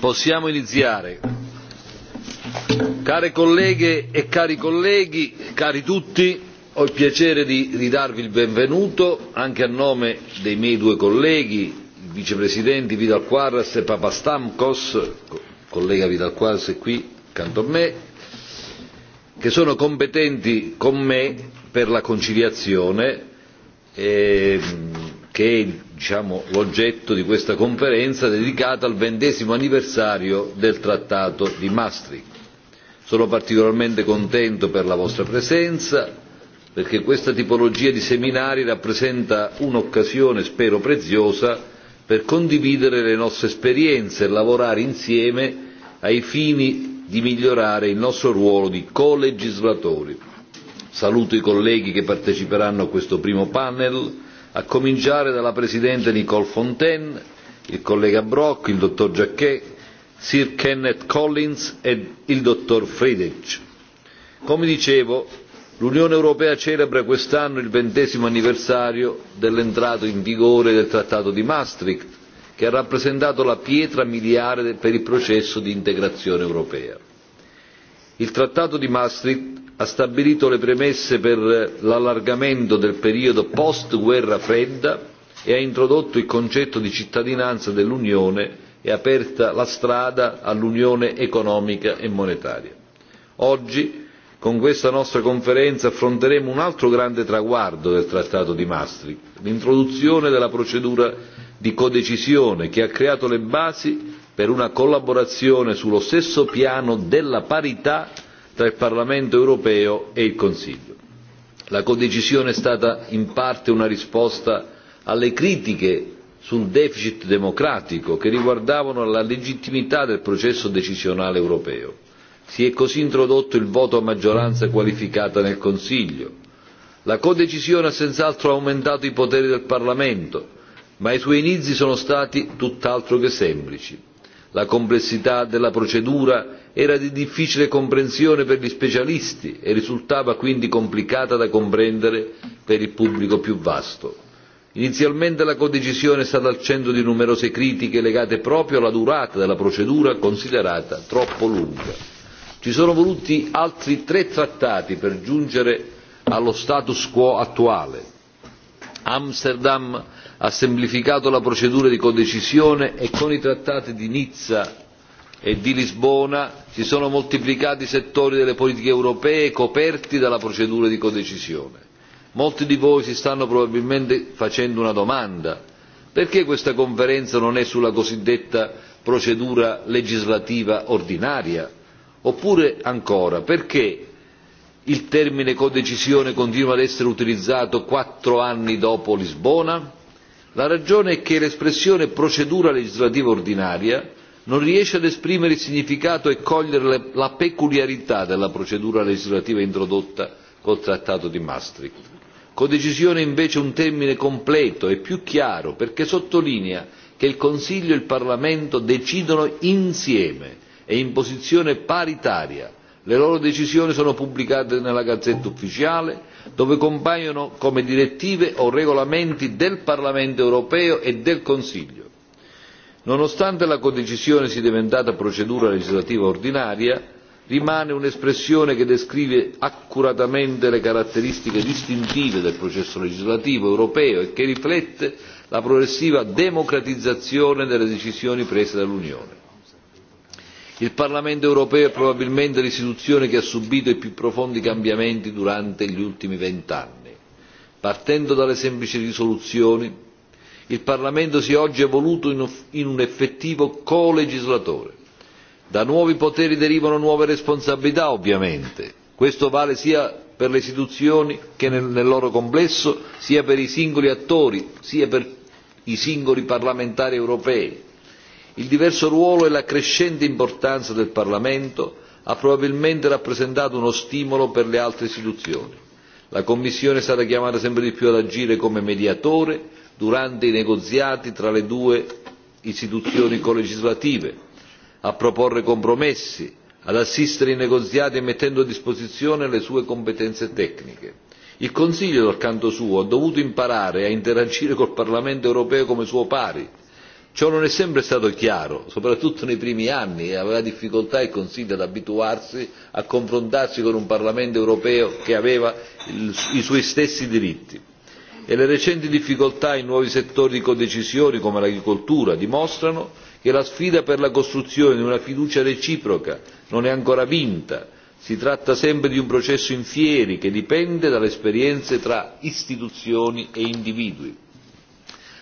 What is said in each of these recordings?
possiamo iniziare. Care colleghe e cari colleghi, cari tutti, ho il piacere di ridarvi il benvenuto anche a nome dei miei due colleghi, i vicepresidenti Vidal Quadras e Papastamkos, collega Vidal Quadras è qui accanto a me, che sono competenti con me per la conciliazione che è il diciamo, l'oggetto di questa conferenza dedicata al ventesimo anniversario del trattato di maastricht. sono particolarmente contento per la vostra presenza perché questa tipologia di seminari rappresenta un'occasione spero preziosa per condividere le nostre esperienze e lavorare insieme ai fini di migliorare il nostro ruolo di colegislatori. saluto i colleghi che parteciperanno a questo primo panel a cominciare dalla Presidente Nicole Fontaine, il collega Brock, il dottor Jacquet, Sir Kenneth Collins e il dottor Friedrich. Come dicevo, l'Unione Europea celebra quest'anno il ventesimo anniversario dellentrato in vigore del Trattato di Maastricht, che ha rappresentato la pietra miliare per il processo di integrazione europea. Il Trattato di Maastricht ha stabilito le premesse per l'allargamento del periodo post guerra fredda e ha introdotto il concetto di cittadinanza dell'unione e aperta la strada all'unione economica e monetaria. oggi con questa nostra conferenza affronteremo un altro grande traguardo del trattato di maastricht l'introduzione della procedura di codecisione che ha creato le basi per una collaborazione sullo stesso piano della parità tra il Parlamento europeo e il Consiglio. La codecisione è stata in parte una risposta alle critiche sul deficit democratico che riguardavano la legittimità del processo decisionale europeo. Si è così introdotto il voto a maggioranza qualificata nel Consiglio. La codecisione ha senz'altro aumentato i poteri del Parlamento, ma i suoi inizi sono stati tutt'altro che semplici. La complessità della procedura era di difficile comprensione per gli specialisti e risultava quindi complicata da comprendere per il pubblico più vasto. Inizialmente la codecisione è stata al centro di numerose critiche legate proprio alla durata della procedura considerata troppo lunga. Ci sono voluti altri tre trattati per giungere allo status quo attuale. Amsterdam ha semplificato la procedura di codecisione e con i trattati di Nizza e di Lisbona si sono moltiplicati i settori delle politiche europee coperti dalla procedura di codecisione. Molti di voi si stanno probabilmente facendo una domanda perché questa conferenza non è sulla cosiddetta procedura legislativa ordinaria? Oppure ancora perché il termine codecisione continua ad essere utilizzato quattro anni dopo Lisbona? La ragione è che l'espressione procedura legislativa ordinaria non riesce ad esprimere il significato e cogliere la peculiarità della procedura legislativa introdotta col trattato di maastricht. codecisione è invece un termine completo e più chiaro perché sottolinea che il consiglio e il parlamento decidono insieme e in posizione paritaria le loro decisioni sono pubblicate nella gazzetta ufficiale dove compaiono come direttive o regolamenti del parlamento europeo e del consiglio nonostante la codecisione sia diventata procedura legislativa ordinaria rimane un'espressione che descrive accuratamente le caratteristiche distintive del processo legislativo europeo e che riflette la progressiva democratizzazione delle decisioni prese dall'unione. il parlamento europeo è probabilmente l'istituzione che ha subito i più profondi cambiamenti durante gli ultimi vent'anni partendo dalle semplici risoluzioni il Parlamento si è oggi evoluto in un effettivo colegislatore. Da nuovi poteri derivano nuove responsabilità ovviamente, questo vale sia per le istituzioni che nel loro complesso, sia per i singoli attori, sia per i singoli parlamentari europei. Il diverso ruolo e la crescente importanza del Parlamento ha probabilmente rappresentato uno stimolo per le altre istituzioni. La Commissione è stata chiamata sempre di più ad agire come mediatore durante i negoziati tra le due istituzioni colegislative a proporre compromessi ad assistere i negoziati mettendo a disposizione le sue competenze tecniche. il consiglio dal canto suo ha dovuto imparare a interagire col parlamento europeo come suo pari. ciò non è sempre stato chiaro soprattutto nei primi anni e aveva difficoltà il consiglio ad abituarsi a confrontarsi con un parlamento europeo che aveva i suoi stessi diritti e le recenti difficoltà in nuovi settori di codecisione come l'agricoltura dimostrano che la sfida per la costruzione di una fiducia reciproca non è ancora vinta si tratta sempre di un processo in fieri che dipende dalle esperienze tra istituzioni e individui.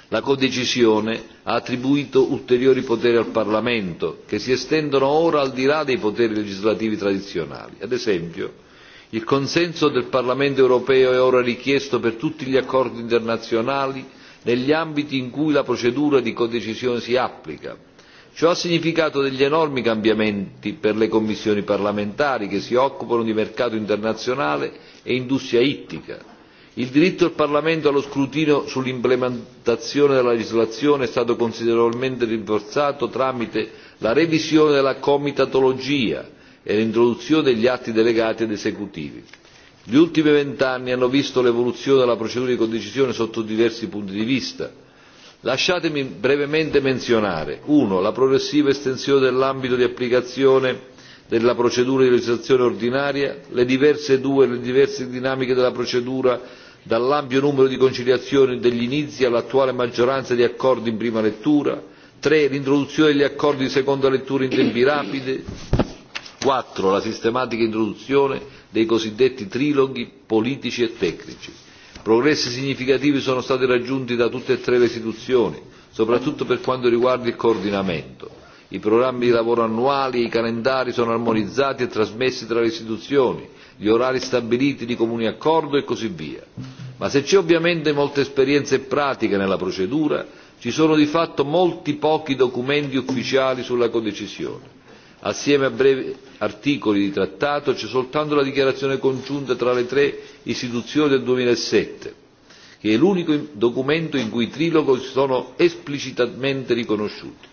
la codecisione ha attribuito ulteriori poteri al parlamento che si estendono ora al di là dei poteri legislativi tradizionali ad esempio il consenso del parlamento europeo è ora richiesto per tutti gli accordi internazionali negli ambiti in cui la procedura di codecisione si applica. ciò ha significato degli enormi cambiamenti per le commissioni parlamentari che si occupano di mercato internazionale e industria ittica. il diritto del parlamento allo scrutinio sull'implementazione della legislazione è stato considerevolmente rinforzato tramite la revisione della comitatologia e l'introduzione degli atti delegati ed esecutivi. Gli ultimi vent'anni hanno visto l'evoluzione della procedura di codecisione sotto diversi punti di vista. Lasciatemi brevemente menzionare uno la progressiva estensione dell'ambito di applicazione della procedura di legislazione ordinaria, le diverse due le diverse dinamiche della procedura, dall'ampio numero di conciliazioni degli inizi all'attuale maggioranza di accordi in prima lettura, tre l'introduzione degli accordi di seconda lettura in tempi rapidi, 4. La sistematica introduzione dei cosiddetti triloghi politici e tecnici. Progressi significativi sono stati raggiunti da tutte e tre le istituzioni, soprattutto per quanto riguarda il coordinamento. I programmi di lavoro annuali e i calendari sono armonizzati e trasmessi tra le istituzioni, gli orari stabiliti di comune accordo e così via. Ma se c'è ovviamente molta esperienza e pratica nella procedura, ci sono di fatto molti pochi documenti ufficiali sulla codecisione Assieme a brevi articoli di trattato c'è soltanto la dichiarazione congiunta tra le tre istituzioni del 2007, che è l'unico documento in cui i triloghi sono esplicitamente riconosciuti.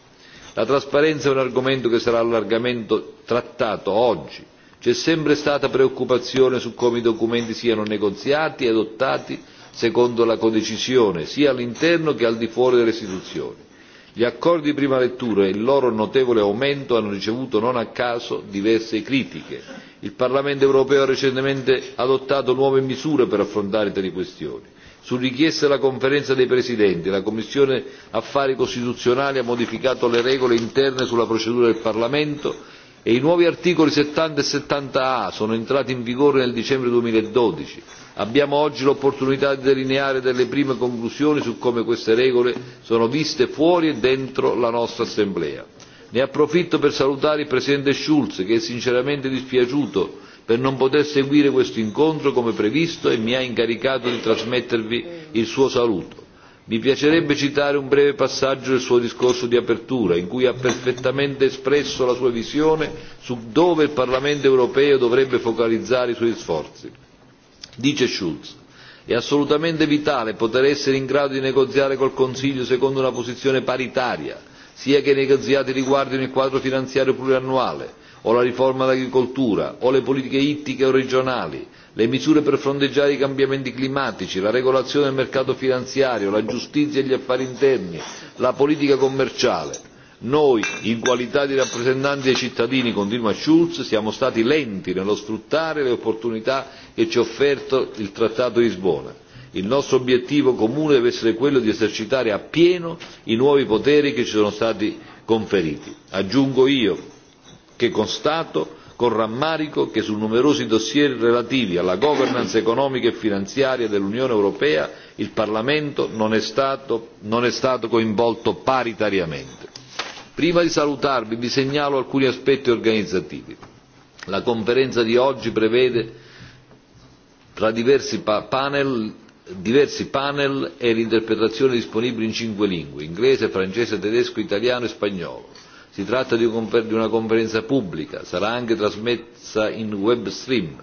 La trasparenza è un argomento che sarà largamente trattato oggi. C'è sempre stata preoccupazione su come i documenti siano negoziati e adottati secondo la codecisione, sia all'interno che al di fuori delle istituzioni Gli accordi di prima lettura e il loro notevole aumento hanno ricevuto non a caso diverse critiche. Il Parlamento europeo ha recentemente adottato nuove misure per affrontare tali questioni. Su richiesta della conferenza dei presidenti, la Commissione affari costituzionali ha modificato le regole interne sulla procedura del Parlamento e i nuovi articoli 70 e 70a sono entrati in vigore nel dicembre 2012 abbiamo oggi l'opportunità di delineare delle prime conclusioni su come queste regole sono viste fuori e dentro la nostra assemblea. ne approfitto per salutare il presidente schulz che è sinceramente dispiaciuto per non poter seguire questo incontro come previsto e mi ha incaricato di trasmettervi il suo saluto. Mi piacerebbe citare un breve passaggio del suo discorso di apertura, in cui ha perfettamente espresso la sua visione su dove il Parlamento europeo dovrebbe focalizzare i suoi sforzi. Dice Schulz È assolutamente vitale poter essere in grado di negoziare col Consiglio secondo una posizione paritaria, sia che i negoziati riguardino il quadro finanziario pluriannuale o la riforma dell'agricoltura o le politiche ittiche o regionali le misure per fronteggiare i cambiamenti climatici la regolazione del mercato finanziario la giustizia e gli affari interni la politica commerciale noi in qualità di rappresentanti dei cittadini continua schulz siamo stati lenti nello sfruttare le opportunità che ci ha offerto il trattato di lisbona. il nostro obiettivo comune deve essere quello di esercitare appieno i nuovi poteri che ci sono stati conferiti. aggiungo io che constato con rammarico che su numerosi dossier relativi alla governance economica e finanziaria dell'Unione Europea il Parlamento non è stato coinvolto paritariamente. Prima di salutarvi vi segnalo alcuni aspetti organizzativi. La conferenza di oggi prevede tra diversi panel diversi panel e l'interpretazione disponibile in cinque lingue inglese, francese, tedesco, italiano e spagnolo Si tratta di una conferenza pubblica, sarà anche trasmessa in web stream.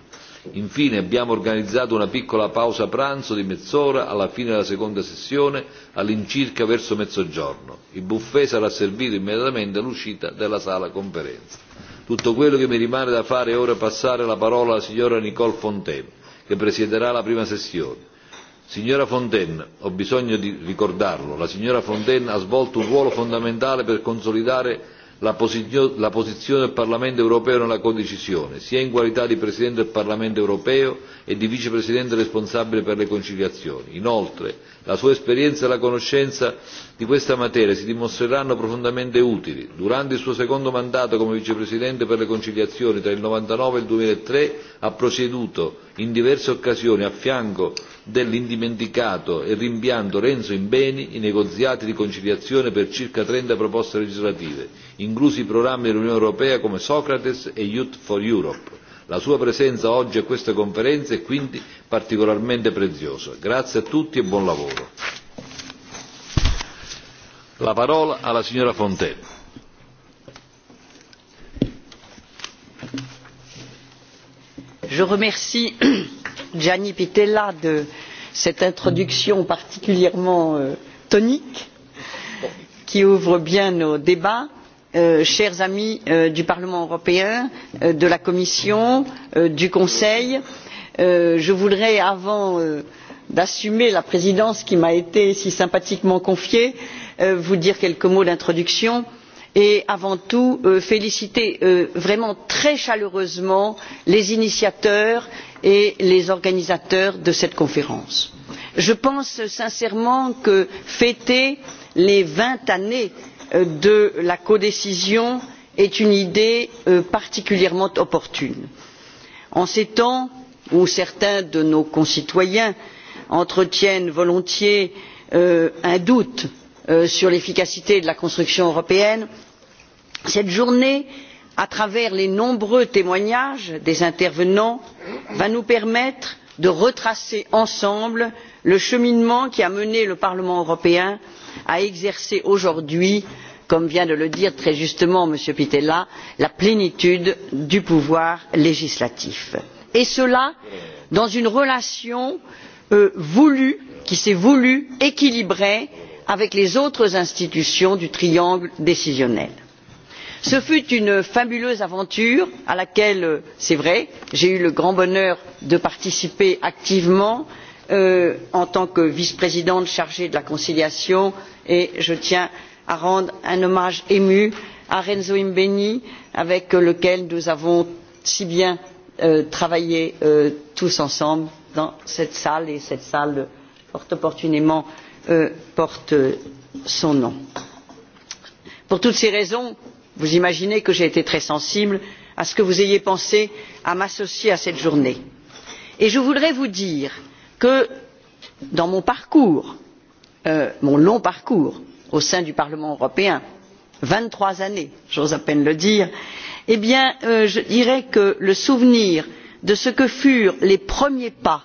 Infine abbiamo organizzato una piccola pausa pranzo di mezz'ora alla fine della seconda sessione, all'incirca verso mezzogiorno. Il buffet sarà servito immediatamente all'uscita della sala conferenza. Tutto quello che mi rimane da fare è ora passare la parola alla signora Nicole Fontaine, che presiederà la prima sessione. Signora Fontaine, ho bisogno di ricordarlo, la signora Fontaine ha svolto un ruolo fondamentale per consolidare la posizione del Parlamento europeo nella codecisione, sia in qualità di Presidente del Parlamento europeo e di Vicepresidente responsabile per le conciliazioni. La sua esperienza e la conoscenza di questa materia si dimostreranno profondamente utili. Durante il suo secondo mandato come vicepresidente per le conciliazioni tra il 99 e il 2003 ha proceduto in diverse occasioni a fianco dell'indimenticato e rimpianto Renzo Imbeni i negoziati di conciliazione per circa 30 proposte legislative, inclusi i programmi dell'Unione Europea come Socrates e Youth for Europe La sua presenza oggi a questa conferenza è quindi particolarmente preziosa. Grazie a tutti e buon lavoro. La parola alla signora Fontaine. Je remercie Gianni Pitella de cette introduction particulièrement tonique qui ouvre bien nos débats chers amis du parlement européen de la commission du conseil je voudrais avant d'assumer la présidence qui m'a été si sympathiquement confiée vous dire quelques mots d'introduction et avant tout féliciter vraiment très chaleureusement les initiateurs et les organisateurs de cette conférence. je pense sincèrement que fêter les vingt années de la codécision est une idée particulièrement opportune. en ces temps où certains de nos concitoyens entretiennent volontiers un doute sur l'efficacité de la construction européenne cette journée à travers les nombreux témoignages des intervenants va nous permettre de retracer ensemble le cheminement qui a mené le parlement européen à exercer aujourd'hui comme vient de le dire très justement m. pittella la plénitude du pouvoir législatif et cela dans une relation qui s'est voulue équilibrée avec les autres institutions du triangle décisionnel. ce fut une fabuleuse aventure à laquelle c'est vrai j'ai eu le grand bonheur de participer activement en tant que vice présidente chargée de la conciliation et je tiens à rendre un hommage ému à renzo imbeni avec lequel nous avons si bien travaillé tous ensemble dans cette salle et cette salle fort opportunément porte son nom. pour toutes ces raisons vous imaginez que j'ai été très sensible à ce que vous ayez pensé à m'associer à cette journée et je voudrais vous dire que dans mon parcours mon long parcours au sein du parlement européen vingt trois années j'ose à peine le dire eh bien je dirais que le souvenir de ce que furent les premiers pas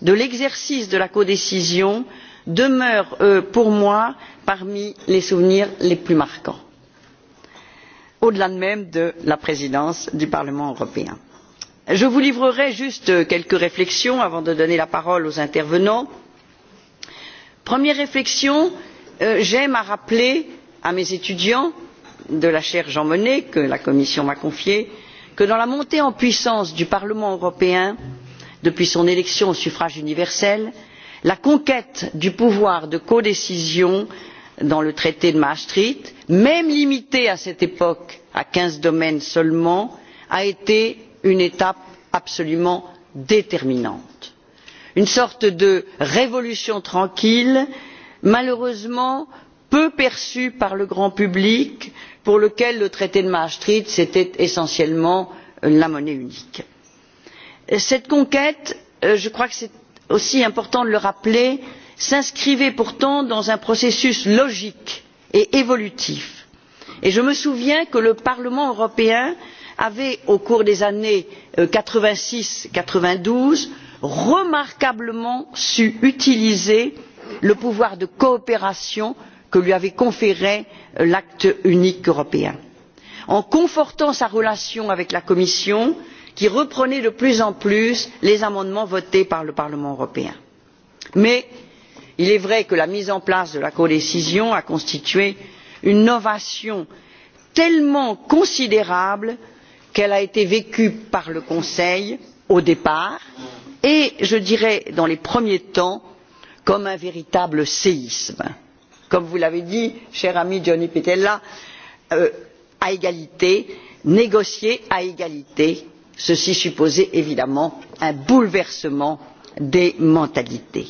de l'exercice de la codécision demeure pour moi parmi les souvenirs les plus marquants au delà même de la présidence du parlement européen. je vous livrerai juste quelques réflexions avant de donner la parole aux intervenants. première réflexion j'aime à rappeler à mes étudiants de la chaire jean monnet que la commission m'a confiée que dans la montée en puissance du parlement européen depuis son élection au suffrage universel la conquête du pouvoir de codécision dans le traité de maastricht même limitée à cette époque à quinze domaines seulement a été une étape absolument déterminante une sorte de révolution tranquille malheureusement peu perçue par le grand public pour lequel le traité de maastricht c'était essentiellement la monnaie unique. cette conquête je crois que c'est aussi important de le rappeler s'inscrivait pourtant dans un processus logique et évolutif et je me souviens que le parlement européen avait au cours des années quatre vingt six quatre vingt douze remarquablement su utiliser le pouvoir de coopération que lui avait conféré l'acte unique européen. en confortant sa relation avec la commission qui reprenait de plus en plus les amendements votés par le parlement européen. mais il est vrai que la mise en place de la codécision a constitué une novation tellement considérable qu'elle a été vécue par le conseil au départ et je dirais dans les premiers temps comme un véritable séisme comme vous l'avez dit cher ami Johnny pittella à égalité négocier à égalité ceci supposait évidemment un bouleversement des mentalités.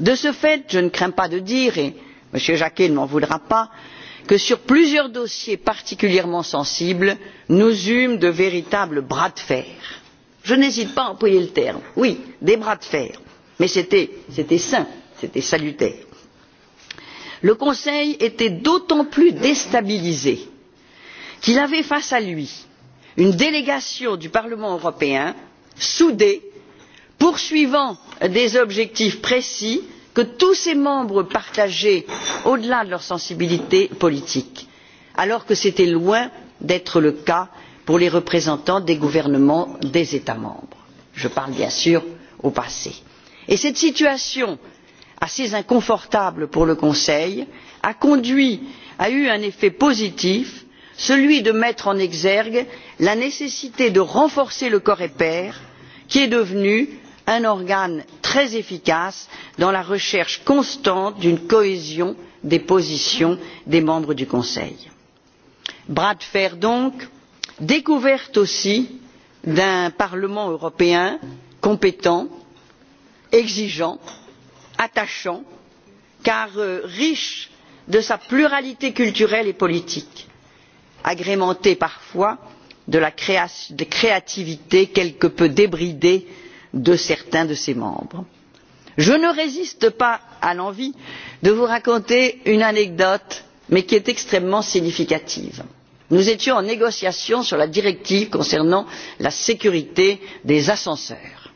de ce fait je ne crains pas de dire et m. jacquet ne m'en voudra pas que sur plusieurs dossiers particulièrement sensibles nous eûmes de véritables bras de fer je n'hésite pas à employer le terme oui des bras de fer mais c'était sain c'était salutaire. le conseil était d'autant plus déstabilisé qu'il avait face à lui une délégation du parlement européen soudée poursuivant des objectifs précis que tous ses membres partageaient au delà de leur sensibilités politiques, alors que c'était loin d'être le cas pour les représentants des gouvernements des états membres je parle bien sûr au passé. cette situation assez inconfortable pour le conseil a a eu un effet positif celui de mettre en exergue la nécessité de renforcer le coreper qui est devenu un organe très efficace dans la recherche constante d'une cohésion des positions des membres du conseil. bras de fer donc découverte aussi d'un parlement européen compétent exigeant attachant car riche de sa pluralité culturelle et politique agrémentée parfois de la créativité quelque peu débridée de certains de ses membres. je ne résiste pas à l'envie de vous raconter une anecdote mais qui est extrêmement significative. nous étions en négociation sur la directive concernant la sécurité des ascenseurs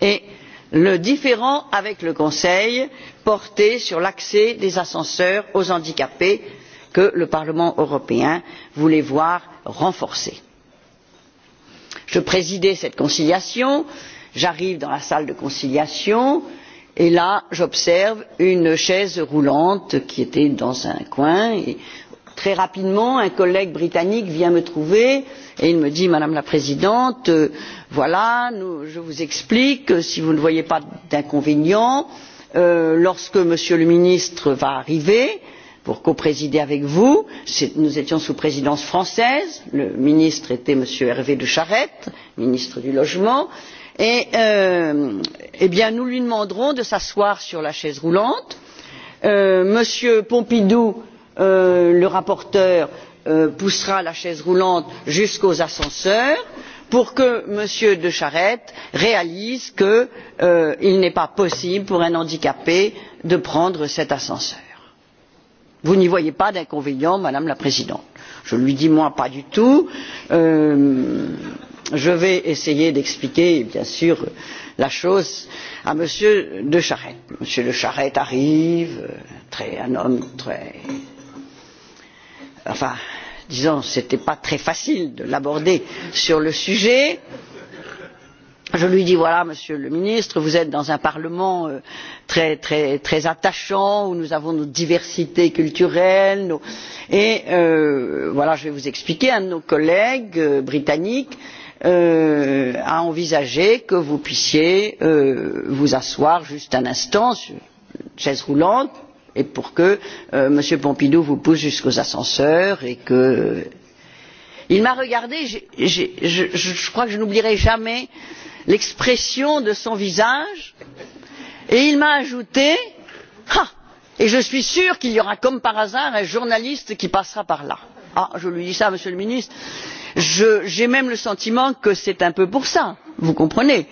et le différend avec le conseil portait sur l'accès des ascenseurs aux handicapés que le parlement européen voulait voir renforcé. je présidais cette conciliation j'arrive dans la salle de conciliation et là j'observe une chaise roulante qui était dans un coin et très rapidement un collègue britannique vient me trouver et il me dit madame la présidente voilà je vous explique si vous ne voyez pas d'inconvénient lorsque monsieur le ministre va arriver pour coprésider avec vous nous étions sous présidence française le ministre était m. hervé de charette ministre du logement et nous lui demanderons de s'asseoir sur la chaise roulante Monsieur pompidou le rapporteur poussera la chaise roulante jusqu'aux ascenseurs pour que m. de charette réalise qu'il n'est pas possible pour un handicapé de prendre cet ascenseur. vous n'y voyez pas d'inconvénient madame la présidente? je lui dis moi pas du tout. je vais essayer d'expliquer bien sûr la chose à m. de charette. m. de charette arrive un homme très enfin disons ce n'était pas très facile de l'aborder sur le sujet je lui dis voilà monsieur le ministre vous êtes dans un parlement très attachant où nous avons nos diversités culturelles et voilà je vais vous expliquer un de nos collègues britanniques a envisagé que vous puissiez vous asseoir juste un instant sur une chaise roulante et pour que m. pompidou vous pousse jusqu'aux ascenseurs et que. il m'a regardé je crois que je n'oublierai jamais l'expression de son visage et il m'a ajouté ah et je suis sûr qu'il y aura comme par hasard un journaliste qui passera par là. ah je lui dis ça monsieur le ministre j'ai même le sentiment que c'est un peu pour ça vous comprenez?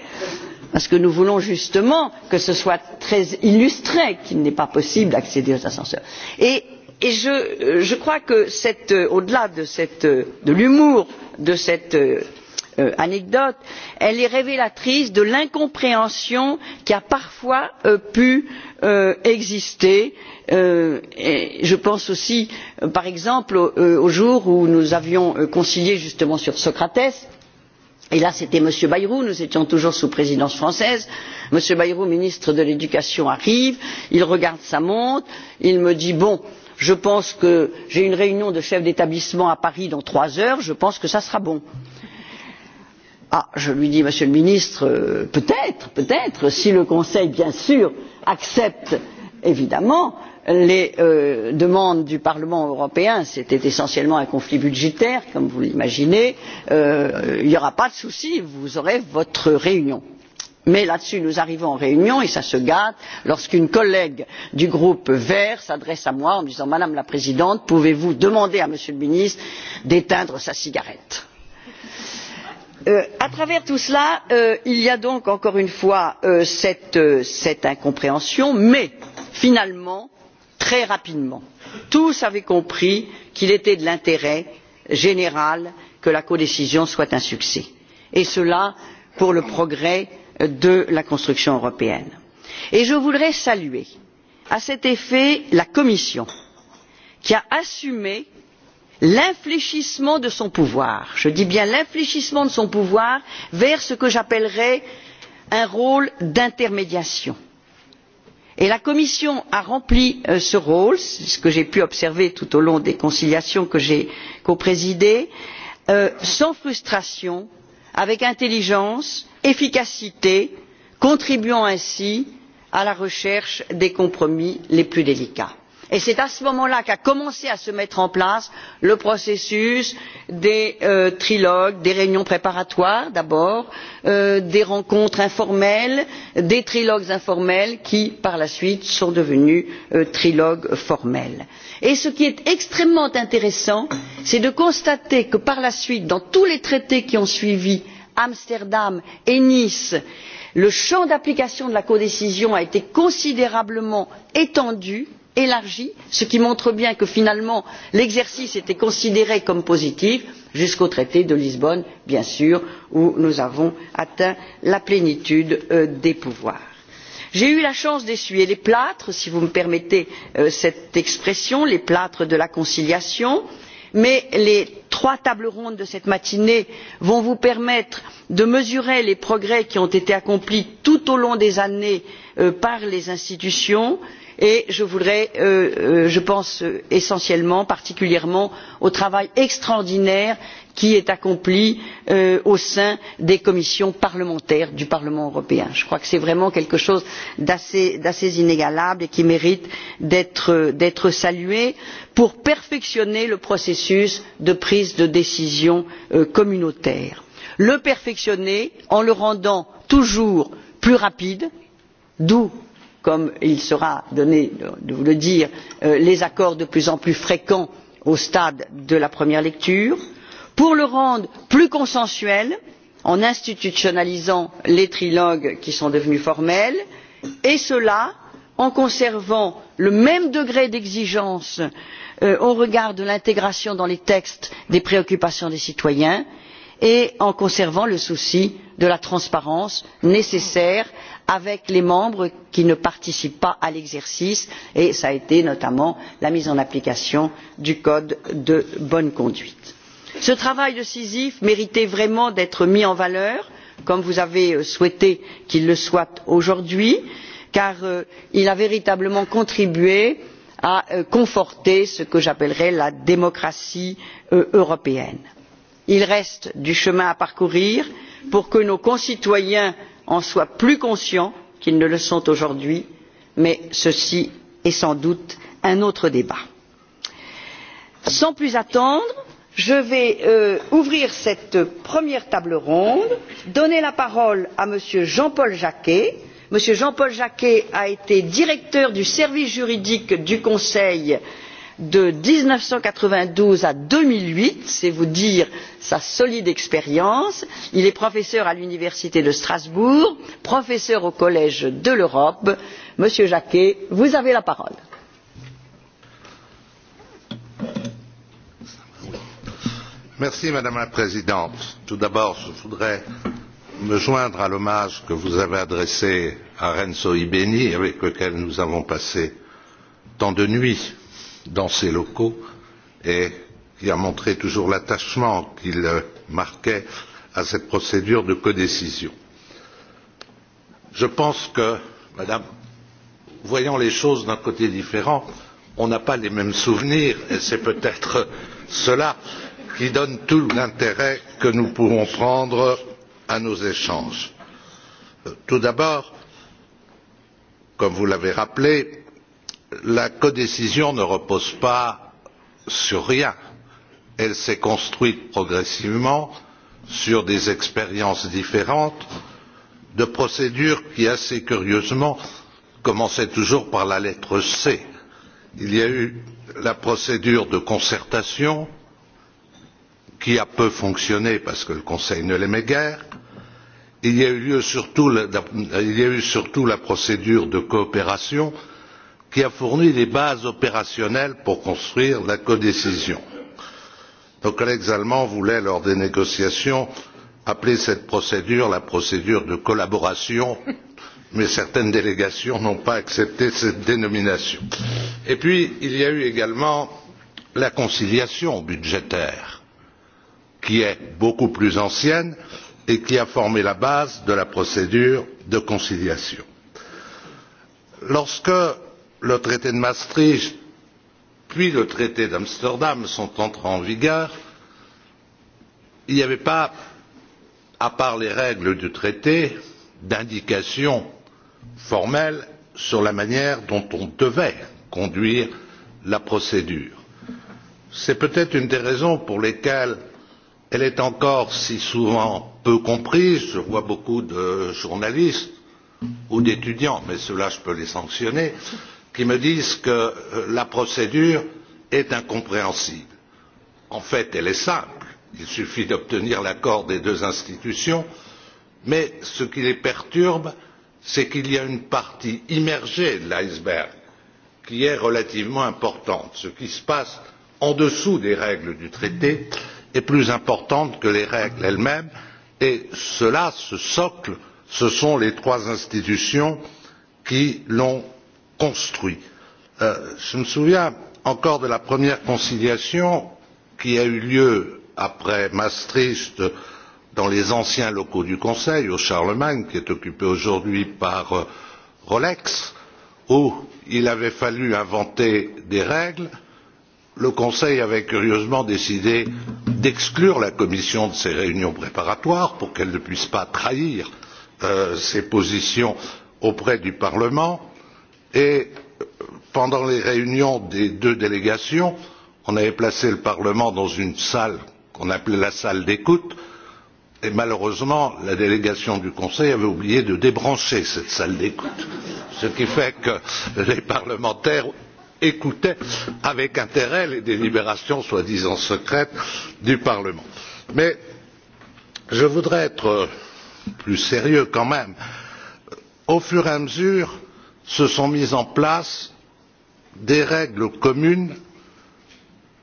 parce que nous voulons justement que ce soit très illustré qu'il n'est pas possible d'accéder aux ascenseurs. je crois que au delà de l'humour de cette anecdote elle est révélatrice de l'incompréhension qui a parfois pu exister. je pense aussi par exemple au jour où nous avions concilié justement sur socrate et là c'était m. bayrou nous étions toujours sous présidence française m. bayrou ministre de l'éducation arrive il regarde sa montre il me dit bon je pense que j'ai une réunion de chefs d'établissement à paris dans trois heures je pense que ça sera bon. ah je lui dis monsieur le ministre peut être peut être si le conseil bien sûr accepte évidemment les demandes du parlement européen c'était essentiellement un conflit budgétaire comme vous l'imaginez il n'y aura pas de souci vous aurez votre réunion. mais là dessus nous arrivons en réunion et ça se gâte lorsqu'une collègue du groupe verts s'adresse à moi en me disant madame la présidente pouvez vous demander à monsieur le ministre d'éteindre sa cigarette? à travers tout cela il y a donc encore une fois cette incompréhension mais finalement très rapidement. tous avaient compris qu'il était de l'intérêt général que la codécision soit un succès et cela pour le progrès de la construction européenne. je voudrais saluer à cet effet la commission qui a assumé l'infléchissement de son pouvoir je dis bien l'infléchissement de son pouvoir vers ce que j'appellerais un rôle d'intermédiation la commission a rempli ce rôle c'est ce que j'ai pu observer tout au long des conciliations que j'ai coprésidées sans frustration avec intelligence efficacité contribuant ainsi à la recherche des compromis les plus délicats et c'est à ce moment là qu'a commencé à se mettre en place le processus des trilogues des réunions préparatoires d'abord des rencontres informelles des trilogues informels qui par la suite sont devenus trilogues formels. ce qui est extrêmement intéressant c'est de constater que par la suite dans tous les traités qui ont suivi amsterdam et nice le champ d'application de la codécision a été considérablement étendu élargie ce qui montre bien que finalement l'exercice était considéré comme positif jusqu'au traité de lisbonne bien sûr où nous avons atteint la plénitude des pouvoirs. j'ai eu la chance d'essuyer les plâtres si vous me permettez cette expression les plâtres de la conciliation mais les trois tables rondes de cette matinée vont vous permettre de mesurer les progrès qui ont été accomplis tout au long des années par les institutions et je voudrais je pense essentiellement particulièrement au travail extraordinaire qui est accompli au sein des commissions parlementaires du parlement européen. je crois que c'est vraiment quelque chose d'assez inégalable et qui mérite d'être salué pour perfectionner le processus de prise de décision communautaire le perfectionner en le rendant toujours plus rapide d'où comme il sera donné de vous le dire les accords de plus en plus fréquents au stade de la première lecture pour le rendre plus consensuel en institutionnalisant les trilogues qui sont devenus formels et cela en conservant le même degré d'exigence au regard de l'intégration dans les textes des préoccupations des citoyens et en conservant le souci de la transparence nécessaire avec les membres qui ne participent pas à l'exercice et cela a été notamment la mise en application du code de bonne conduite. ce travail de sisyphe méritait vraiment d'être mis en valeur comme vous avez souhaité qu'il le soit aujourd'hui car il a véritablement contribué à conforter ce que j'appellerais la démocratie européenne. il reste du chemin à parcourir pour que nos concitoyens en soient plus conscients qu'ils ne le sont aujourd'hui mais ceci est sans doute un autre débat. sans plus attendre je vais ouvrir cette première table ronde donner la parole à m. jean paul jacquet. m. jean paul jacquet a été directeur du service juridique du conseil de mille neuf cent quatre vingt douze à deux mille huit c'est vous dire sa solide expérience il est professeur à l'université de strasbourg professeur au collège de l'europe. monsieur jacquet vous avez la parole. madame la présidente tout d'abord je voudrais me joindre à l'hommage que vous avez adressé à renzo ibeni avec lequel nous avons passé tant de nuits dans ses locaux et qui a montré toujours l'attachement qu'il marquait à cette procédure de codécision. Je pense que, Madame, voyant les choses d'un côté différent, on n'a pas les mêmes souvenirs et c'est peut être cela qui donne tout l'intérêt que nous pouvons prendre à nos échanges. Tout d'abord, comme vous l'avez rappelé, la codécision ne repose pas sur rien elle s'est construite progressivement sur des expériences différentes de procédures qui assez curieusement commençaient toujours par la lettre c. il y a eu la procédure de concertation qui a peu fonctionné parce que le conseil ne l'aimait guère il y a eu surtout la procédure de coopération qui a fourni les bases opérationnelles pour construire la codécision. Nos collègues allemands voulaient, lors des négociations, appeler cette procédure la procédure de collaboration, mais certaines délégations n'ont pas accepté cette dénomination. Et puis, il y a eu également la conciliation budgétaire, qui est beaucoup plus ancienne et qui a formé la base de la procédure de conciliation. Lorsque le traité de Maastricht puis le traité d'Amsterdam sont entrés en vigueur, il n'y avait pas, à part les règles du traité, d'indication formelle sur la manière dont on devait conduire la procédure. C'est peut-être une des raisons pour lesquelles elle est encore si souvent peu comprise. Je vois beaucoup de journalistes ou d'étudiants, mais cela je peux les sanctionner, qui me disent que la procédure est incompréhensible. En fait, elle est simple. Il suffit d'obtenir l'accord des deux institutions. Mais ce qui les perturbe, c'est qu'il y a une partie immergée de l'iceberg qui est relativement importante. Ce qui se passe en dessous des règles du traité est plus importante que les règles elles-mêmes. Et cela, ce socle, ce sont les trois institutions qui l'ont construit. Je me souviens encore de la première conciliation qui a eu lieu après Maastricht dans les anciens locaux du Conseil, au Charlemagne, qui est occupé aujourd'hui par Rolex, où il avait fallu inventer des règles. Le Conseil avait curieusement décidé d'exclure la Commission de ses réunions préparatoires pour qu'elle ne puisse pas trahir ses positions auprès du Parlement et pendant les réunions des deux délégations on avait placé le parlement dans une salle qu'on appelait la salle d'écoute et malheureusement la délégation du conseil avait oublié de débrancher cette salle d'écoute ce qui fait que les parlementaires écoutaient avec intérêt les délibérations soi disant secrètes du parlement. mais je voudrais être plus sérieux quand même. au fur et à mesure se sont mises en place des règles communes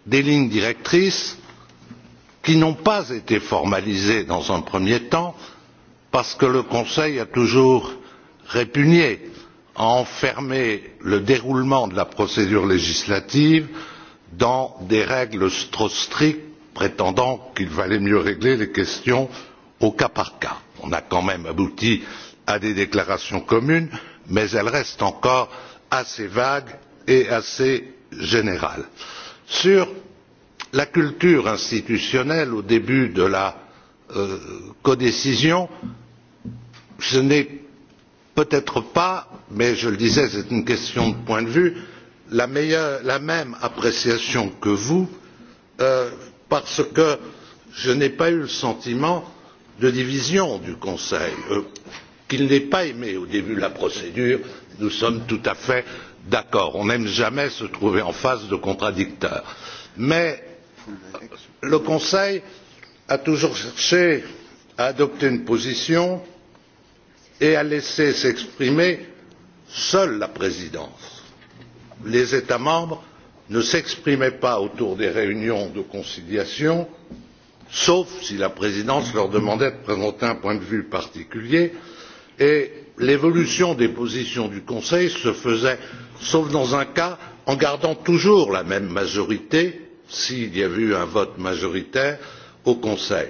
des lignes directrices qui n'ont pas été formalisées dans un premier temps parce que le conseil a toujours répugné à enfermer le déroulement de la procédure législative dans des règles trop strictes prétendant qu'il valait mieux régler les questions au cas par cas. on a quand même abouti à des déclarations communes mais elle reste encore assez vague et assez générale. Sur la culture institutionnelle au début de la codécision, je n'ai peut être pas mais je le disais c'est une question de point de vue la même appréciation que vous parce que je n'ai pas eu le sentiment de division du conseil qu'il n'ait pas aimé au début de la procédure nous sommes tout à fait d'accord on n'aime jamais se trouver en face de contradicteurs mais le conseil a toujours cherché à adopter une position et à laisser s'exprimer seule la présidence. les états membres ne s'exprimaient pas autour des réunions de conciliation sauf si la présidence leur demandait de présenter un point de vue particulier et l'évolution des positions du conseil se faisait sauf dans un cas en gardant toujours la même majorité s'il y avait eu un vote majoritaire au conseil.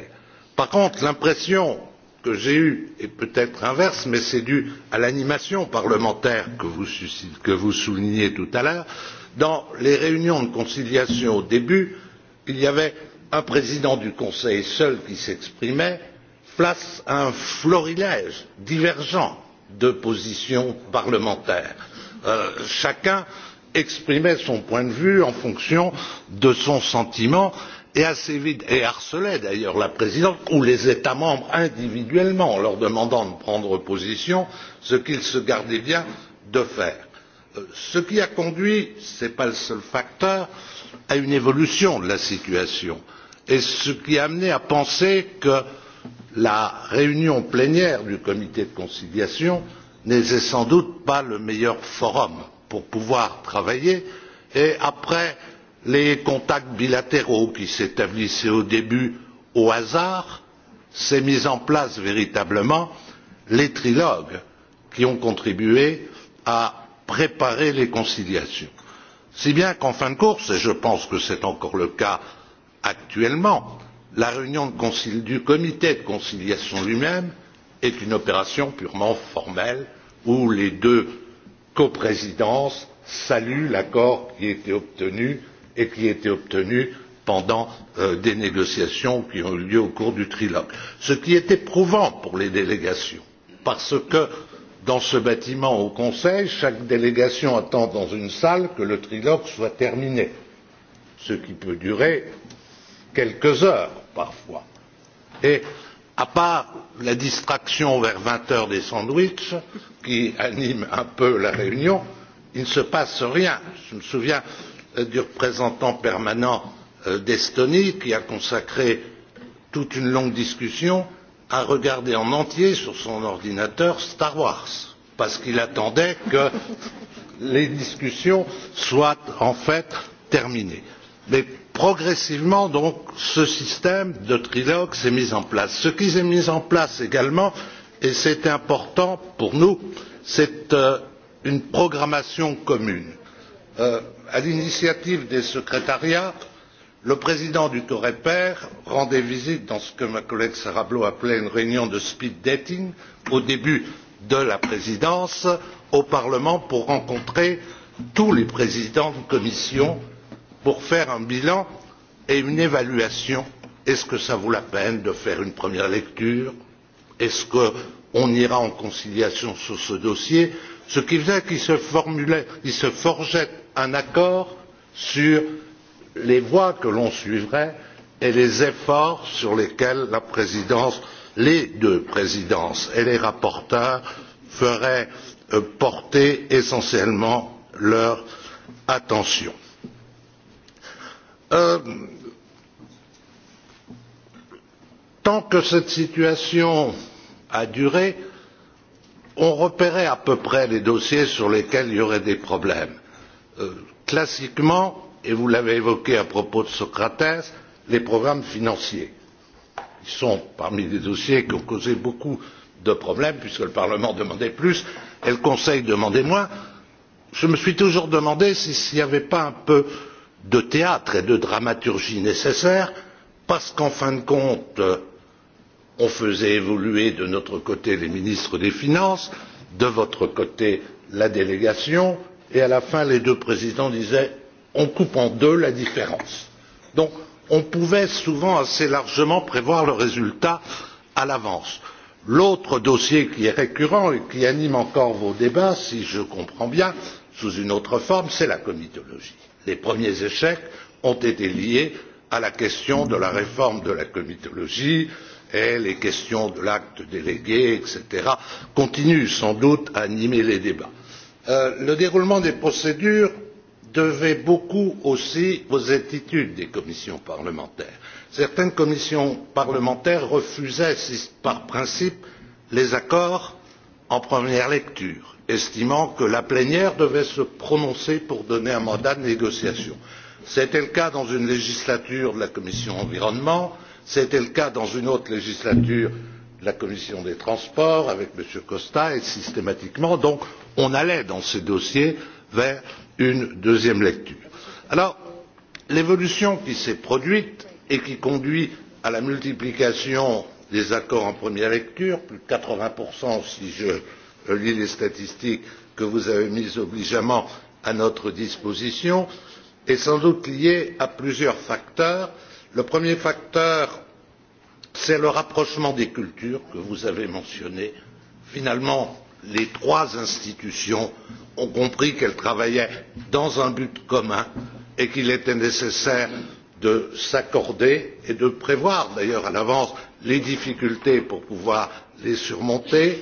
par contre l'impression que j'ai eue est peut être inverse mais c'est dû à l'animation parlementaire que vous soulignez tout à l'heure dans les réunions de conciliation au début il y avait un président du conseil seul qui s'exprimait place un florilège divergent de positions parlementaires. Chacun exprimait son point de vue en fonction de son sentiment et assez harcelait d'ailleurs la présidente ou les états membres individuellement en leur demandant de prendre position ce qu'ils se gardaient bien de faire ce qui a conduit ce n'est pas le seul facteur à une évolution de la situation et ce qui a amené à penser que la réunion plénière du comité de conciliation n'est sans doute pas le meilleur forum pour pouvoir travailler et après les contacts bilatéraux qui s'établissaient au début au hasard s'est mis en place véritablement les trilogues qui ont contribué à préparer les conciliations si bien qu'en fin de course et je pense que c'est encore le cas actuellement la réunion du comité de conciliation lui même est une opération purement formelle où les deux coprésidences saluent l'accord qui a été obtenu et qui a été obtenu pendant des négociations qui ont eu lieu au cours du trilogue ce qui est éprouvant pour les délégations parce que dans ce bâtiment au conseil chaque délégation attend dans une salle que le trilogue soit terminé ce qui peut durer quelques heures parfois. Et à part la distraction vers 20 heures des sandwichs qui anime un peu la réunion, il ne se passe rien. Je me souviens du représentant permanent d'Estonie qui a consacré toute une longue discussion à regarder en entier sur son ordinateur Star Wars, parce qu'il attendait que les discussions soient en fait terminées. Mais progressivement donc ce système de trilogue s'est mis en place. ce qui s'est mis en place également et c'est important pour nous c'est une programmation commune. à l'initiative des secrétariats le président du coreper rendait visite dans ce que ma collègue Sarablo appelait une réunion de speed dating au début de la présidence au parlement pour rencontrer tous les présidents de commission pour faire un bilan et une évaluation est ce que cela vaut la peine de faire une première lecture est ce qu'on ira en conciliation sur ce dossier ce qui faisait qu'il se forgeait un accord sur les voies que l'on suivrait et les efforts sur lesquels la présidence les deux présidences et les rapporteurs feraient porter essentiellement leur attention tant que cette situation a duré on repérait à peu près les dossiers sur lesquels il y aurait des problèmes. classiquement et vous l'avez évoqué à propos de socrates les programmes financiers qui sont parmi les dossiers qui ont causé beaucoup de problèmes puisque le parlement demandait plus et le conseil demandait moins. je me suis toujours demandé s'il n'y avait pas un peu de théâtre et de dramaturgie nécessaires parce qu'en fin de compte on faisait évoluer de notre côté les ministres des finances de votre côté la délégation et à la fin les deux présidents disaient on coupe en deux la différence. donc on pouvait souvent assez largement prévoir le résultat à l'avance. l'autre dossier qui est récurrent et qui anime encore vos débats si je comprends bien sous une autre forme c'est la comitologie les premiers échecs ont été liés à la question de la réforme de la comitologie et les questions de l'acte délégué etc. continuent sans doute à animer les débats. le déroulement des procédures devait beaucoup aussi aux attitudes des commissions parlementaires. certaines commissions parlementaires refusaient par principe les accords en première lecture estimant que la plénière devait se prononcer pour donner un mandat de négociation. c'était le cas dans une législature de la commission de l'environnement c'était le cas dans une autre législature de la commission des transports avec m. costa et systématiquement donc on allait dans ces dossiers vers une deuxième lecture. alors l'évolution qui s'est produite et qui conduit à la multiplication des accords en première lecture plus de quatre vingts si je je les statistiques que vous avez mises obligeamment à notre disposition est sans doute liée à plusieurs facteurs. le premier facteur c'est le rapprochement des cultures que vous avez mentionné. finalement les trois institutions ont compris qu'elles travaillaient dans un but commun et qu'il était nécessaire de s'accorder et de prévoir d'ailleurs à l'avance les difficultés pour pouvoir les surmonter.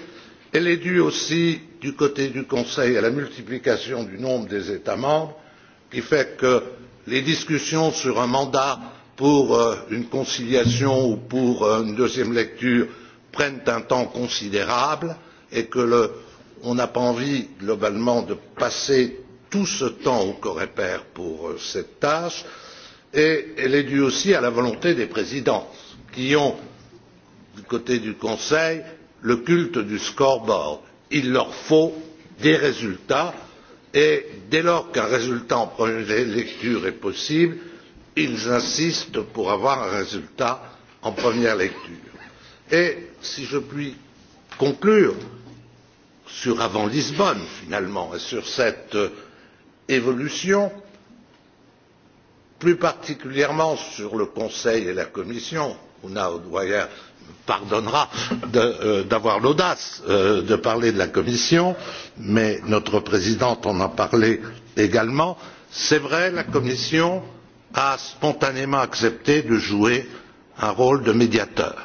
Elle est due aussi du côté du Conseil à la multiplication du nombre des États membres, qui fait que les discussions sur un mandat pour une conciliation ou pour une deuxième lecture prennent un temps considérable et que n'a pas envie globalement de passer tout ce temps au coreper pour cette tâche et elle est due aussi à la volonté des présidences qui ont du côté du conseil le culte du scoreboard. Il leur faut des résultats et dès lors qu'un résultat en première lecture est possible, ils insistent pour avoir un résultat en première lecture. Et si je puis conclure sur avant Lisbonne finalement et sur cette évolution, plus particulièrement sur le Conseil et la Commission, ou a pardonnera d'avoir l'audace de parler de la commission mais notre présidente en a parlé également c'est vrai la commission a spontanément accepté de jouer un rôle de médiateur.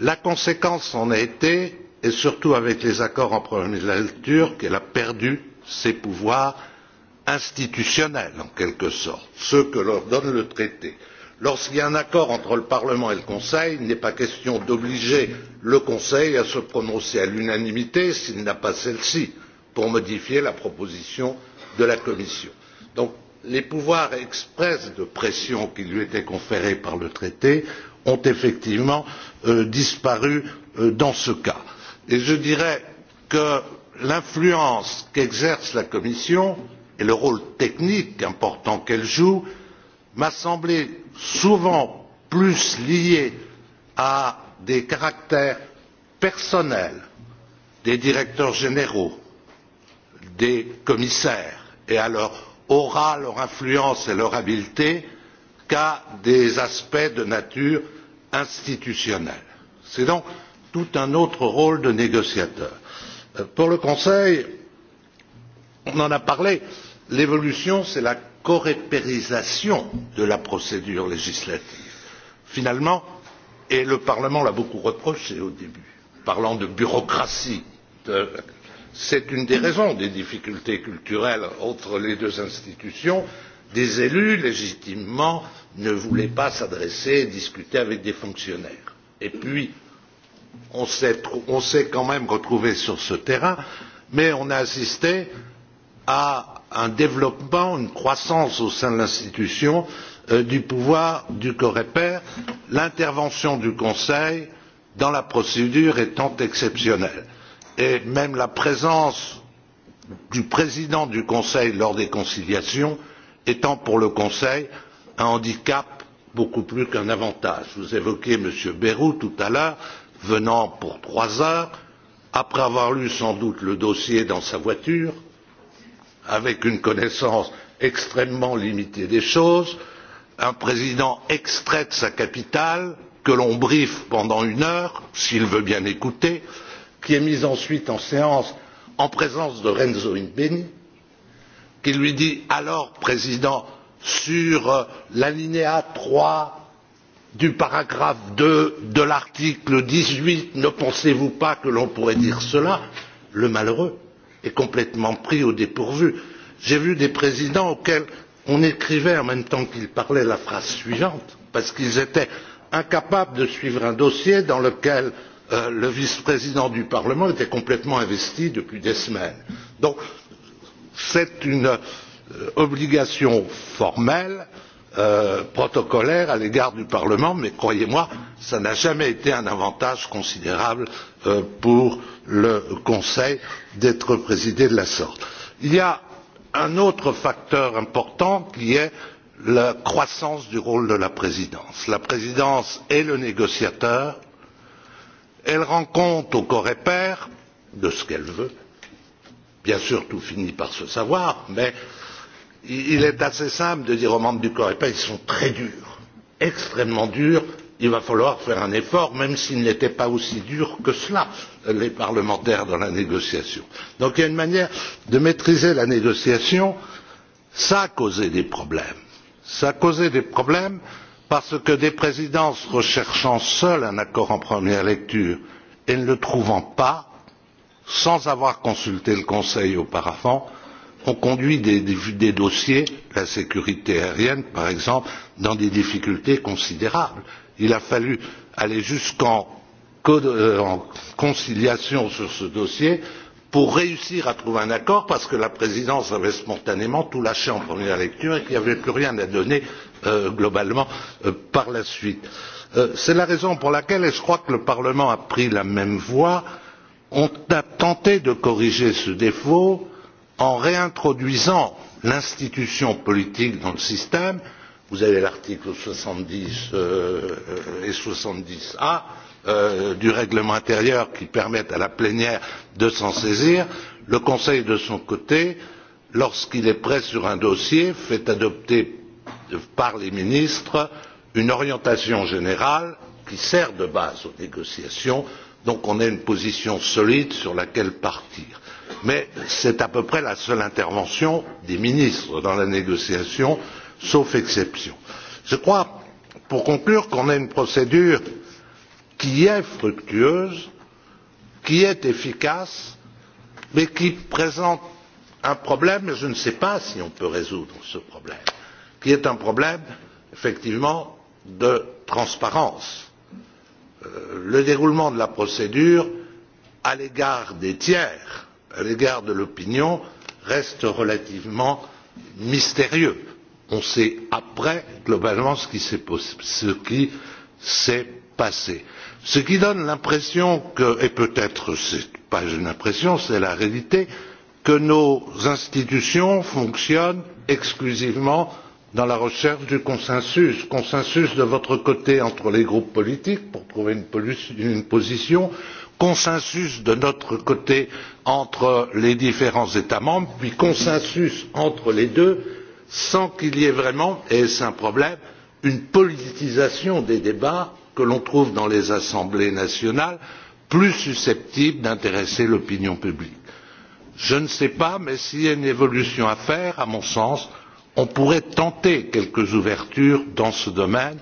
la conséquence en a été et surtout avec les accords en première lecture qu'elle a perdu ses pouvoirs institutionnels en quelque sorte ceux que leur donne le traité lorsqu'il y a un accord entre le parlement et le conseil il n'est pas question d'obliger le conseil à se prononcer à l'unanimité s'il n'a pas celle ci pour modifier la proposition de la commission. donc les pouvoirs exprès de pression qui lui étaient conférés par le traité ont effectivement disparu dans ce cas. et je dirais que l'influence qu'exerce la commission et le rôle technique important qu'elle joue m'a semblé souvent plus lié à des caractères personnels des directeurs généraux, des commissaires et à leur aura, leur influence et leur habileté qu'à des aspects de nature institutionnelle. C'est donc tout un autre rôle de négociateur. Pour le Conseil, on en a parlé, l'évolution, c'est la corépérisation de la procédure législative. Finalement, et le Parlement l'a beaucoup reproché au début, parlant de bureaucratie, c'est une des raisons des difficultés culturelles entre les deux institutions. Des élus, légitimement, ne voulaient pas s'adresser et discuter avec des fonctionnaires. Et puis, on s'est quand même retrouvé sur ce terrain, mais on a assisté à un développement une croissance au sein de l'institution du pouvoir du coreper l'intervention du conseil dans la procédure étant exceptionnelle et même la présence du président du conseil lors des conciliations étant pour le conseil un handicap beaucoup plus qu'un avantage. vous évoquiez m. bayrou tout à l'heure venant pour trois heures après avoir lu sans doute le dossier dans sa voiture avec une connaissance extrêmement limitée des choses, un président extrait de sa capitale, que l'on briefe pendant une heure, s'il veut bien écouter, qui est mis ensuite en séance en présence de Renzo Imbeni, qui lui dit alors, président, sur l'alinéa 3 du paragraphe 2 de l'article dix huit, ne pensez-vous pas que l'on pourrait dire cela Le malheureux est complètement pris au dépourvu. J'ai vu des présidents auxquels on écrivait en même temps qu'ils parlaient la phrase suivante, parce qu'ils étaient incapables de suivre un dossier dans lequel le vice président du Parlement était complètement investi depuis des semaines. Donc c'est une obligation formelle protocolaire à l'égard du Parlement, mais croyez moi, cela n'a jamais été un avantage considérable pour le Conseil d'être présidé de la sorte. Il y a un autre facteur important qui est la croissance du rôle de la présidence. La présidence est le négociateur, elle rend compte au coreper de ce qu'elle veut, bien sûr tout finit par se savoir, mais il est assez simple de dire aux membres du corepa ils sont très durs extrêmement durs il va falloir faire un effort même s'ils n'étaient pas aussi durs que cela les parlementaires dans la négociation. donc il y a une manière de maîtriser la négociation ça a causé des problèmes. ça a causé des problèmes parce que des présidences recherchant seules un accord en première lecture et ne le trouvant pas sans avoir consulté le conseil auparavant ont conduit des dossiers la sécurité aérienne par exemple dans des difficultés considérables. il a fallu aller jusqu'en conciliation sur ce dossier pour réussir à trouver un accord parce que la présidence avait spontanément tout lâché en première lecture et qu'il n'y avait plus rien à donner globalement par la suite. c'est la raison pour laquelle et je crois que le parlement a pris la même voie on a tenté de corriger ce défaut en réintroduisant l'institution politique dans le système vous avez l'article soixante dix et soixante dix a du règlement intérieur qui permettent à la plénière de s'en saisir le conseil de son côté lorsqu'il est prêt sur un dossier fait adopter par les ministres une orientation générale qui sert de base aux négociations donc on a une position solide sur laquelle partir mais c'est à peu près la seule intervention des ministres dans la négociation, sauf exception. Je crois, pour conclure, qu'on a une procédure qui est fructueuse, qui est efficace, mais qui présente un problème, et je ne sais pas si on peut résoudre ce problème, qui est un problème, effectivement, de transparence. Le déroulement de la procédure à l'égard des tiers à l'égard de l'opinion reste relativement mystérieux. On sait après, globalement, ce qui s'est passé. Ce qui donne l'impression et peut-être ce n'est pas une impression, c'est la réalité, que nos institutions fonctionnent exclusivement dans la recherche du consensus. Consensus de votre côté entre les groupes politiques pour trouver une position consensus de notre côté entre les différents états membres puis consensus entre les deux sans qu'il y ait vraiment et c'est un problème une politisation des débats que l'on trouve dans les assemblées nationales plus susceptibles d'intéresser l'opinion publique. je ne sais pas mais s'il y a une évolution à faire à mon sens on pourrait tenter quelques ouvertures dans ce domaine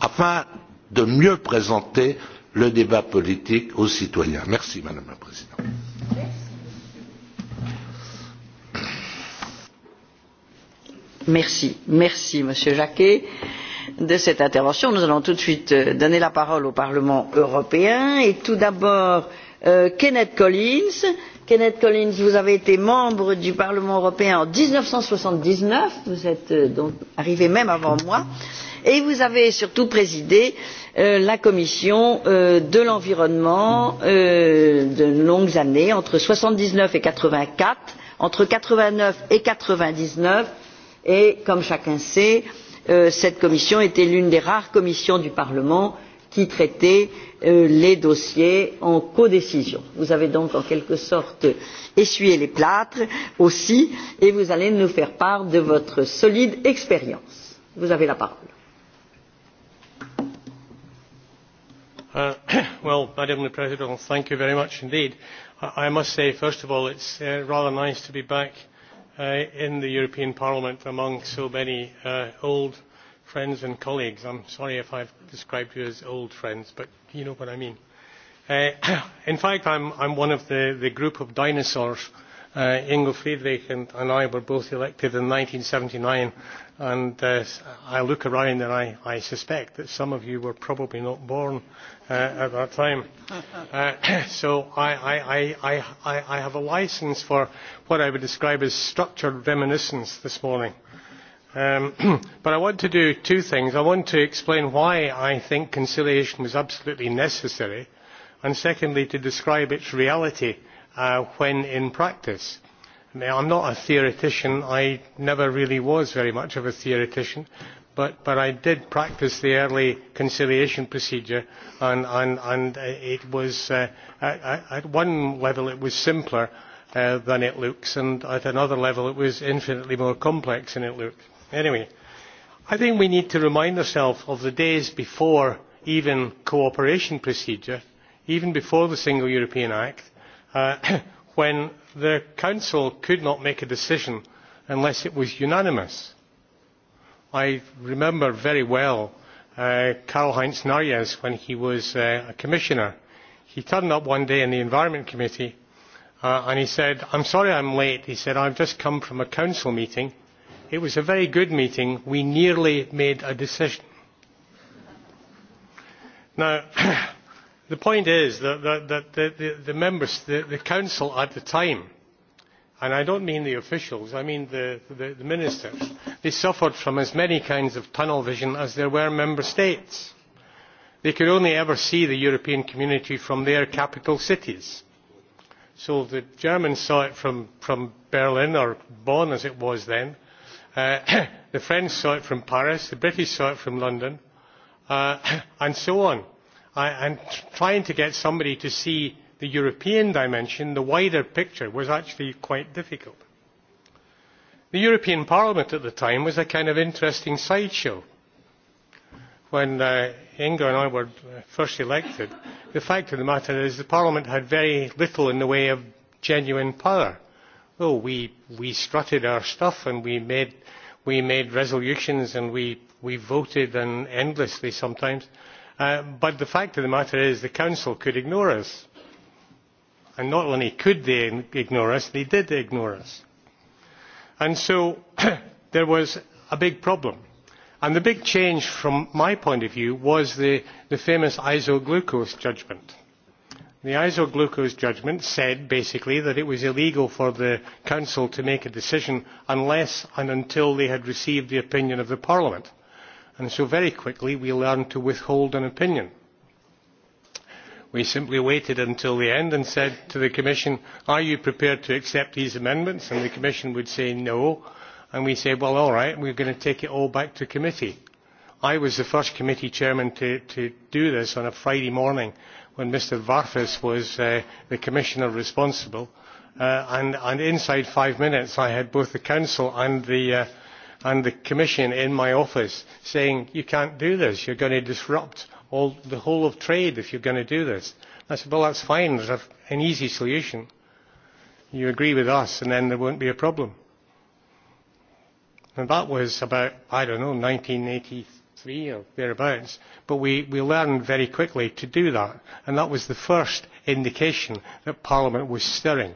afin de mieux présenter le débat politique aux citoyens. Merci, Madame la Présidente. Merci, merci, Monsieur Jacquet, de cette intervention. Nous allons tout de suite donner la parole au Parlement européen et tout d'abord Kenneth Collins. Kenneth Collins, vous avez été membre du Parlement européen en 1979, vous êtes donc arrivé même avant moi et vous avez surtout présidé la commission de l'environnement de longues années entre soixante dix neuf et quatre vingt quatre entre quatre vingt neuf et quatre vingt dix neuf et comme chacun sait cette commission était l'une des rares commissions du parlement qui traitait les dossiers en codécision. vous avez donc en quelque sorte essuyé les plâtres aussi et vous allez nous faire part de votre solide expérience. vous avez la parole. Well, Madam President, thank you very much indeed. I must say, first of all, it's rather nice to be back in the European Parliament among so many old friends and colleagues. I'm sorry if I've described you as old friends, but you know what I mean. In fact, I'm one of the group of dinosaurs. Ingo Friedrich and I were both elected in 1979, and I look around and I suspect that some of you were probably not born at that time. So I I I I I have a license for what I would describe as structured reminiscence this morning. Um But I want to do two things. I want to explain why I think conciliation was absolutely necessary, and secondly, to describe its reality when in practice. I'm not a theoretician. I never really was very much of a theoretician but I did practice the early conciliation procedure and it was at one level it was simpler than it looks and at another level it was infinitely more complex than it looked. Anyway, I think we need to remind ourselves of the days before even cooperation procedure, even before the Single European Act, when the Council could not make a decision unless it was unanimous I remember very well Karl Heinz Narjes when he was a commissioner. He turned up one day in the Environment Committee and he said, I'm sorry I'm late. He said, I've just come from a council meeting. It was a very good meeting. We nearly made a decision. Now, the point is that the members, the council at the time, and I don't mean the officials, I mean the ministers, they suffered from as many kinds of tunnel vision as there were member states. they could only ever see the european community from their capital cities. so the germans saw it from berlin or bonn as it was then the french saw it from paris the british saw it from london and so on. and trying to get somebody to see the european dimension the wider picture was actually quite difficult. The European Parliament at the time was a kind of interesting sideshow. When Inga and I were first elected, the fact of the matter is the Parliament had very little in the way of genuine power. Oh, we, strutted our stuff and we made, resolutions and we, voted endlessly sometimes. but the fact of the matter is the Council could ignore us. And not only could they ignore us, they did ignore us and so there was a big problem and the big change from my point of view was the famous isoglucose judgment. the isoglucose judgment said basically that it was illegal for the council to make a decision unless and until they had received the opinion of parliament and so very quickly we learned to withhold an opinion we simply waited until the end and said to the commission are you prepared to accept these amendments and the commission would say no and we said well all right we're going to take it all back to committee. i was the first committee chairman to do this on a friday morning when mr varfis was the commissioner responsible and inside five minutes i had both the council and the commission in my office saying you can't do this you're going to disrupt the whole of trade if you're going to do this. I said, well, that's fine. There's an easy solution. You agree with us, and then there won't be a problem. And that was about, I don't know, 1983 or thereabouts. But we, we learned very quickly to do that. And that was the first indication that Parliament was stirring.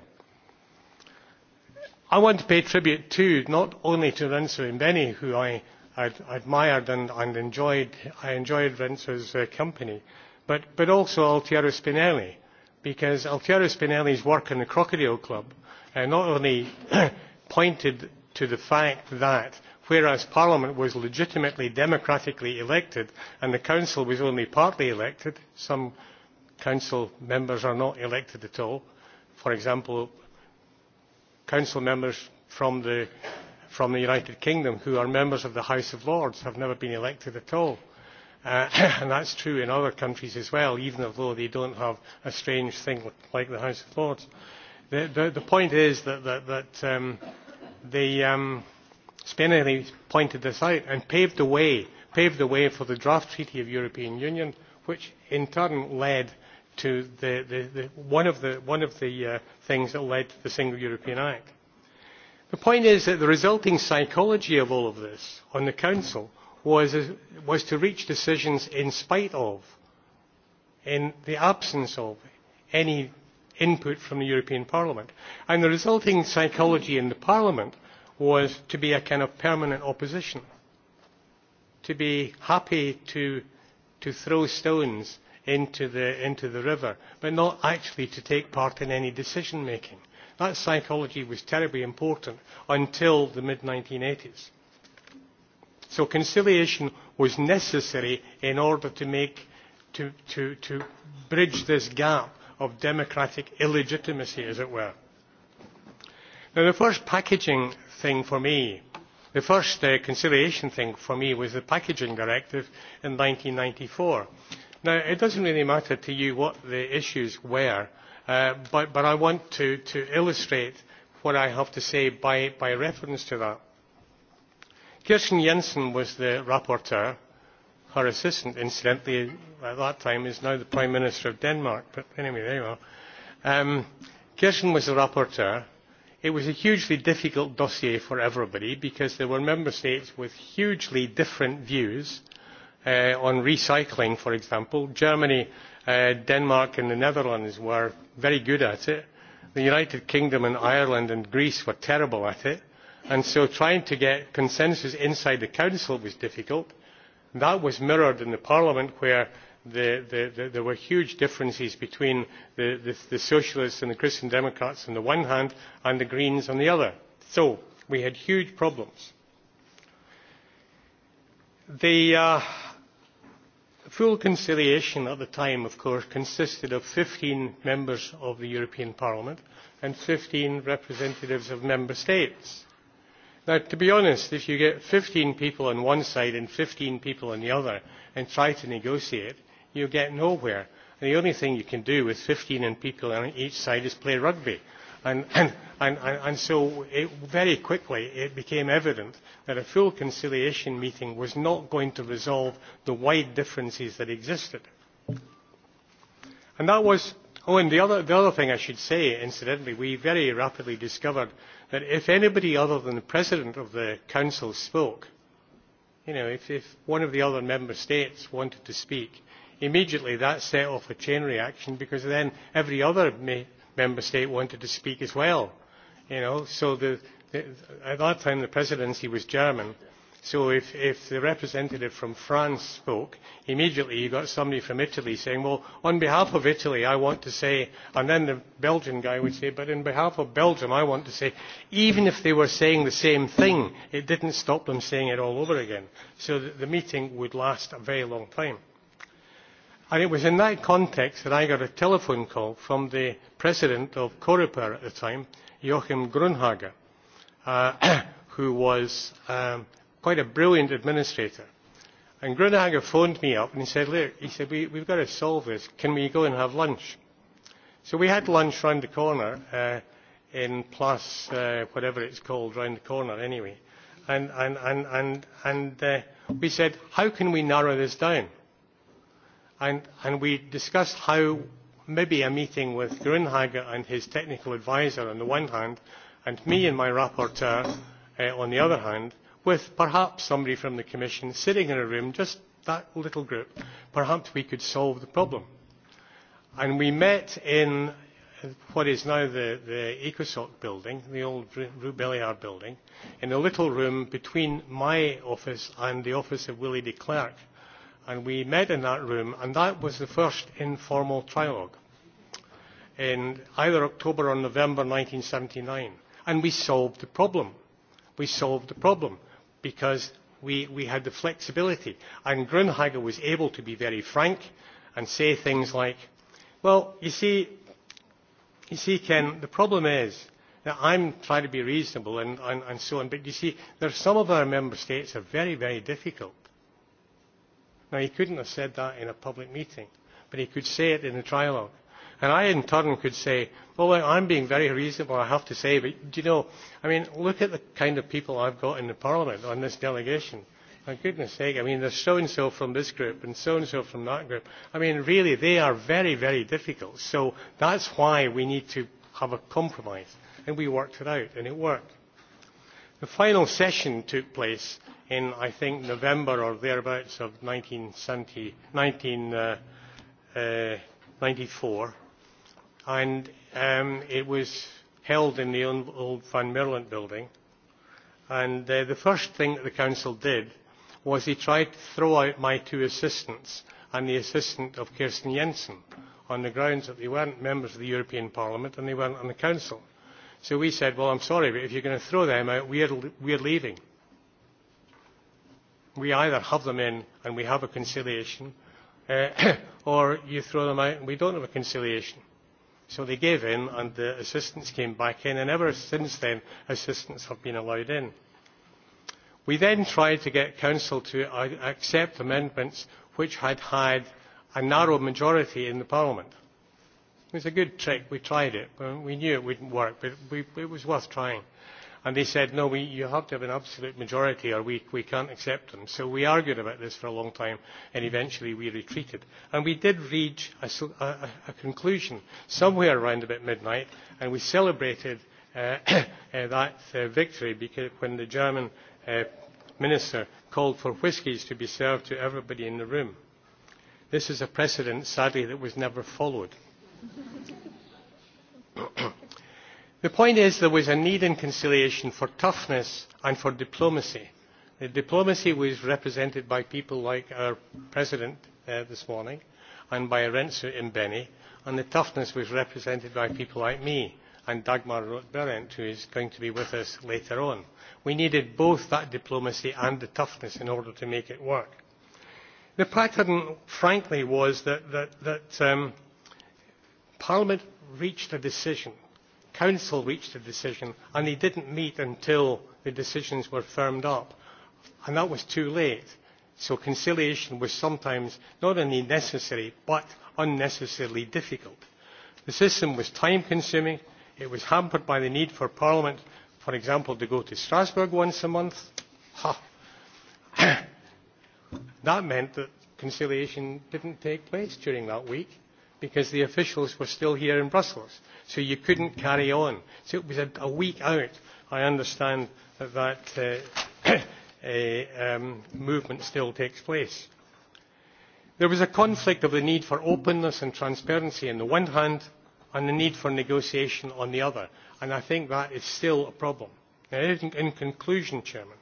I want to pay tribute to not only to Renzo and Benny, who I I admired and enjoyed I enjoyed Renzo's company, but also Altiero Spinelli, because Altiero Spinelli's work in the Crocodile Club not only pointed to the fact that whereas Parliament was legitimately democratically elected and the Council was only partly elected, some Council members are not elected at all, for example, Council members from the from the United Kingdom who are members of the House of Lords have never been elected at all. And that's true in other countries as well, even though they don't have a strange thing like the House of Lords. The point is that the Spinelli pointed this out and paved the way, paved the way for the draft Treaty of European Union, which in turn led to one of the things that led to the Single European Act. The point is that the resulting psychology of all of this on the Council was to reach decisions in spite of, in the absence of, any input from the European Parliament. And the resulting psychology in the Parliament was to be a kind of permanent opposition, to be happy to throw stones into the river, but not actually to take part in any decision making. That psychology was terribly important until the mid-1980s. So conciliation was necessary in order to make, to, bridge this gap of democratic illegitimacy, as it were. Now, the first packaging thing for me, the first conciliation thing for me was the packaging directive in 1994. Now, it doesn't really matter to you what the issues were But I want to illustrate what I have to say by reference to that. Kirsten Jensen was the rapporteur. Her assistant, incidentally, at that time is now the Prime Minister of Denmark. But anyway, there you are. Kirsten was the rapporteur. It was a hugely difficult dossier for everybody because there were member states with hugely different views on recycling, for example. Germany Denmark and the Netherlands were very good at it. The United Kingdom and Ireland and Greece were terrible at it. And so trying to get consensus inside the Council was difficult. That was mirrored in the Parliament where there were huge differences between the Socialists and the Christian Democrats on the one hand and the Greens on the other. So we had huge problems. The Full conciliation at the time, of course, consisted of 15 members of the European Parliament and 15 representatives of member states. Now, to be honest, if you get 15 people on one side and 15 people on the other and try to negotiate, you get nowhere. The only thing you can do with 15 people on each side is play rugby And so very quickly it became evident that a full conciliation meeting was not going to resolve the wide differences that existed. And that was, oh, and the other thing I should say, incidentally, we very rapidly discovered that if anybody other than the President of the Council spoke, you know, if one of the other member states wanted to speak, immediately that set off a chain reaction because then every other member state wanted to speak as well. You know, so the, at that time the presidency was German. So if, if the representative from France spoke, immediately you got somebody from Italy saying, well, on behalf of Italy, I want to say, and then the Belgian guy would say, but on behalf of Belgium, I want to say, even if they were saying the same thing, it didn't stop them saying it all over again. So the, the meeting would last a very long time. And it was in that context that I got a telephone call from the president of Coreper at the time, Joachim Grunhager, who was quite a brilliant administrator. And Grunhager phoned me up and he said, look, we, we've got to solve this. Can we go and have lunch? So we had lunch round the corner in Plus, whatever it's called, round the corner anyway. and we said, how can we narrow this down? and we discussed how maybe a meeting with Grunhager and his technical advisor on the one hand, and me and my rapporteur on the other hand, with perhaps somebody from the Commission sitting in a room, just that little group, perhaps we could solve the problem. And we met in what is now the ECOSOC building, the old Rue building, in a little room between my office and the office of Willie de Klerk and we met in that room, and that was the first informal trilogue in either October or November 1979. And we solved the problem. We solved the problem because we, we had the flexibility. And Grunhager was able to be very frank and say things like, well, you see, you see, Ken, the problem is that I'm trying to be reasonable and, and, and so on, but you see, there are some of our member states are very, very difficult Now, he couldn't have said that in a public meeting, but he could say it in a trialogue. And I, in turn, could say, well, I'm being very reasonable, I have to say, but, do you know, I mean, look at the kind of people I've got in the Parliament on this delegation. For goodness sake, I mean, there's so-and-so from this group and so-and-so from that group. I mean, really, they are very, very difficult. So that's why we need to have a compromise. And we worked it out, and it worked. The final session took place in I think November or thereabouts of 1994, and it was held in the old Van Merland building. And the first thing that the council did was he tried to throw out my two assistants and the assistant of Kirsten Jensen on the grounds that they weren't members of the European Parliament and they weren't on the council. So we said, well, I'm sorry, but if you're going to throw them out, we we're leaving we either have them in and we have a conciliation, or you throw them out and we don't have a conciliation. So they gave in and the assistants came back in and ever since then assistants have been allowed in. We then tried to get Council to accept amendments which had had a narrow majority in the Parliament. It was a good trick. We tried it. We knew it wouldn't work, but we it was worth trying and they said no you have to have an absolute majority or we we can't accept them so we argued about this for a long time and eventually we retreated and we did reach a conclusion somewhere around about midnight and we celebrated that victory when the german minister called for whiskies to be served to everybody in the room this is a precedent sadly that was never followed The point is there was a need in conciliation for toughness and for diplomacy. The diplomacy was represented by people like our President this morning and by Renzo Imbeni, and the toughness was represented by people like me and Dagmar Roth-Berendt, who is going to be with us later on. We needed both that diplomacy and the toughness in order to make it work. The pattern, frankly, was that Parliament reached a decision Council reached a decision and they did not meet until the decisions were firmed up. And that was too late. So conciliation was sometimes not only necessary but unnecessarily difficult. The system was time consuming. It was hampered by the need for Parliament, for example, to go to Strasbourg once a month. That meant that conciliation did not take place during that week because the officials were still here in Brussels. So you couldn't carry on. So it was a week out. I understand that that movement still takes place. There was a conflict of the need for openness and transparency on the one hand and the need for negotiation on the other. And I think that is still a problem. In conclusion, Chairman,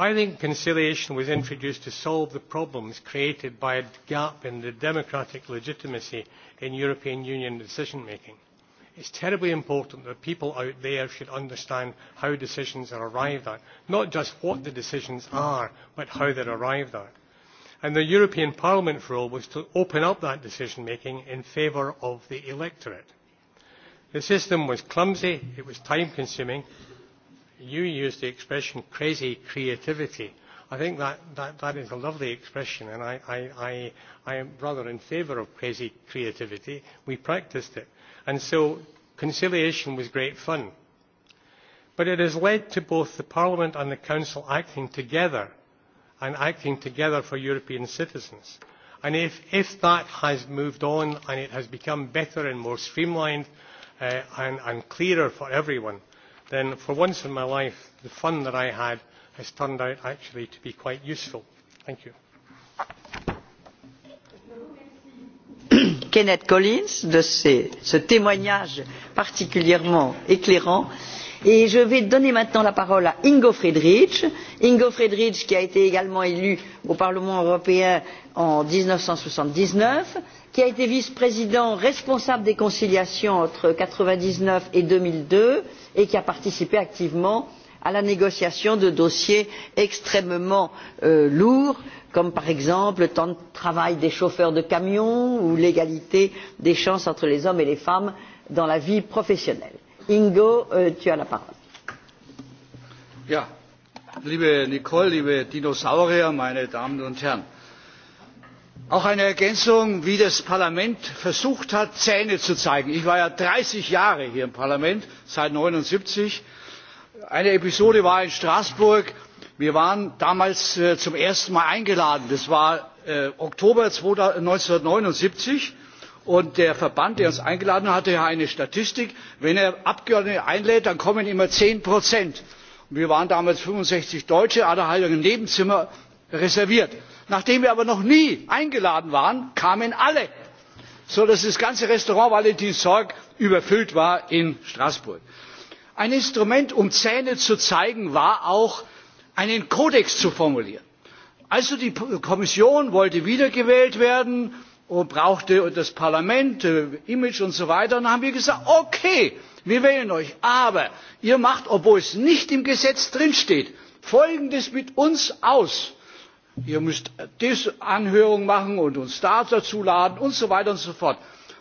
I think conciliation was introduced to solve the problems created by a gap in the democratic legitimacy in European Union decision making. It is terribly important that people out there should understand how decisions are arrived at, not just what the decisions are, but how they are arrived at. And the European Parliament's role was to open up that decision making in favour of the electorate. The system was clumsy, it was time consuming you used the expression crazy creativity. I think that, that, that is a lovely expression, and I, I, I, I am rather in favour of crazy creativity. We practised it. And so conciliation was great fun. But it has led to both the Parliament and the Council acting together, and acting together for European citizens. And if, if that has moved on and it has become better and more streamlined and, and clearer for everyone, then for once in my life the fun that I had has turned out actually to be quite useful. Thank you. Kenneth Collins de ce témoignage particulièrement éclairant et je vais donner maintenant la parole à Ingo Friedrich. Ingo Friedrich qui a été également élu au Parlement européen en 1979 qui a été vice président responsable des conciliations entre mille quatre vingt dix neuf et deux mille deux et qui a participé activement à la négociation de dossiers extrêmement lourds comme par exemple le temps de travail des chauffeurs de camions ou l'égalité des chances entre les hommes et les femmes dans la vie professionnelle. ingo tu as la parole. liebe nicole liebe dinosaurier meine damen und herren! auch eine ergänzung wie das parlament versucht hat zähne zu zeigen ich war ja dreißig jahre hier im parlament seit. eintausendneunhundertneunundsiebzig eine episode war in straßburg wir waren damals zum ersten mal eingeladen das war oktober eintausendneunhundertneunundsiebzig und der verband der uns eingeladen hatte hatte eine statistik wenn er abgeordnete einlädt dann kommen immer zehn prozent. wir waren damals fünfundsechzig deutsche alle hatten ein nebenzimmer reserviert nachdem wir aber noch nie eingeladen waren kamen alle sodass das ganze restaurant valentin sorg überfüllt war in straßburg. ein instrument um zähne zu zeigen war auch einen kodex zu formulieren. also die kommission wollte wiedergewählt werden und brauchte das parlament image und so weiter. und dann haben wir gesagt okay wir wählen euch aber ihr macht obwohl es nicht im gesetz steht folgendes mit uns aus ihr müsst diese Anhörung machen und uns da dazu laden und so weiter und so fort.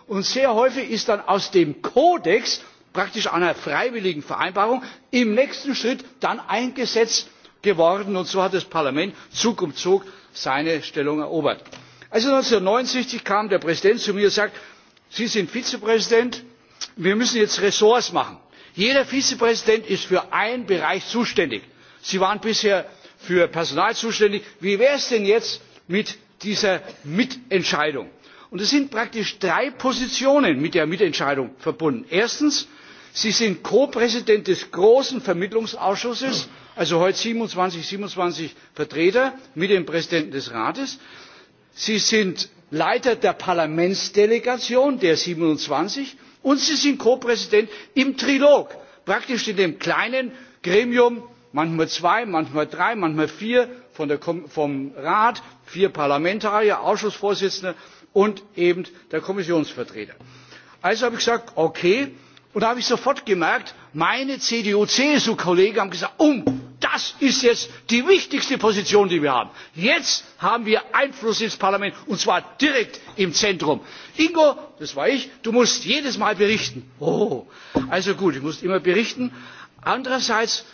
Und sehr häufig ist dann aus dem Kodex, praktisch einer freiwilligen Vereinbarung, im nächsten Schritt dann ein Gesetz geworden. Und so hat das Parlament Zug um Zug seine Stellung erobert. Also 1969 kam der Präsident zu mir und sagte, Sie sind Vizepräsident, wir müssen jetzt Ressorts machen. Jeder Vizepräsident ist für einen Bereich zuständig. Sie waren bisher für personal zuständig wie wäre es denn jetzt mit dieser mitentscheidung? und es sind praktisch drei positionen mit der mitentscheidung verbunden erstens sie sind ko präsident des großen vermittlungsausschusses also heute 27 27 vertreter mit dem präsidenten des rates sie sind leiter der parlamentsdelegation der 27, und sie sind ko präsident im trilog praktisch in dem kleinen gremium manchmal zwei manchmal drei manchmal vier vom rat vier parlamentarier ausschussvorsitzende und eben der kommissionsvertreter. also habe ich gesagt okay und da habe ich sofort gemerkt meine cdu csu kollegen haben gesagt oh das ist jetzt die wichtigste position die wir haben jetzt haben wir einfluss ins parlament und zwar direkt im zentrum. ingo das war ich du musst jedes mal berichten. oh also gut ich musste immer berichten. andererseits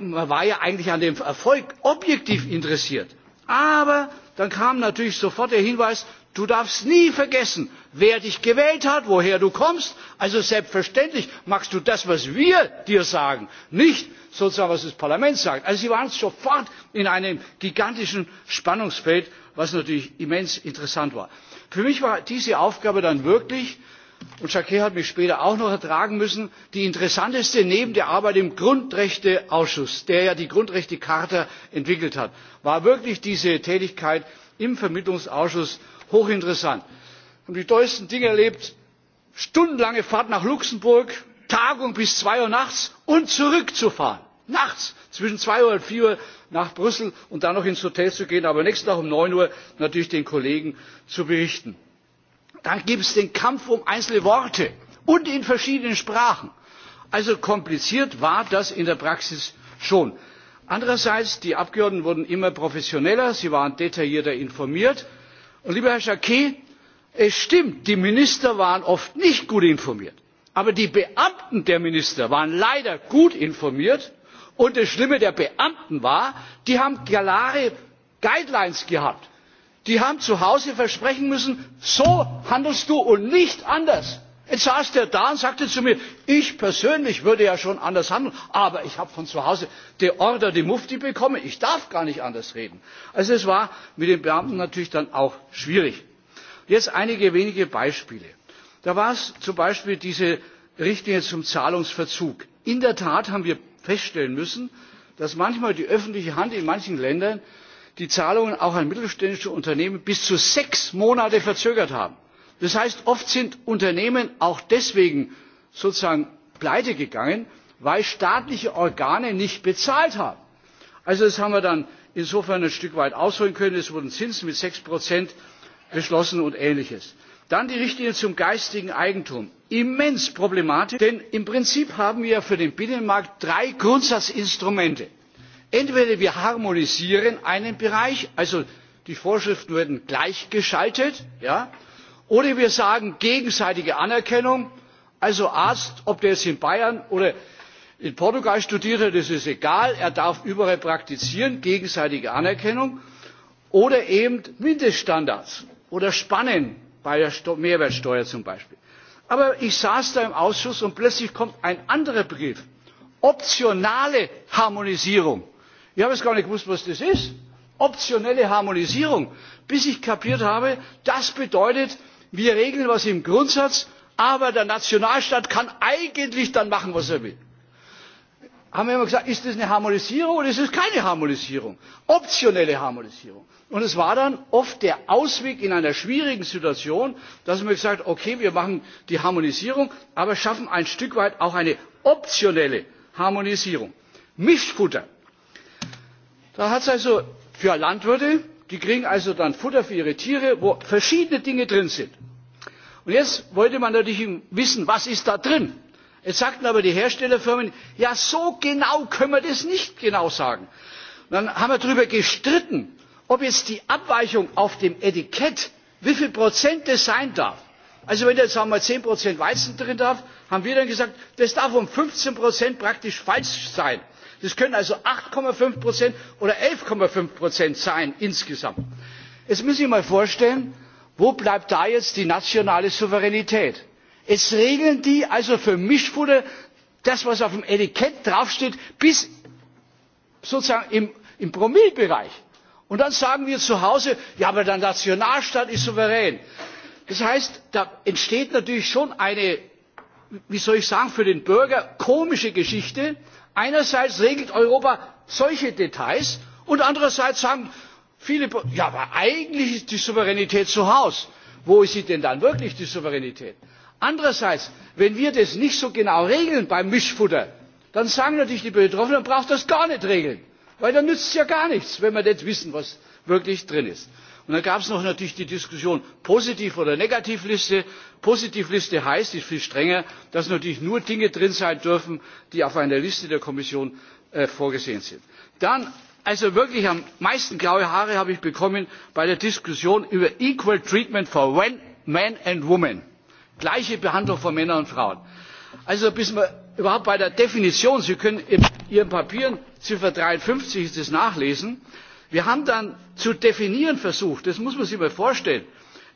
man war ja eigentlich an dem erfolg objektiv interessiert. aber dann kam natürlich sofort der hinweis du darfst nie vergessen wer dich gewählt hat woher du kommst also selbstverständlich machst du das was wir dir sagen nicht sozusagen was das parlament sagt. also sie waren sofort in einem gigantischen spannungsfeld was natürlich immens interessant war. für mich war diese aufgabe dann wirklich und jacquet hat mich später auch noch ertragen müssen die interessanteste neben der arbeit im grundrechteausschuss der ja die grundrechtecharta entwickelt hat war wirklich diese tätigkeit im vermittlungsausschuss hochinteressant. wir haben die tollsten dinge erlebt stundenlange fahrt nach luxemburg tagung bis zwei uhr nachts und zurückzufahren nachts zwischen zwei uhr und vier uhr nach brüssel und dann noch ins hotel zu gehen aber am nächsten tag um neun uhr natürlich den kollegen zu berichten dann gibt es den kampf um einzelne worte und in verschiedenen sprachen. also kompliziert war das in der praxis schon. andererseits die abgeordneten wurden immer professioneller sie waren detaillierter informiert. und lieber herr jacquet es stimmt die minister waren oft nicht gut informiert aber die beamten der minister waren leider gut informiert und das schlimme der beamten war die haben klare guidelines gehabt die haben zu hause versprechen müssen so handelst du und nicht anders. jetzt saß der da und sagte zu mir ich persönlich würde ja schon anders handeln aber ich habe von zu hause die order die mufti bekommen ich darf gar nicht anders reden. also es war mit den beamten natürlich dann auch schwierig. jetzt einige wenige beispiele da war es zum beispiel diese richtlinie zum zahlungsverzug. in der tat haben wir feststellen müssen dass manchmal die öffentliche hand in manchen ländern die zahlungen auch an mittelständische unternehmen bis zu sechs monate verzögert haben. das heißt oft sind unternehmen auch deswegen sozusagen pleitegegangen weil staatliche organe nicht bezahlt haben. also das haben wir dann insofern ein stück weit ausholen können es wurden zinsen mit sechs beschlossen und ähnliches. dann die richtlinie zum geistigen eigentum immens problematisch denn im prinzip haben wir für den binnenmarkt drei grundsatzinstrumente entweder wir harmonisieren einen bereich also die vorschriften werden gleichgeschaltet oder wir sagen gegenseitige anerkennung also arzt ob der jetzt in bayern oder in portugal studiert hat das ist egal er darf überall praktizieren gegenseitige anerkennung oder eben mindeststandards oder spannen bei der mehrwertsteuer zum beispiel. aber ich saß da im ausschuss und plötzlich kommt ein anderer begriff optionale harmonisierung. Ich habe es gar nicht gewusst, was das ist. Optionelle Harmonisierung. Bis ich kapiert habe, das bedeutet, wir regeln was im Grundsatz, aber der Nationalstaat kann eigentlich dann machen, was er will. Haben wir immer gesagt, ist das eine Harmonisierung oder ist es keine Harmonisierung? Optionelle Harmonisierung. Und es war dann oft der Ausweg in einer schwierigen Situation, dass man gesagt hat, okay, wir machen die Harmonisierung, aber schaffen ein Stück weit auch eine optionelle Harmonisierung. Mischfutter da hat es also für landwirte die kriegen also dann futter für ihre tiere wo verschiedene dinge drin sind. und jetzt wollte man natürlich wissen was ist da drin? jetzt sagten aber die herstellerfirmen ja so genau können wir das nicht genau sagen. dann haben wir darüber gestritten ob jetzt die abweichung auf dem etikett wie viel prozent das sein darf. also wenn da sagen wir zehn weizen drin darf haben wir dann gesagt das darf um 15 praktisch falsch sein das können also acht fünf oder elf fünf sein insgesamt. jetzt müssen sie sich mal vorstellen wo bleibt da jetzt die nationale souveränität? es regeln die also für mischfutter das was auf dem etikett draufsteht bis sozusagen im promillebereich. und dann sagen wir zu hause ja aber der nationalstaat ist souverän. das heißt da entsteht natürlich schon eine wie soll ich sagen für den bürger komische geschichte einerseits regelt europa solche details und andererseits sagen viele ja aber eigentlich ist die souveränität zu hause. wo ist sie denn dann wirklich die souveränität? andererseits wenn wir das nicht so genau regeln beim mischfutter dann sagen natürlich die betroffenen braucht das gar nicht regeln weil dann nützt es ja gar nichts wenn wir nicht wissen was wirklich drin ist. Und dann gab es noch natürlich die Diskussion Positiv- oder Negativliste. Positivliste heißt, ist viel strenger, dass natürlich nur Dinge drin sein dürfen, die auf einer Liste der Kommission vorgesehen sind. Dann, also wirklich am meisten graue Haare habe ich bekommen bei der Diskussion über Equal Treatment for Men and Women. Gleiche Behandlung von Männern und Frauen. Also bis man überhaupt bei der Definition, Sie können in Ihren Papieren, Ziffer 53 ist es nachlesen, wir haben dann zu definieren versucht das muss man sich mal vorstellen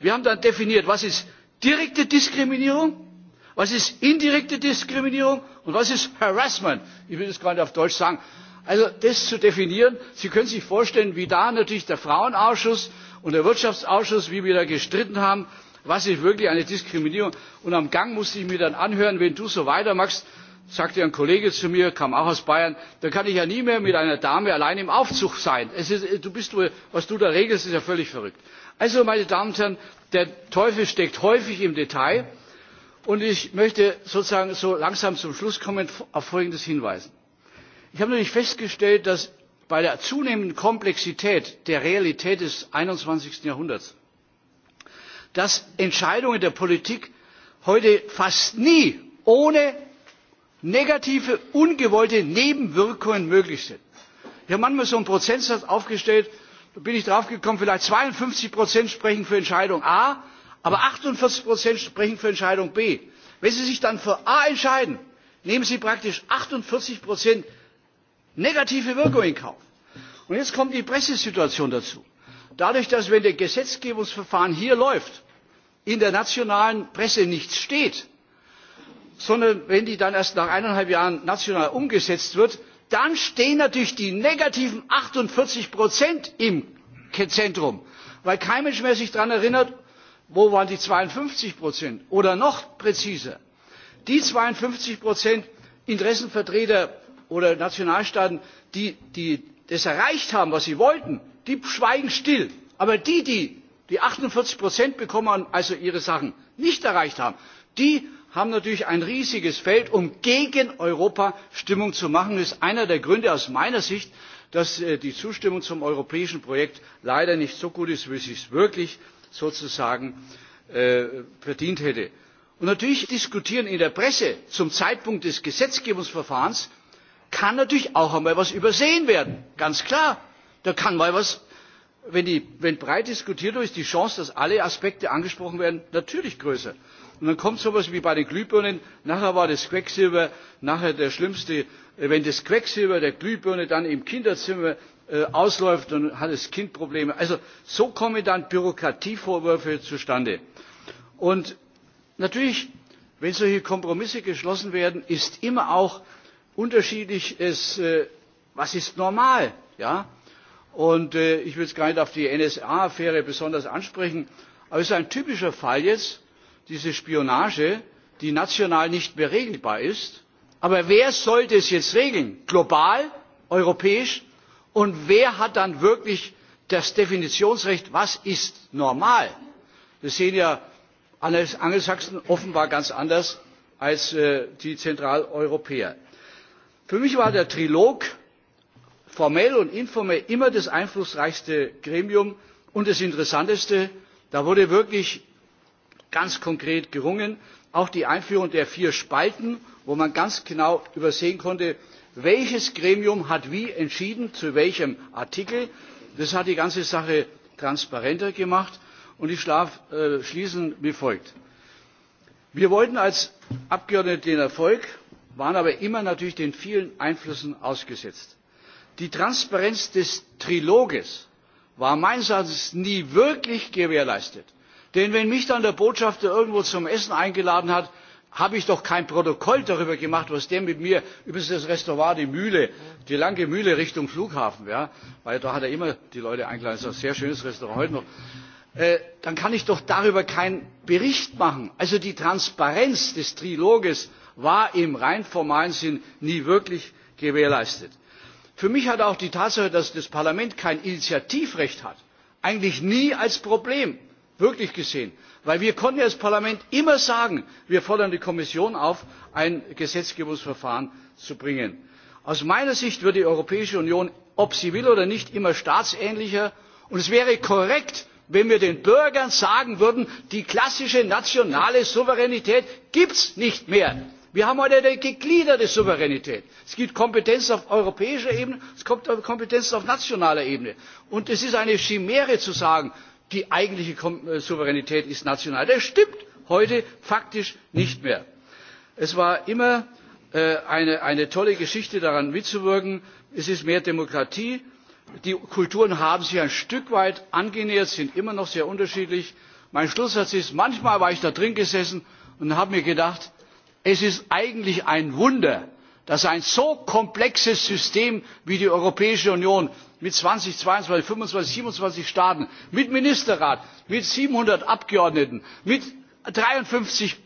wir haben dann definiert was ist direkte diskriminierung was ist indirekte diskriminierung und was ist harassment ich will das gar nicht auf deutsch sagen also das zu definieren sie können sich vorstellen wie da natürlich der frauenausschuss und der wirtschaftsausschuss wie wir da gestritten haben was ist wirklich eine diskriminierung und am gang musste ich mir dann anhören wenn du so weitermachst sagte ein kollege zu mir kam auch aus bayern da kann ich ja nie mehr mit einer dame allein im aufzug sein Du bist was du da regelst ist ja völlig verrückt. also meine damen und herren der teufel steckt häufig im detail und ich möchte sozusagen so langsam zum schluss kommen auf folgendes hinweisen ich habe nämlich festgestellt dass bei der zunehmenden komplexität der realität des. einundzwanzig jahrhunderts dass entscheidungen der politik heute fast nie ohne negative ungewollte nebenwirkungen möglich sind. wir haben manchmal so einen prozentsatz aufgestellt da bin ich drauf gekommen vielleicht 52 sprechen für entscheidung a aber 48 sprechen für entscheidung b. wenn sie sich dann für a entscheiden nehmen sie praktisch 48 negative wirkung in kauf. und jetzt kommt die pressesituation dazu. dadurch dass wenn das gesetzgebungsverfahren hier läuft in der nationalen presse nichts steht sondern wenn die dann erst nach eineinhalb jahren national umgesetzt wird dann stehen natürlich die negativen 48 im zentrum weil sich kein mensch mehr daran erinnert wo waren die 52 oder noch präziser die 52 interessenvertreter oder nationalstaaten die das erreicht haben was sie wollten die schweigen still aber die die die achtundvierzig bekommen also ihre sachen nicht erreicht haben die haben natürlich ein riesiges feld um gegen europa stimmung zu machen. das ist einer der gründe aus meiner sicht dass die zustimmung zum europäischen projekt leider nicht so gut ist wie sie es wirklich sozusagen verdient hätte. und natürlich diskutieren in der presse zum zeitpunkt des gesetzgebungsverfahrens kann natürlich auch einmal etwas übersehen werden ganz klar. da kann mal etwas wenn breit diskutiert wird ist die chance dass alle aspekte angesprochen werden natürlich größer. Und dann kommt so etwas wie bei den Glühbirnen, nachher war das Quecksilber nachher der schlimmste, wenn das Quecksilber der Glühbirne dann im Kinderzimmer ausläuft, dann hat das Kind Probleme. Also so kommen dann Bürokratievorwürfe zustande. Und natürlich, wenn solche Kompromisse geschlossen werden, ist immer auch unterschiedlich, was ist normal. Und ich will es gar nicht auf die NSA-Affäre besonders ansprechen, aber es ist ein typischer Fall jetzt, diese spionage die national nicht mehr regelbar ist. aber wer sollte es jetzt regeln? global europäisch? und wer hat dann wirklich das definitionsrecht was ist normal? Wir sehen ja angelsachsen offenbar ganz anders als die zentraleuropäer. für mich war der trilog formell und informell immer das einflussreichste gremium und das interessanteste. da wurde wirklich ganz konkret gerungen. Auch die Einführung der vier Spalten, wo man ganz genau übersehen konnte, welches Gremium hat wie entschieden, zu welchem Artikel. Das hat die ganze Sache transparenter gemacht. Und ich schließen wie folgt. Wir wollten als Abgeordnete den Erfolg, waren aber immer natürlich den vielen Einflüssen ausgesetzt. Die Transparenz des Triloges war meines Erachtens nie wirklich gewährleistet. Denn wenn mich dann der Botschafter irgendwo zum Essen eingeladen hat, habe ich doch kein Protokoll darüber gemacht, was der mit mir, übrigens das Restaurant die Mühle, die lange Mühle Richtung Flughafen, ja, weil da hat er immer die Leute eingeladen, das ist ein sehr schönes Restaurant heute noch, dann kann ich doch darüber keinen Bericht machen. Also die Transparenz des Triloges war im rein formalen Sinn nie wirklich gewährleistet. Für mich hat auch die Tatsache, dass das Parlament kein Initiativrecht hat, eigentlich nie als Problem wirklich gesehen. weil wir konnten als Parlament immer sagen, wir fordern die Kommission auf, ein Gesetzgebungsverfahren zu bringen. Aus meiner Sicht wird die Europäische Union, ob sie will oder nicht, immer staatsähnlicher. Und es wäre korrekt, wenn wir den Bürgern sagen würden, die klassische nationale Souveränität gibt es nicht mehr. Wir haben heute eine gegliederte Souveränität. Es gibt Kompetenzen auf europäischer Ebene, es gibt Kompetenzen auf nationaler Ebene. Und es ist eine Chimäre zu sagen, die eigentliche souveränität ist national. das stimmt heute faktisch nicht mehr. es war immer eine tolle geschichte daran mitzuwirken es ist mehr demokratie die kulturen haben sich ein stück weit angenähert sind immer noch sehr unterschiedlich. mein schlusssatz ist manchmal war ich da drin gesessen und habe mir gedacht es ist eigentlich ein wunder dass ein so komplexes system wie die europäische union mit zwanzig zweiundzwanzig fünfundzwanzig siebenundzwanzig staaten mit ministerrat mit siebenhundert abgeordneten mit dreiundfünfzig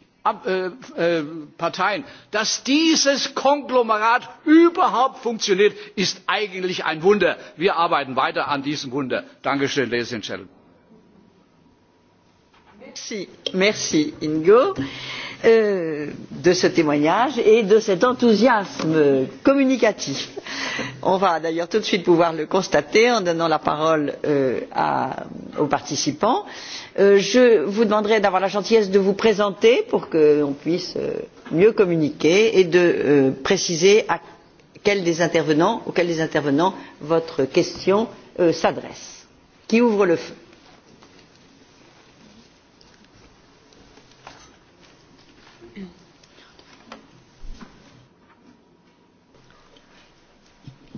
parteien dass dieses konglomerat überhaupt funktioniert ist eigentlich ein wunder. wir arbeiten weiter an diesem wunder. danke schön Merci, merci Ingo de ce témoignage et de cet enthousiasme communicatif. On va d'ailleurs tout de suite pouvoir le constater en donnant la parole aux participants. Je vous demanderai d'avoir la gentillesse de vous présenter pour que l'on puisse mieux communiquer et de préciser à quel des intervenants, auquel des intervenants votre question s'adresse. Qui ouvre le feu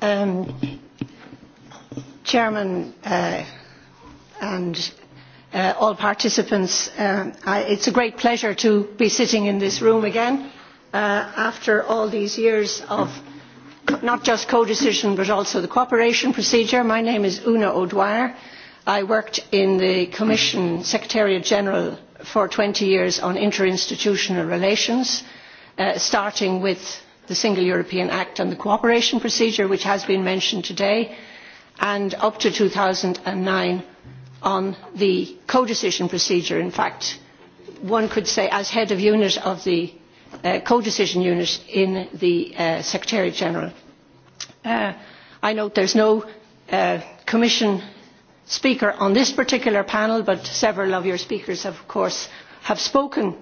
Chairman and all participants, it's a great pleasure to be sitting in this room again after all these years of not just codecision but also the cooperation procedure. My name is Una O'Dwyer. I worked in the Commission Secretariat General for 20 years on interinstitutional relations, starting with the Single European Act on the cooperation procedure, which has been mentioned today, and up to 2009 on the codecision procedure. In fact, one could say as head of unit of the Co-Decision unit in the Secretariat General. I note there is no Commission speaker on this particular panel, but several of your speakers, of course, have spoken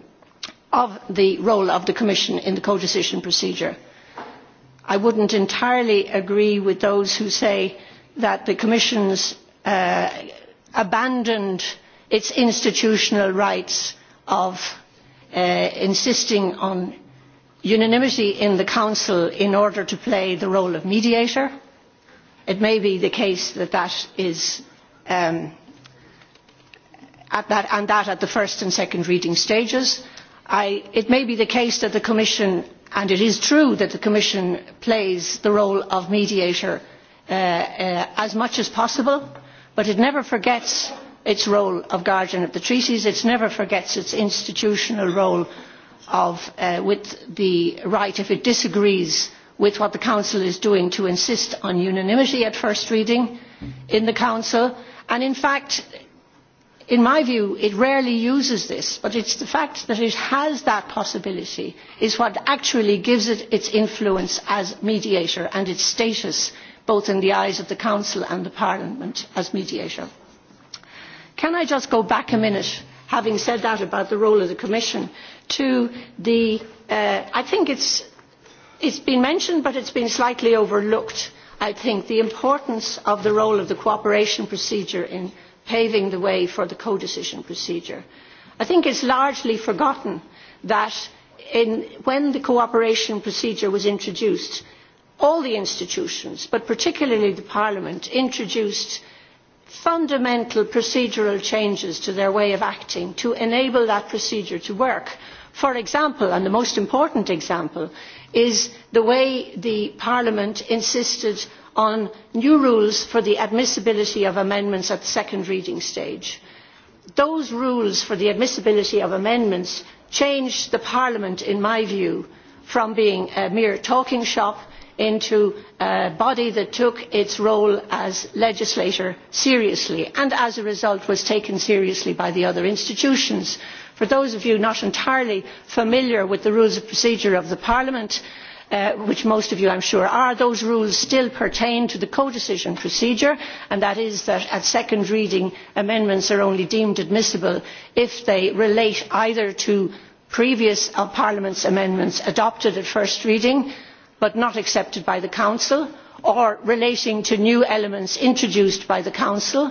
of the role of the Commission in the codecision procedure. I would not entirely agree with those who say that the Commission has abandoned its institutional rights of insisting on unanimity in the Council in order to play the role of mediator. It may be the case that that is and that at the first and second reading stages it may be the case that the commission and it is true that the commission plays the role of mediator as much as possible but it never forgets its role of guardian of the treaties it never forgets its institutional role with the right if it disagrees with what the council is doing to insist on unanimity at first reading in the council and in fact in my view it rarely uses this but it is the fact that it has that possibility is what actually gives it its influence as mediator and its status both in the eyes of the council and parliament as mediator. can i just go back a minute having said that about the role of the commission to the i think it has been mentioned but it has been slightly overlooked the importance of the role of the cooperation procedure in paving the way for the codecision procedure. I think it is largely forgotten that when the cooperation procedure was introduced, all the institutions, but particularly Parliament, introduced fundamental procedural changes to their way of acting to enable that procedure to work. For example, and the most important example, is the way Parliament insisted on new rules for the admissibility of amendments at the second reading stage. those rules for the admissibility of amendments changed parliament in my view from being a mere talking shop into a body that took its role as legislator seriously and as a result was taken seriously by the other institutions. for those of you not entirely familiar with the rules of procedure of parliament which most of you i am sure are those rules still pertain to the codecision procedure and that is that at second reading amendments are only deemed admissible if they relate either to previous parliament's amendments adopted at first reading but not accepted by the council or relating to new elements introduced by the council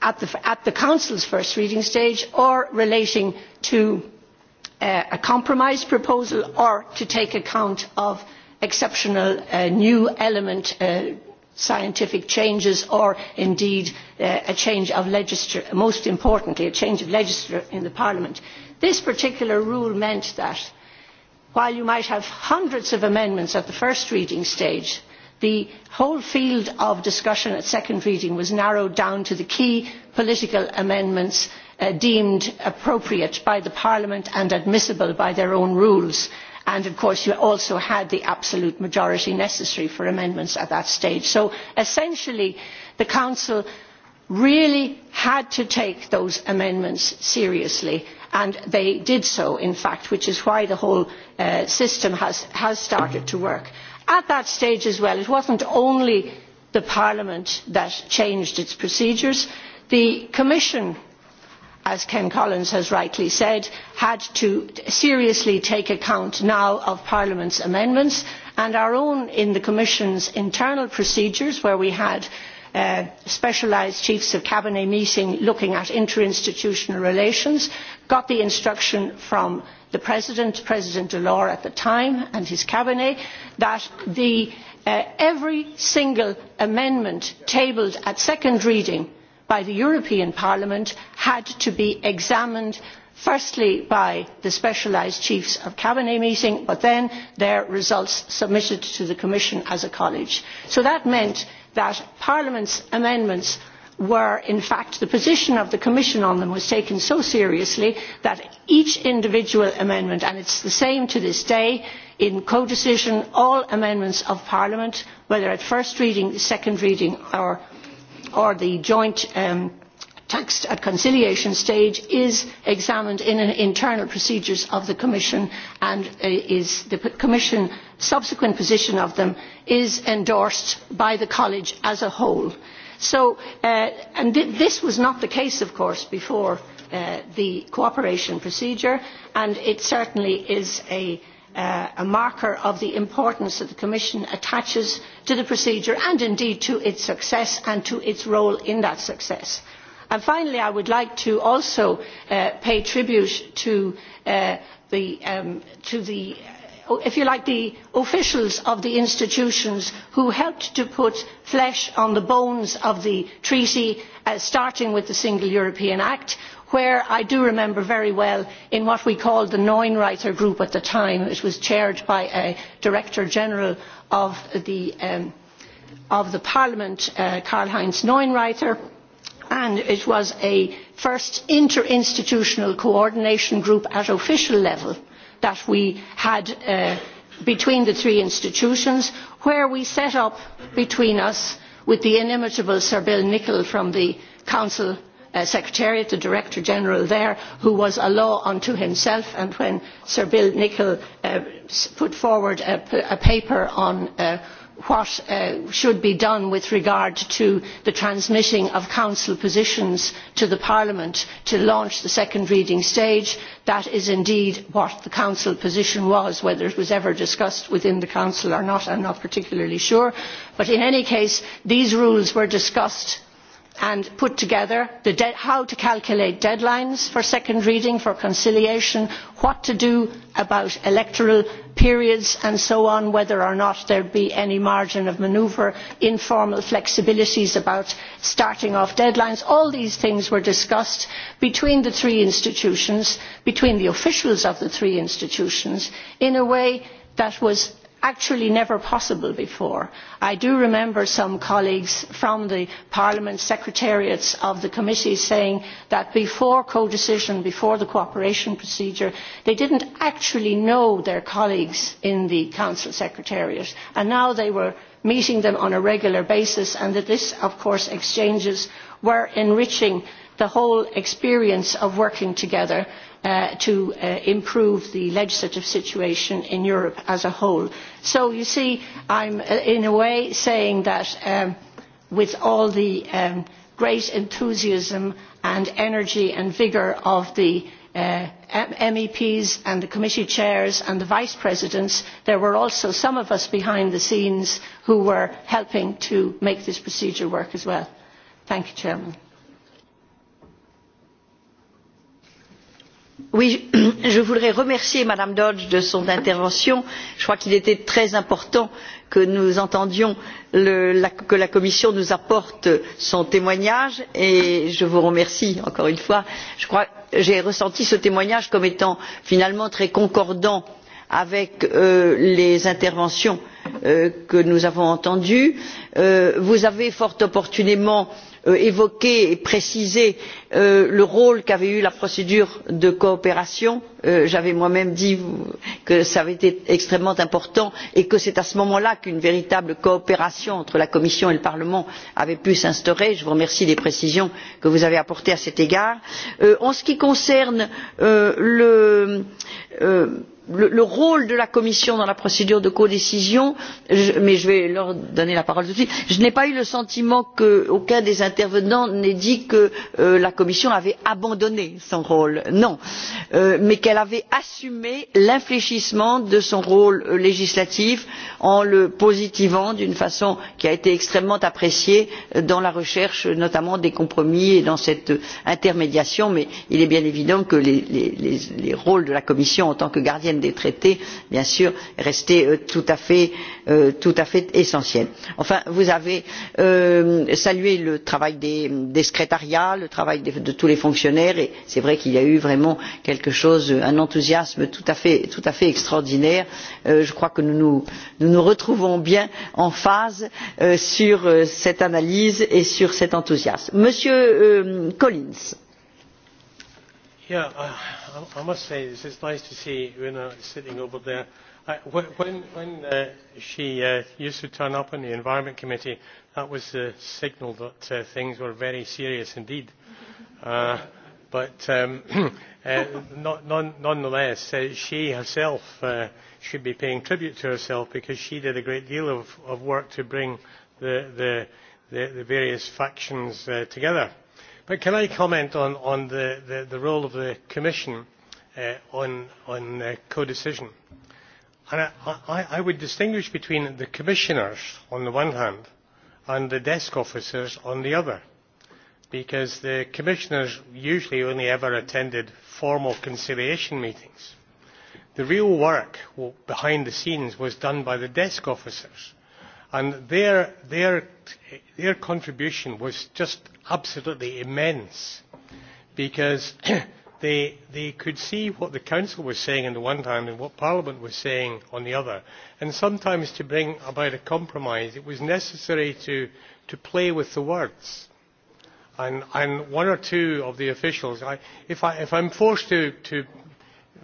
at the council's first reading stage or relating to a compromise proposal or to take account of exceptional new element scientific changes or indeed a change of legislature most importantly a change of legislature in the parliament. this particular rule meant that while you might have hundreds of amendments at the first reading stage the whole field of discussion at second reading was narrowed down to the key political amendments deemed appropriate by Parliament and admissible by their own rules, and of course you also had the absolute majority necessary for amendments at that stage. So essentially the Council really had to take those amendments seriously and they did so in fact which is why the whole system has started to work. at that stage as well it was not only parliament that changed its procedures the commission as ken collins has rightly said had to seriously take account now of parliament's amendments and our own in the commission's internal procedures where we had specialised chiefs of cabinet meeting looking at interinstitutional relations got the instruction from the president president delors at the time and his cabinet that every single amendment tabled at second reading by the European Parliament had to be examined firstly by the specialised chiefs of cabinet meeting but then their results submitted to the commission as a college. so that meant that parliament's amendments were in fact the position of the commission on them was taken so seriously that each individual amendment and it is the same to this day in codecision all amendments of parliament whether at first reading second reading or or the joint text at conciliation stage is examined in internal procedures of the commission and the commission subsequent position of them is endorsed by the college as a whole. this was not the case of course before the cooperation procedure and it certainly is a a marker of the importance that the Commission attaches to the procedure and indeed to its success and to its role in that success. Finally, I would like to also pay tribute to the if you like the officials of the institutions who helped to put flesh on the bones of the treaty starting with the single european act where I do remember very well in what we called the Neunreiter Group at the time. It was chaired by a Director General of the Parliament, Karl-Heinz Neunreiter, and it was a first interinstitutional coordination group at official level that we had between the three institutions, where we set up between us, with the inimitable Sir Bill Nicholl from the Council secretariat the director general there who was a law unto himself and when sir bill nicholl put forward a paper on what should be done with regard to the transmitting of council positions to parliament to launch the second reading stage that is indeed what the council position was. whether it was ever discussed within the council or not i am not particularly sure but in any case these rules were discussed and put together how to calculate deadlines for second reading for conciliation what to do about electoral periods and so on whether or not there would be any margin of manoeuvre informal flexibilities about starting off deadlines all these things were discussed between the three institutions between the officials of the three institutions in a way that was actually never possible before. i do remember some colleagues from the parliament secretariats of the committees saying that before codecision before the cooperation procedure they did not actually know their colleagues in the council secretariat and now they were meeting them on a regular basis and that this of course exchanges were enriching the whole experience of working together to improve the legislative situation in Europe as a whole. So you see, I'm in a way saying that with all the great enthusiasm and energy and vigour of the MEPs and the committee chairs and the vice presidents, there were also some of us behind the scenes who were helping to make this procedure work as well. Thank you, Chairman. Oui, je voudrais remercier Mme Dodge de son intervention. Je crois qu'il était très important que nous entendions que la Commission nous apporte son témoignage et je vous remercie encore une fois. J'ai ressenti ce témoignage comme étant finalement très concordant avec les interventions que nous avons entendues. Vous avez fort opportunément évoqué et précisé le rôle qu'avait eu la procédure de coopération j'avais moi même dit que cela avait été extrêmement important et que c'est à ce moment là qu'une véritable coopération entre la commission et le parlement avait pu s'instaurer je vous remercie des précisions que vous avez apportées à cet égard. en ce qui concerne le le rôle de la commission dans la procédure de codécision mais je vais leur donner la parole tout de suite je n'ai pas eu le sentiment qu'aucun des intervenants n'ait dit que la commission avait abandonné son rôle non mais qu'elle avait assumé l'infléchissement de son rôle législatif en le positivant d'une façon qui a été extrêmement appréciée dans la recherche notamment des compromis et dans cette intermédiation mais il est bien évident que les rôles de la commission en tant que gardienne des traités bien sûr rester tout à fait essentiel. enfin vous avez salué le travail des secrétariats le travail de tous les fonctionnaires et c'est vrai qu'il y a eu vraiment quelque chose un enthousiasme tout à fait extraordinaire. je crois que nous nous retrouvons bien en phase sur cette analyse et sur cet enthousiasme. monsieur collins I must say it's, it's nice to see Una sitting over there. When when she used to turn up on the Environment Committee, that was the signal that things were very serious indeed. But nonetheless, she herself should be paying tribute to herself because she did a great deal of work to bring the various factions together But can I comment on, the, role of the Commission on, codecision? I would distinguish between the commissioners on the one hand and the desk officers on the other, because the commissioners usually only ever attended formal conciliation meetings. The real work behind the scenes was done by the desk officers and their contribution was just absolutely immense because they could see what the council was saying on the one hand and what parliament was saying on the other and sometimes to bring about a compromise it was necessary to play with the words and one or two of the officials if i if i'm forced to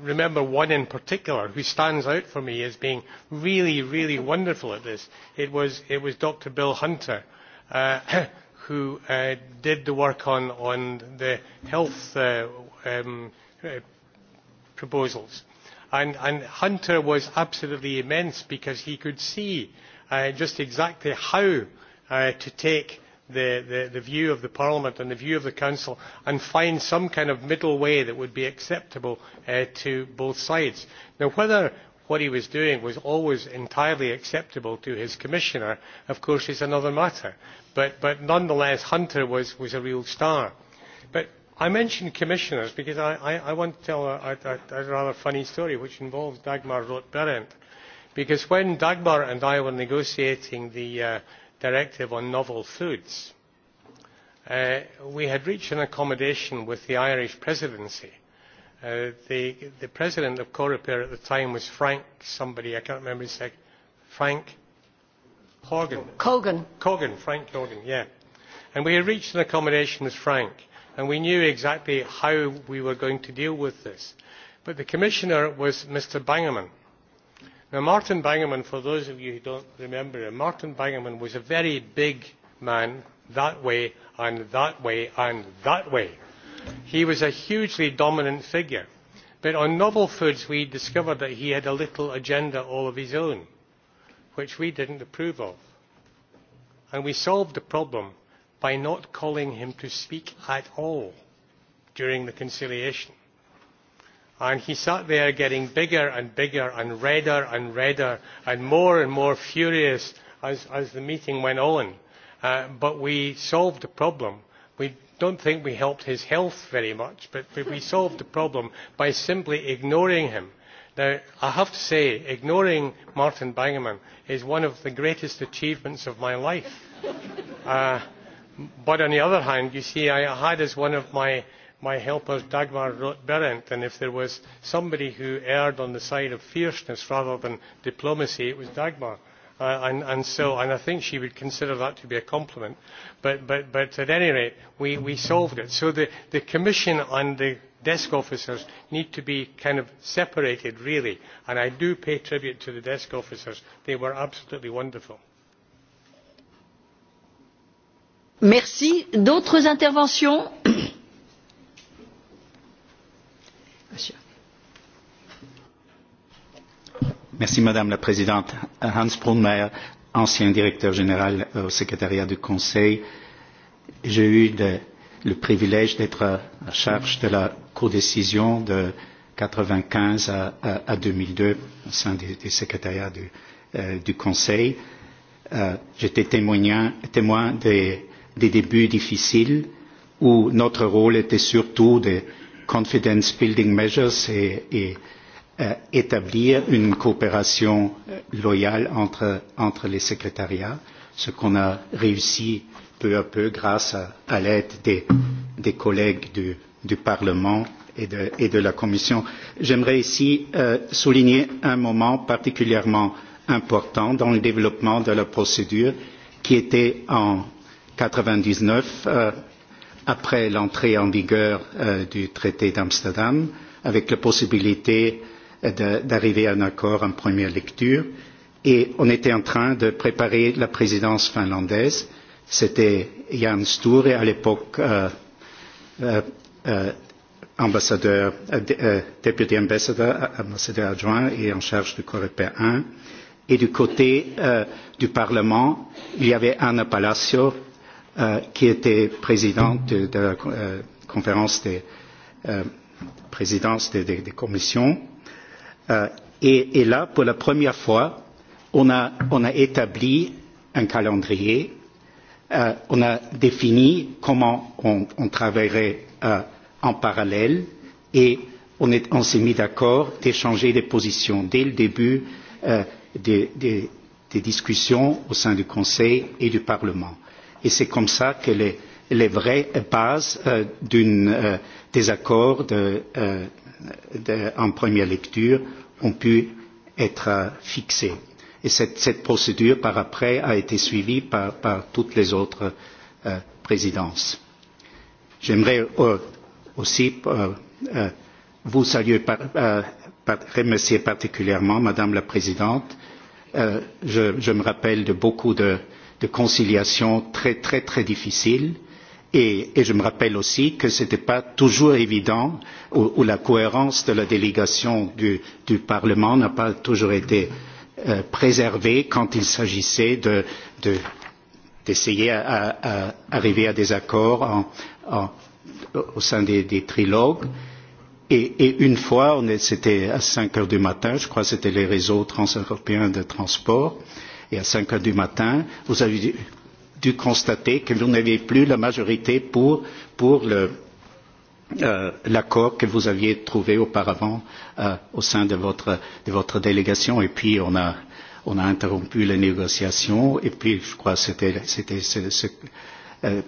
remember one in particular who stands out for me as being really, really wonderful at this. It was, it was Dr. Bill Hunter, who did the work on, the health proposals. And, Hunter was absolutely immense because he could see just exactly how to take the view of the Parliament and the view of the Council and find some kind of middle way that would be acceptable to both sides. Now, whether what he was doing was always entirely acceptable to his Commissioner, of course, is another matter. But nonetheless, Hunter was a real star. But I mentioned Commissioners because I want to tell a rather funny story which involves Dagmar Roth-Berendt. Because when Dagmar and I were negotiating the directive on novel foods we had reached an accommodation with the irish presidency. the president of coreper at the time was frank somebody i can't remember his name frank hogan cogan frank cogan Yeah. and we had reached an accommodation with frank and we knew exactly how we were going to deal with this but the commissioner was mr bangemann Now, Martin Bangerman, for those of you who don't remember him, Martin Bangerman was a very big man that way and that way and that way. He was a hugely dominant figure. But on novel foods, we discovered that he had a little agenda all of his own, which we didn't approve of. And we solved the problem by not calling him to speak at all during the conciliation and he sat there getting bigger and bigger and redder and redder and more and more furious as the meeting went on but we solved the problem. we do not think we helped his health very much but we solved the problem by simply ignoring him. Now i have to say ignoring martin bangemann is one of the greatest achievements of my life but on the other hand you see i had as one of my my helper Dagmar Berendt, and if there was somebody who erred on the side of fierceness rather than diplomacy, it was Dagmar. And so, I think she would consider that to be a compliment. But at any rate, we solved it. So the Commission and the desk officers need to be kind of separated, really. And I do pay tribute to the desk officers. They were absolutely wonderful. Merci. D'autres interventions Merci Madame la Présidente. Hans Brunmeier, ancien directeur général au secrétariat du Conseil. J'ai eu le privilège d'être en charge de la codécision de 1995 à 2002 au sein du secrétariat du Conseil. J'étais témoin des débuts difficiles où notre rôle était surtout des confidence building measures et établir une coopération loyale entre les secrétariats, ce qu'on a réussi peu à peu grâce à l'aide des collègues du Parlement et de la Commission. J'aimerais ici souligner un moment particulièrement important dans le développement de la procédure qui était en 99 après l'entrée en vigueur du traité d'Amsterdam avec la possibilité d'arriver à un accord en première lecture et on était en train de préparer la présidence finlandaise. C'était Jan Sture, à l'époque ambassadeur, député ambassadeur, ambassadeur adjoint et en charge du Coreper 1. Et du côté du Parlement, il y avait Anna Palacio, qui était présidente de la conférence des présidences des commissions et là pour la première fois on a établi un calendrier on a défini comment on travaillerait en parallèle et on s'est mis d'accord d'échanger des positions dès le début des discussions au sein du conseil et du parlement et c'est comme ça que les vraies bases des accords de en première lecture ont pu être fixées. Et cette procédure, par après, a été suivie par toutes les autres présidences. J'aimerais aussi vous saluer, remercier particulièrement, Madame la Présidente. Je me rappelle de beaucoup de conciliations très, très, très difficiles Et je me rappelle aussi que ce n'était pas toujours évident, ou la cohérence de la délégation du Parlement n'a pas toujours été préservée quand il s'agissait d'essayer d'arriver à des accords au sein des trilogues. Et une fois, c'était à 5 heures du matin, je crois que c'était les réseaux transeuropéens de transport, et à 5 heures du matin, vous avez dû constater que vous n'aviez plus la majorité pour l'accord que vous aviez trouvé auparavant au sein de votre délégation. Et puis, on a interrompu les négociations. Et puis, je crois que c'était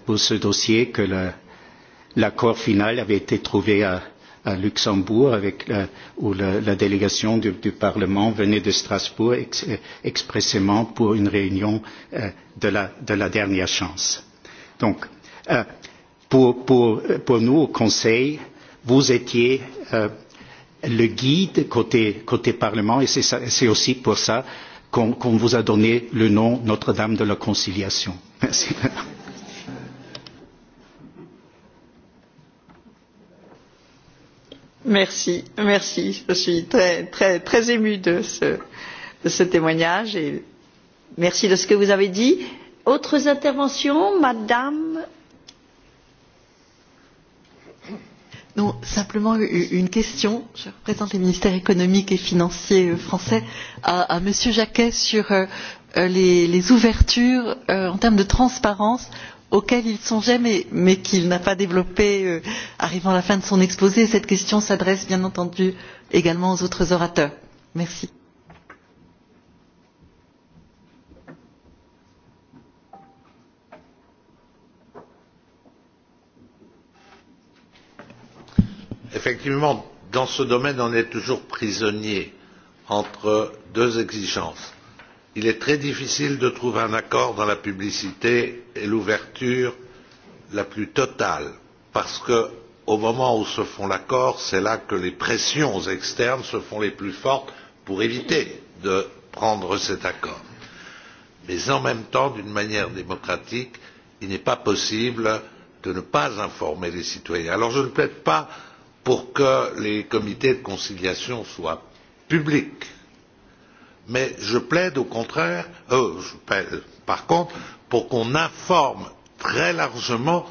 pour ce dossier que l'accord final avait été trouvé à à Luxembourg, avec où la délégation du Parlement venait de Strasbourg expressément pour une réunion de la dernière chance. Donc, pour nous, au Conseil, vous étiez le guide côté Parlement et c'est aussi pour ça qu'on vous a donné le nom Notre-Dame de la Conciliation. Merci, Merci, merci. Je suis très, très, très émue de ce, témoignage et merci de ce que vous avez dit. Autres interventions, Madame Non, simplement une question. Je représente les ministères économiques et financiers français à Monsieur Jacquet sur les ouvertures en termes de transparence auquel il songeait mais qu'il n'a pas développé arrivant à la fin de son exposé. Cette question s'adresse bien entendu également aux autres orateurs. Merci. Effectivement, dans ce domaine, on est toujours prisonnier entre deux exigences il est très difficile de trouver un accord dans la publicité et l'ouverture la plus totale parce qu'au moment où se font l'accord c'est là que les pressions externes se font les plus fortes pour éviter de prendre cet accord. mais en même temps d'une manière démocratique il n'est pas possible de ne pas informer les citoyens. alors je ne plaide pas pour que les comités de conciliation soient publics mais je plaide au contraire par contre pour qu'on informe très largement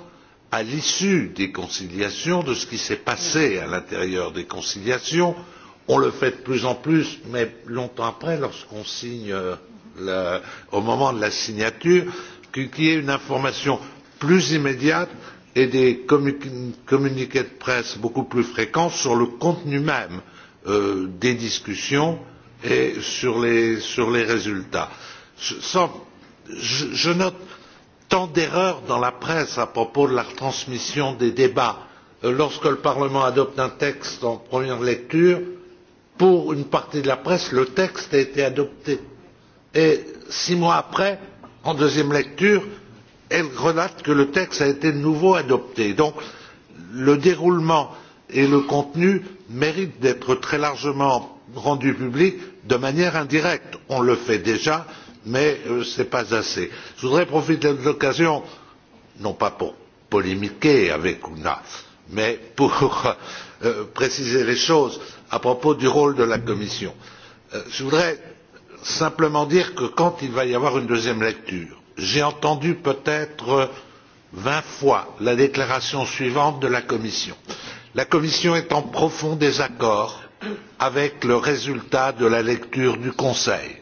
à l'issue des conciliations de ce qui s'est passé à l'intérieur des conciliations. on le fait de plus en plus mais longtemps après lorsqu'on signe au moment de la signature qu'il y ait une information plus immédiate et des communiqués de presse beaucoup plus fréquents sur le contenu même des discussions et sur les résultats. Je note tant d'erreurs dans la presse à propos de la retransmission des débats. Lorsque le Parlement adopte un texte en première lecture, pour une partie de la presse, le texte a été adopté. Et six mois après, en deuxième lecture, elle relate que le texte a été de nouveau adopté. Donc, le déroulement et le contenu méritent d'être très largement rendu public de manière indirecte. On le fait déjà, mais ce n'est pas assez. Je voudrais profiter de l'occasion, non pas pour polémiquer avec UNA, mais pour préciser les choses à propos du rôle de la Commission. Je voudrais simplement dire que quand il va y avoir une deuxième lecture, j'ai entendu peut être vingt fois la déclaration suivante de la Commission. La Commission est en profond désaccord avec le résultat de la lecture du Conseil,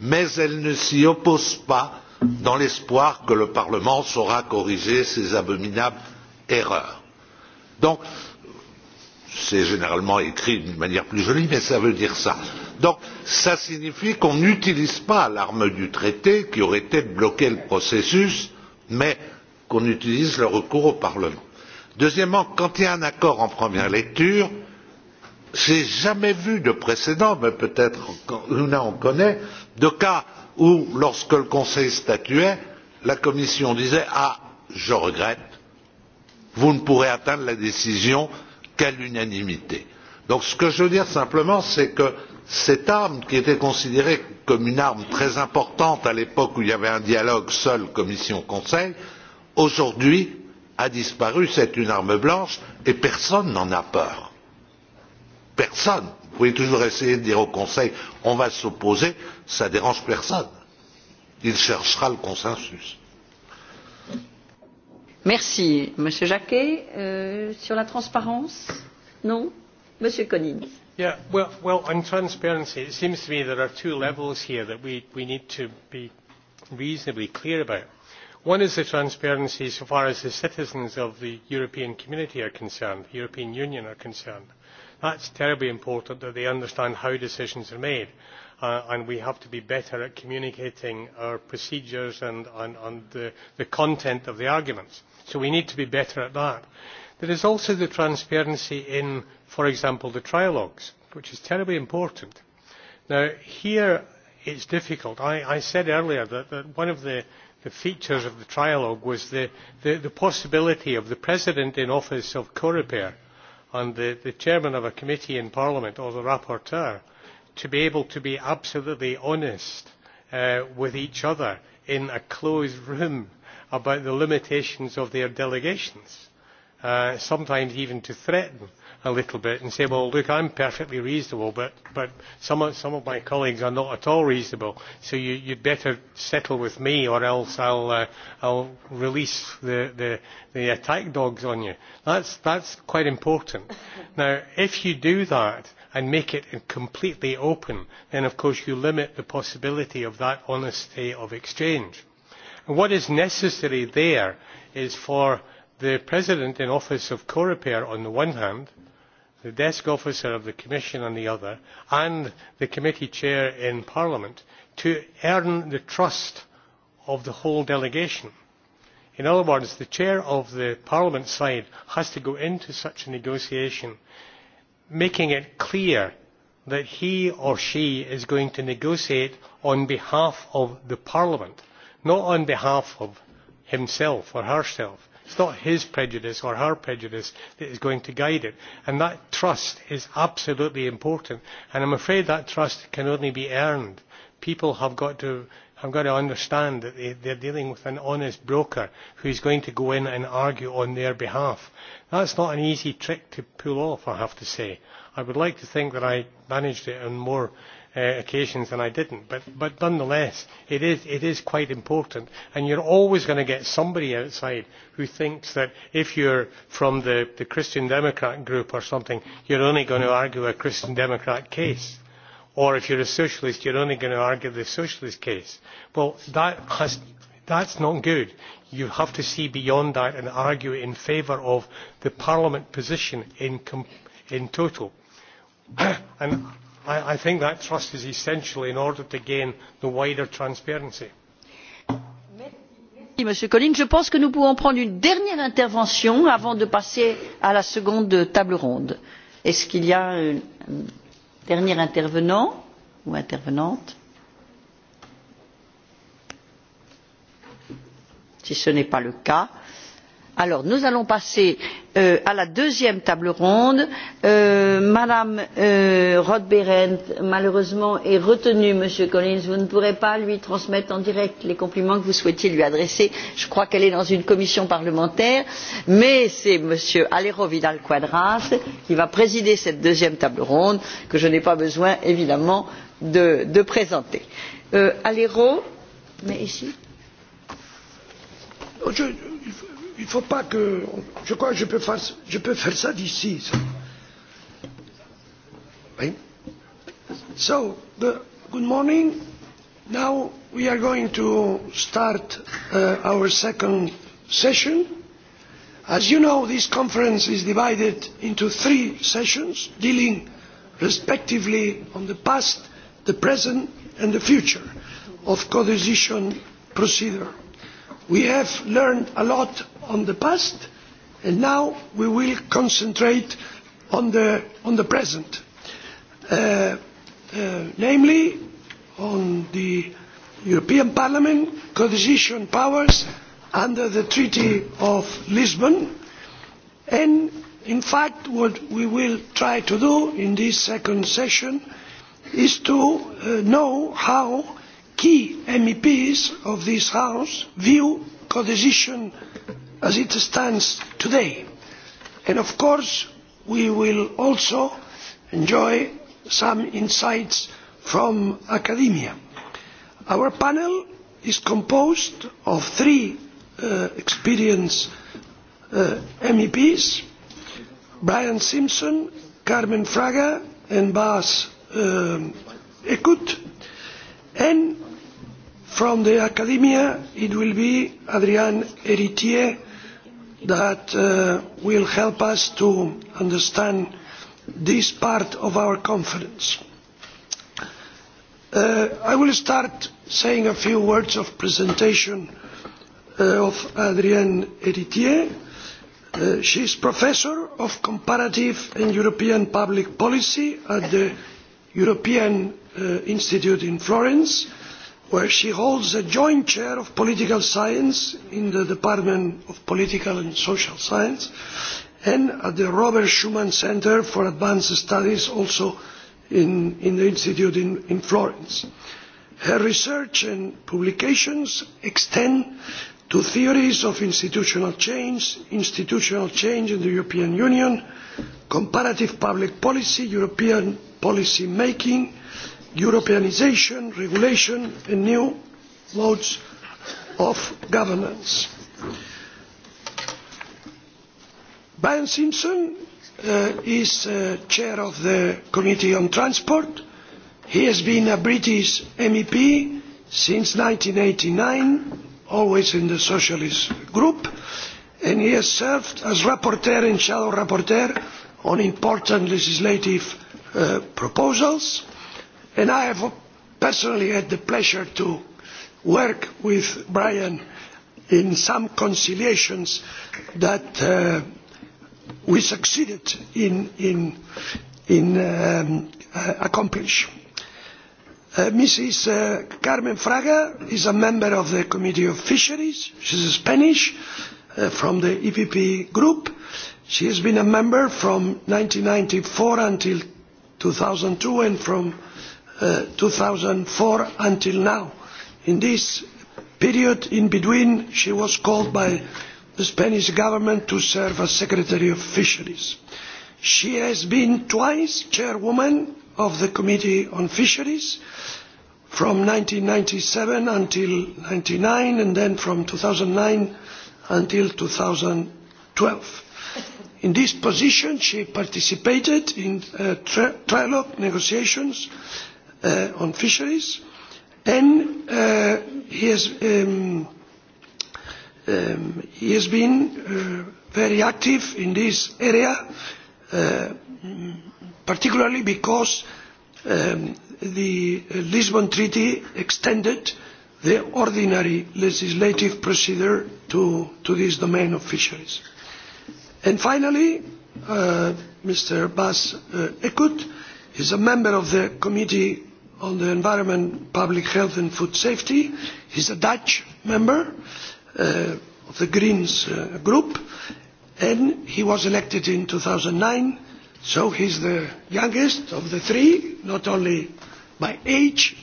mais elle ne s'y oppose pas dans l'espoir que le Parlement saura corriger ces abominables erreurs. Donc, c'est généralement écrit d'une manière plus jolie, mais ça veut dire ça. Donc, ça signifie qu'on n'utilise pas l'arme du traité qui aurait été de bloquer le processus, mais qu'on utilise le recours au Parlement. Deuxièmement, quand il y a un accord en première lecture, j'ai jamais vu de précédent mais peut être luna en connaît de cas où lorsque le conseil statuait la commission disait ah je regrette vous ne pourrez atteindre la décision qu'à l'unanimité. donc ce que je veux dire simplement c'est que cette arme qui était considérée comme une arme très importante à l'époque où il y avait un dialogue seul commission conseil aujourd'hui a disparu c'est une arme blanche et personne n'en a peur personne. Vous pouvez toujours essayer de dire au Conseil on va s'opposer, ça ne dérange personne. Il cherchera le consensus. Merci. Monsieur Jacquet, sur la transparence Non Monsieur Collins. Yeah, well, well, on transparency, it seems to me there are two levels here that we, we need to be reasonably clear about. One is the transparency so far as the citizens of the European community are concerned, the European Union are concerned is terribly important that they understand how decisions are made and we have to be better at communicating our procedures and the content of the arguments. So we need to be better at that. There is also the transparency in, for example, the trialogues, which is terribly important. Now, here it's difficult. I said earlier that one of the features of the trialogue was the possibility of the President in office of COREPER and the chairman of a committee in Parliament or the rapporteur to be able to be absolutely honest with each other in a closed room about the limitations of their delegations, sometimes even to threaten a little bit and say, well, look, am perfectly reasonable, but, some, of, my colleagues are not at all reasonable, so you, you'd better settle with me or else I'll, release the, attack dogs on you. That's, that's quite important. Now, if you do that, and make it completely open, then of course you limit the possibility of that honesty of exchange. What is necessary there is for the President in office of Corepair on the one hand the desk officer of the Commission on the other, and the committee chair in Parliament to earn the trust of the whole delegation. In other words, the chair of the Parliament side has to go into such a negotiation, making it clear that he or she is going to negotiate on behalf of the Parliament, not on behalf of himself or herself It's not his prejudice or her prejudice that is going to guide it. And that trust is absolutely important. And I'm afraid that trust can only be earned. People have got to have got to understand that they, they're dealing with an honest broker who is going to go in and argue on their behalf. That's not an easy trick to pull off, I have to say. I would like to think that I managed it in more occasions and I didn't. But, but nonetheless, it is, it is quite important. And you're always going to get somebody outside who thinks that if you're from the, the Christian Democrat group or something, you're only going to argue a Christian Democrat case. Or if you're a socialist, you're only going to argue the socialist case. Well, that has, that's not good. You have to see beyond that and argue in favour of the Parliament position in, in total. I think that trust is essential in order to gain the wider transparency. Monsieur Collins. Je pense que nous pouvons prendre une dernière intervention avant de passer à la seconde table ronde. Est-ce qu'il y a un dernier intervenant ou intervenante Si ce n'est pas le cas Alors, nous allons passer à la deuxième table ronde. Madame Roth Behrendt, malheureusement, est retenue, Monsieur Collins. Vous ne pourrez pas lui transmettre en direct les compliments que vous souhaitiez lui adresser. Je crois qu'elle est dans une commission parlementaire. Mais c'est M Alero Vidal Quadras qui va présider cette deuxième table ronde, que je n'ai pas besoin, évidemment, de présenter. Alero, mais ici il faut pas que je crois que je peux faire, je peux faire ça d'ici so the, good morning now we are going to start our second session as you know this conference is divided into three sessions dealing respectively on the past the present and the future of codecision procedure we have learned a lot on the past and now we will concentrate on the present namely on the European Parliament co-decision powers under the Treaty of Lisbon and in fact what we will try to do in this second session is to know how key MEPs of this House view codecision as it stands today. And of course we will also enjoy some insights from academia. Our panel is composed of three experienced MEPs, Brian Simpson, Carmen Fraga and Bas Ekut, and from the academia it will be Adrian Eritier that will help us to understand this part of our conference. I will start saying a few words of presentation of Adrienne Héritier. She is Professor of Comparative and European Public Policy at the European Institute in Florence where she holds a joint chair of political science in the Department of Political and Social Science and at the Robert Schuman Center for Advanced Studies also in the Institute in Florence. Her research and publications extend to theories of institutional change, institutional change in the European Union, comparative public policy, European policy making, Europeanisation, regulation and new modes of governance. Brian Simpson is chair of the Committee on Transport. He has been a British MEP since 1989, always in the Socialist group, and he has served as rapporteur and shadow rapporteur on important legislative proposals and I have personally had the pleasure to work with Brian in some conciliations that we succeeded in accomplishing. Mrs. Carmen Fraga is a member of the Committee of Fisheries. She is Spanish from the EPP group. She has been a member from 1994 until 2002 and from 2004 until now. In this period in between, she was called by the Spanish government to serve as Secretary of Fisheries. She has been twice chairwoman of the Committee on Fisheries, from 1997 until 1999 and then from 2009 until 2012. In this position, she participated in trilogue negotiations on fisheries and he has he has been very active in this area particularly because the Lisbon Treaty extended the ordinary legislative procedure to this domain of fisheries. And finally, Mr. Bas Ekut is a member of the Committee on the environment, public health and food safety. He's a Dutch member of the Greens group and he was elected in 2009 so he's the youngest of the three not only by age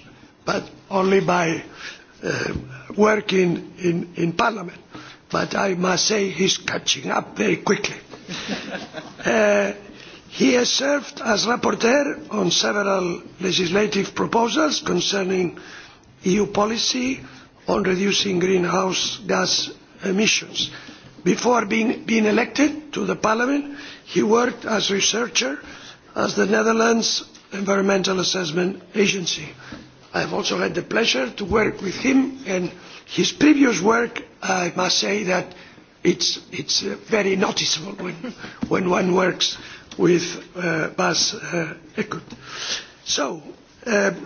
but only by working in, in parliament but I must say he's catching up very quickly He has served as rapporteur on several legislative proposals concerning EU policy on reducing greenhouse gas emissions. Before being elected to the Parliament, he worked as researcher at the Netherlands Environmental Assessment Agency. I have also had the pleasure to work with him and his previous work, I must say that it's very noticeable when one works with Bas Eckert. So,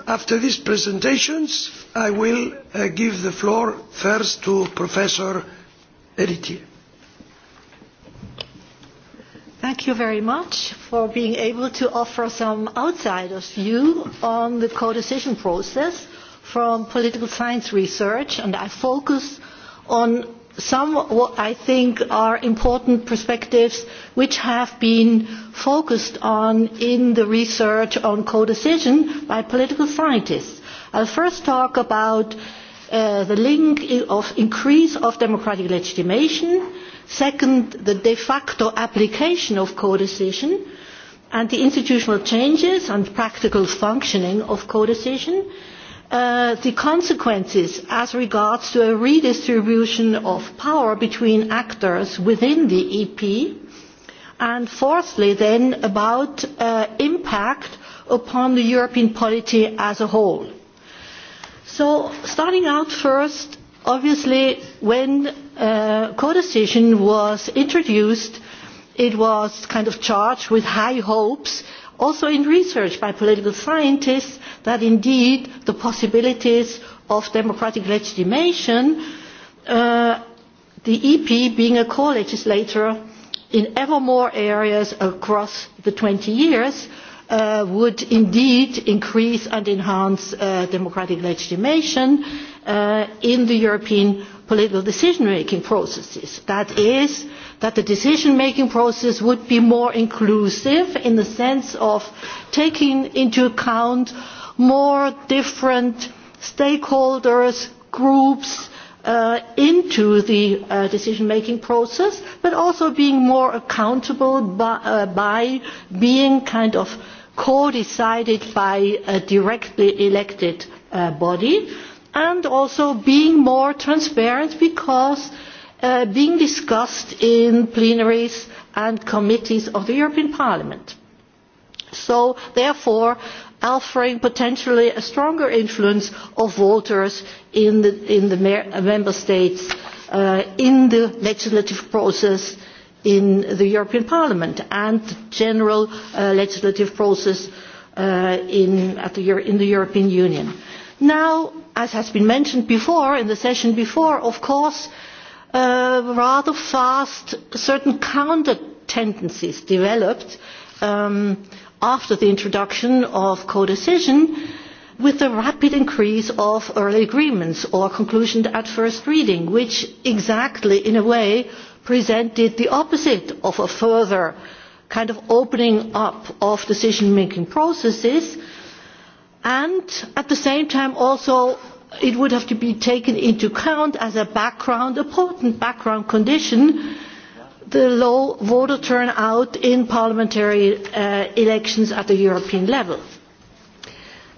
after these presentations, I will give the floor first to Professor Eritier. Thank you very much for being able to offer some outsider's view on the co-decision process from political science research, and I focus on some I think are important perspectives which have been focused on in the research on codecision by political scientists. I'll first talk about the link of increase of democratic legitimation, second the de facto application of codecision and the institutional changes and practical functioning of codecision the consequences as regards to a redistribution of power between actors within the EP, and fourthly then about impact upon the European polity as a whole. So starting out first, obviously when codecision was introduced, it was kind of charged with high hopes, also in research by political scientists that indeed the possibilities of democratic legitimation, the EP being a co-legislator in ever more areas across the 20 years, would indeed increase and enhance democratic legitimation in the European political decision making processes. That is, that the decision making process would be more inclusive in the sense of taking into account more different stakeholders, groups into the decision making process, but also being more accountable by being kind of co decided by a directly elected body and also being more transparent because being discussed in plenaries and committees of the European Parliament. So therefore offering potentially a stronger influence of voters in the member states in the legislative process in the European Parliament and the general legislative process in the European Union. Now, as has been mentioned before, in the session before, of course, rather fast certain counter tendencies developed after the introduction of codecision with the rapid increase of early agreements or conclusions at first reading which exactly in a way presented the opposite of a further kind of opening up of decision making processes and at the same time also it would have to be taken into account as a background potent background condition the low voter turnout in parliamentary elections at the European level.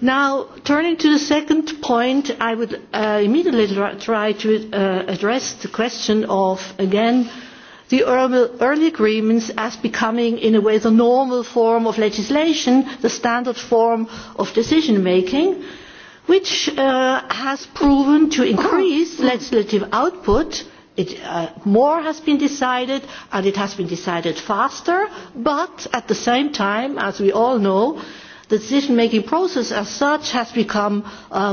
Now, turning to the second point, I would immediately try to address the question of, again, the early agreements as becoming, in a way, the normal form of legislation, the standard form of decision-making, which has proven to increase legislative output More has been decided and it has been decided faster, but at the same time, as we all know, the decision making process as such has become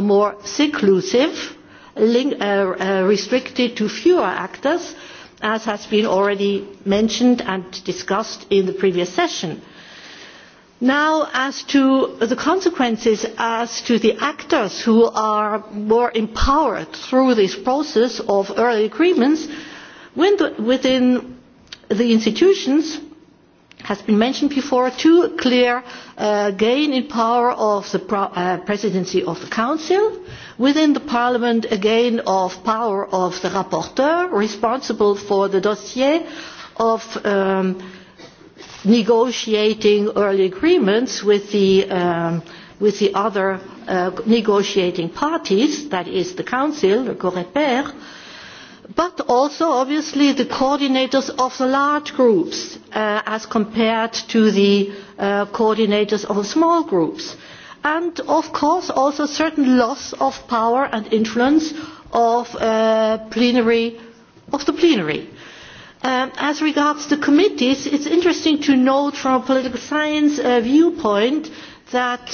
more seclusive, restricted to fewer actors, as has been already mentioned and discussed in the previous session. Now, as to the consequences, as to the actors who are more empowered through this process of early agreements within the institutions, has been mentioned before, two clear gain in power of the presidency of the council, within the parliament a gain of power of the rapporteur responsible for the dossier of negotiating early agreements with the with the other negotiating parties, that is the Council, the COREPER, but also obviously the coordinators of the large groups as compared to the coordinators of the small groups. And of course also certain loss of power and influence of plenary of the plenary. As regards the committees, it's interesting to note from a political science viewpoint that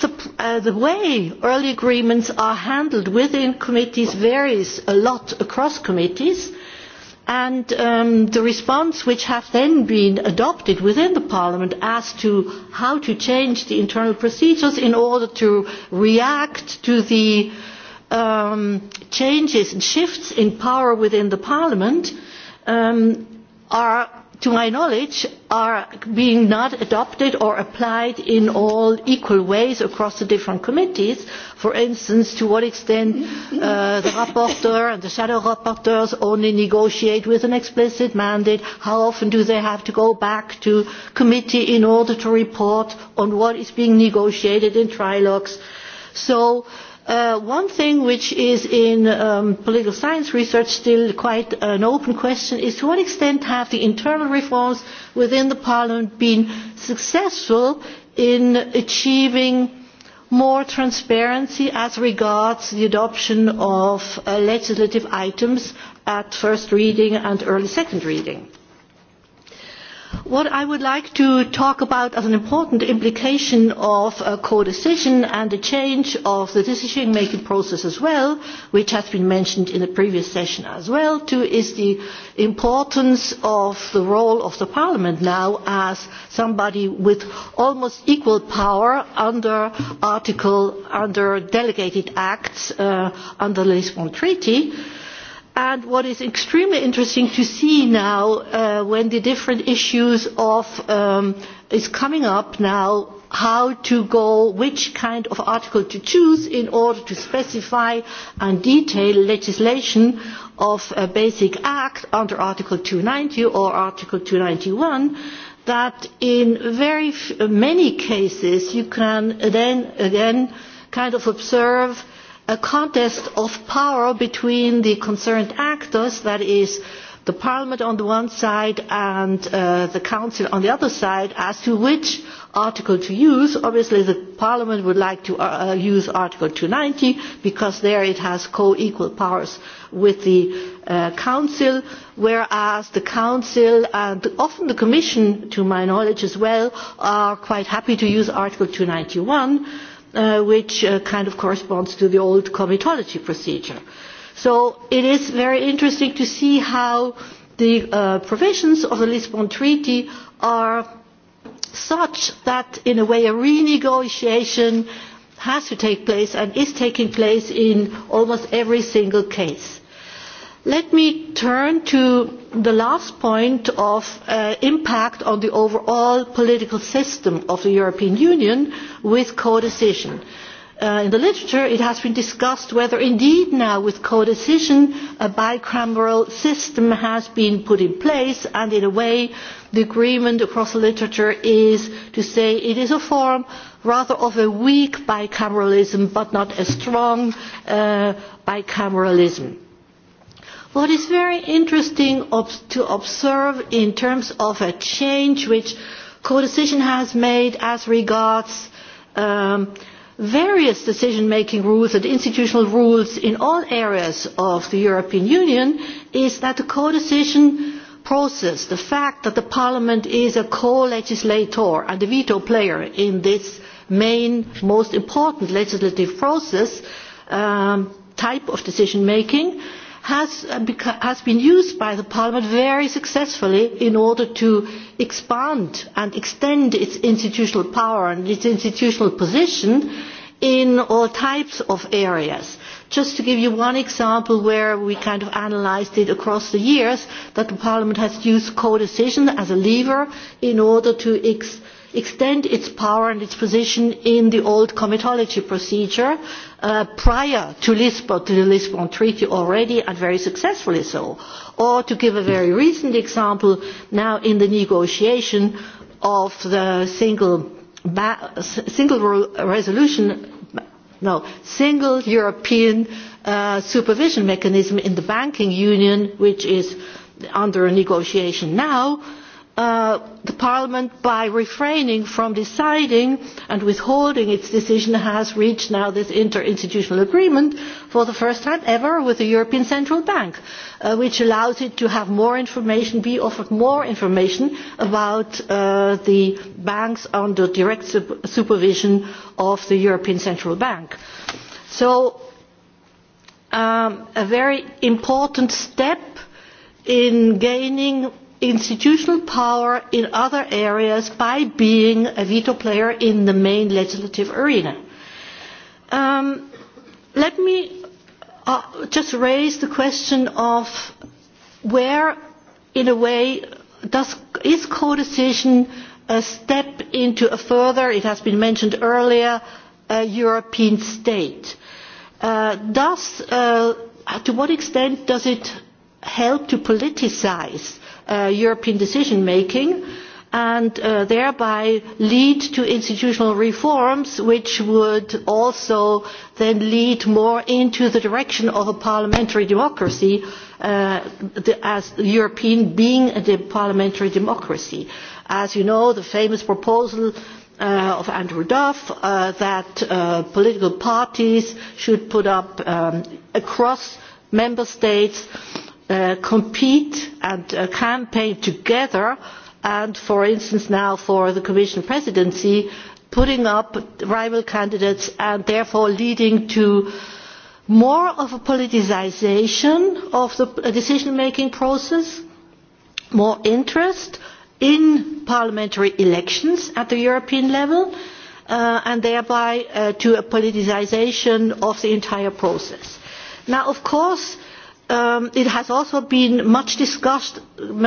the way early agreements are handled within committees varies a lot across committees, and the response which has then been adopted within the Parliament as to how to change the internal procedures in order to react to the changes and shifts in power within the parliament are to my knowledge are being not adopted or applied in all equal ways across the different committees for instance to what extent the rapporteur and the shadow rapporteurs only negotiate with an explicit mandate how often do they have to go back to committee in order to report on what is being negotiated in trilogues so One thing which is in political science research still quite an open question is to what extent have the internal reforms within the Parliament been successful in achieving more transparency as regards the adoption of legislative items at first reading and early second reading. What I would like to talk about as an important implication of co-decision and a change of the decision-making process as well, which has been mentioned in the previous session as well, too, is the importance of the role of the Parliament now as somebody with almost equal power under Article, under delegated acts, under the Lisbon Treaty And what is extremely interesting to see now, when the different issues of is coming up now, how to go, which kind of article to choose in order to specify and detail legislation of a basic act under Article 290 or Article 291, that in very many cases you can then again kind of observe a contest of power between the concerned actors, that is, the Parliament on the one side and the Council on the other side, as to which article to use. Obviously, the Parliament would like to use Article 290 because there it has co-equal powers with the Council, whereas the Council and often the Commission, to my knowledge as well, are quite happy to use Article 291 which kind of corresponds to the old comitology procedure. So it is very interesting to see how the provisions of the Lisbon Treaty are such that in a way a renegotiation has to take place and is taking place in almost every single case. Let me turn to the last point of impact on the overall political system of the European Union with codecision. In the literature it has been discussed whether indeed now with codecision a bicameral system has been put in place and in a way the agreement across the literature is to say it is a form rather of a weak bicameralism but not a strong bicameralism. What is very interesting to observe in terms of a change which co-decision has made as regards various decision making rules and institutional rules in all areas of the European Union is that the co-decision process, the fact that the Parliament is a co legislator and a veto player in this main, most important legislative process type of decision making has been used by the Parliament very successfully in order to expand and extend its institutional power and its institutional position in all types of areas. Just to give you one example where we kind of analysed it across the years, that Parliament has used co codecision as a lever in order to extend its power and its position in the old comitology procedure prior to the Lisbon Treaty already and very successfully so, or to give a very recent example now in the negotiation of the single resolution, no, single European supervision mechanism in the banking union, which is under negotiation now the Parliament, by refraining from deciding and withholding its decision, has reached now this interinstitutional agreement for the first time ever with the European Central Bank, which allows it to have more information, be offered more information about the banks under direct supervision of the European Central Bank. So a very important step in gaining institutional power in other areas by being a veto player in the main legislative arena. Let me just raise the question of where, in a way, does is co-decision a step into a further, it has been mentioned earlier, a European state. Does, to what extent does it help to politicize European decision making and thereby lead to institutional reforms which would also then lead more into the direction of a parliamentary democracy as European being a parliamentary democracy. As you know, the famous proposal of Andrew Duff that political parties should put up across member states compete and campaign together and for instance now for the commission presidency putting up rival candidates and therefore leading to more of a politicisation of the decision making process more interest in parliamentary elections at the european level and thereby to a politicisation of the entire process. now of course It has also been much discussed in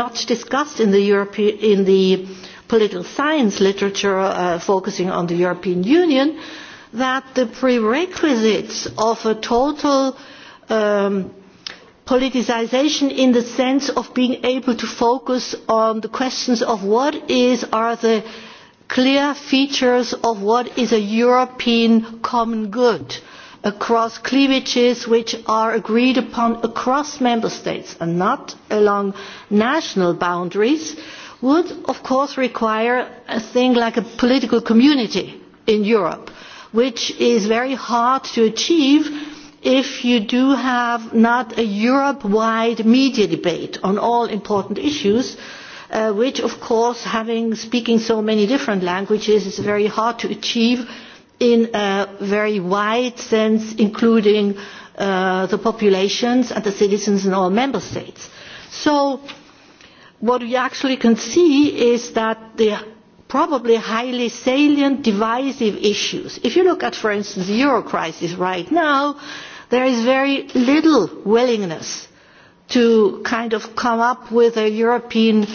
the political science literature focusing on the European Union that the prerequisites of a total politicisation in the sense of being able to focus on the questions of what are the clear features of what is a European common good across cleavages which are agreed upon across member states and not along national boundaries would of course require a thing like a political community in europe which is very hard to achieve if you do have not a europe wide media debate on all important issues which of course having speaking so many different languages is very hard to achieve in a very wide sense, including the populations and the citizens in all member states. So what we actually can see is that the probably highly salient, divisive issues. If you look at, for instance, the euro crisis right now, there is very little willingness to kind of come up with a European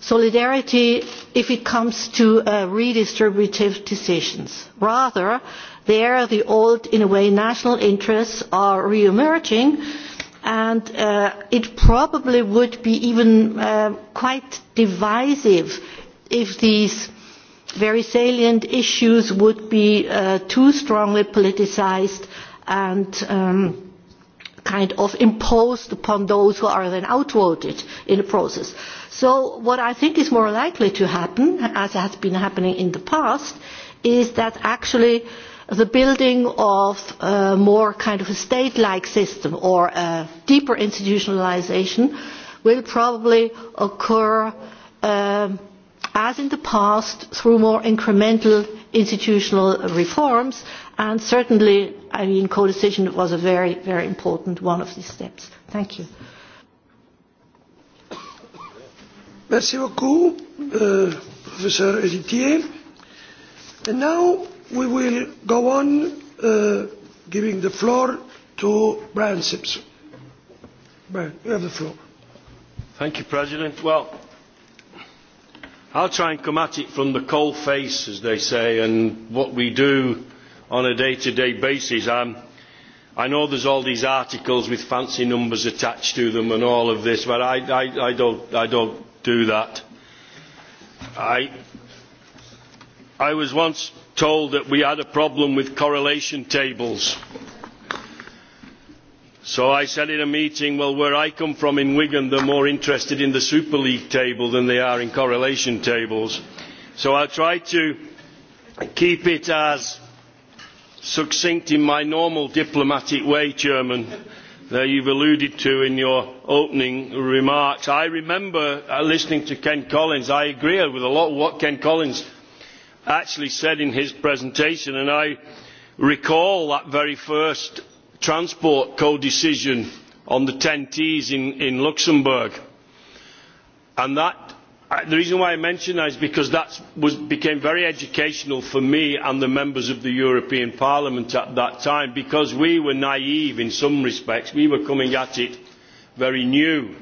solidarity if it comes to redistributive decisions. Rather, there the old, in a way, national interests are re-emerging and it probably would be even quite divisive if these very salient issues would be too strongly politicised and kind of imposed upon those who are then outvoted in the process. So what I think is more likely to happen, as has been happening in the past, is that actually the building of a more kind of a state-like system or a deeper institutionalization will probably occur as in the past through more incremental institutional reforms and certainly I mean co-decision was a very very important one of these steps. Thank you. Merci beaucoup, Professor Elitier. And now we will go on giving the floor to Brian Simpson. Brian, you have the floor. Thank you, President. Well, I'll try and come at it from the coal face, as they say, and what we do on a day to day basis. I know there's all these articles with fancy numbers attached to them and all of this, but I don't do that. I was once told that we had a problem with correlation tables. So I said in a meeting, well, where I come from in Wigan, they're more interested in the Super League table than they are in correlation tables. So I try to keep it as succinct in my normal diplomatic way, Chairman, that you have alluded to in your opening remarks. I remember listening to Ken Collins. I agree with a lot of what Ken Collins actually said in his presentation, and I recall that very first transport codecision on the 10Ts in Luxembourg. And that The reason why I mention that is because that became very educational for me and the members of the European Parliament at that time, because we were naive in some respects. We were coming at it very new.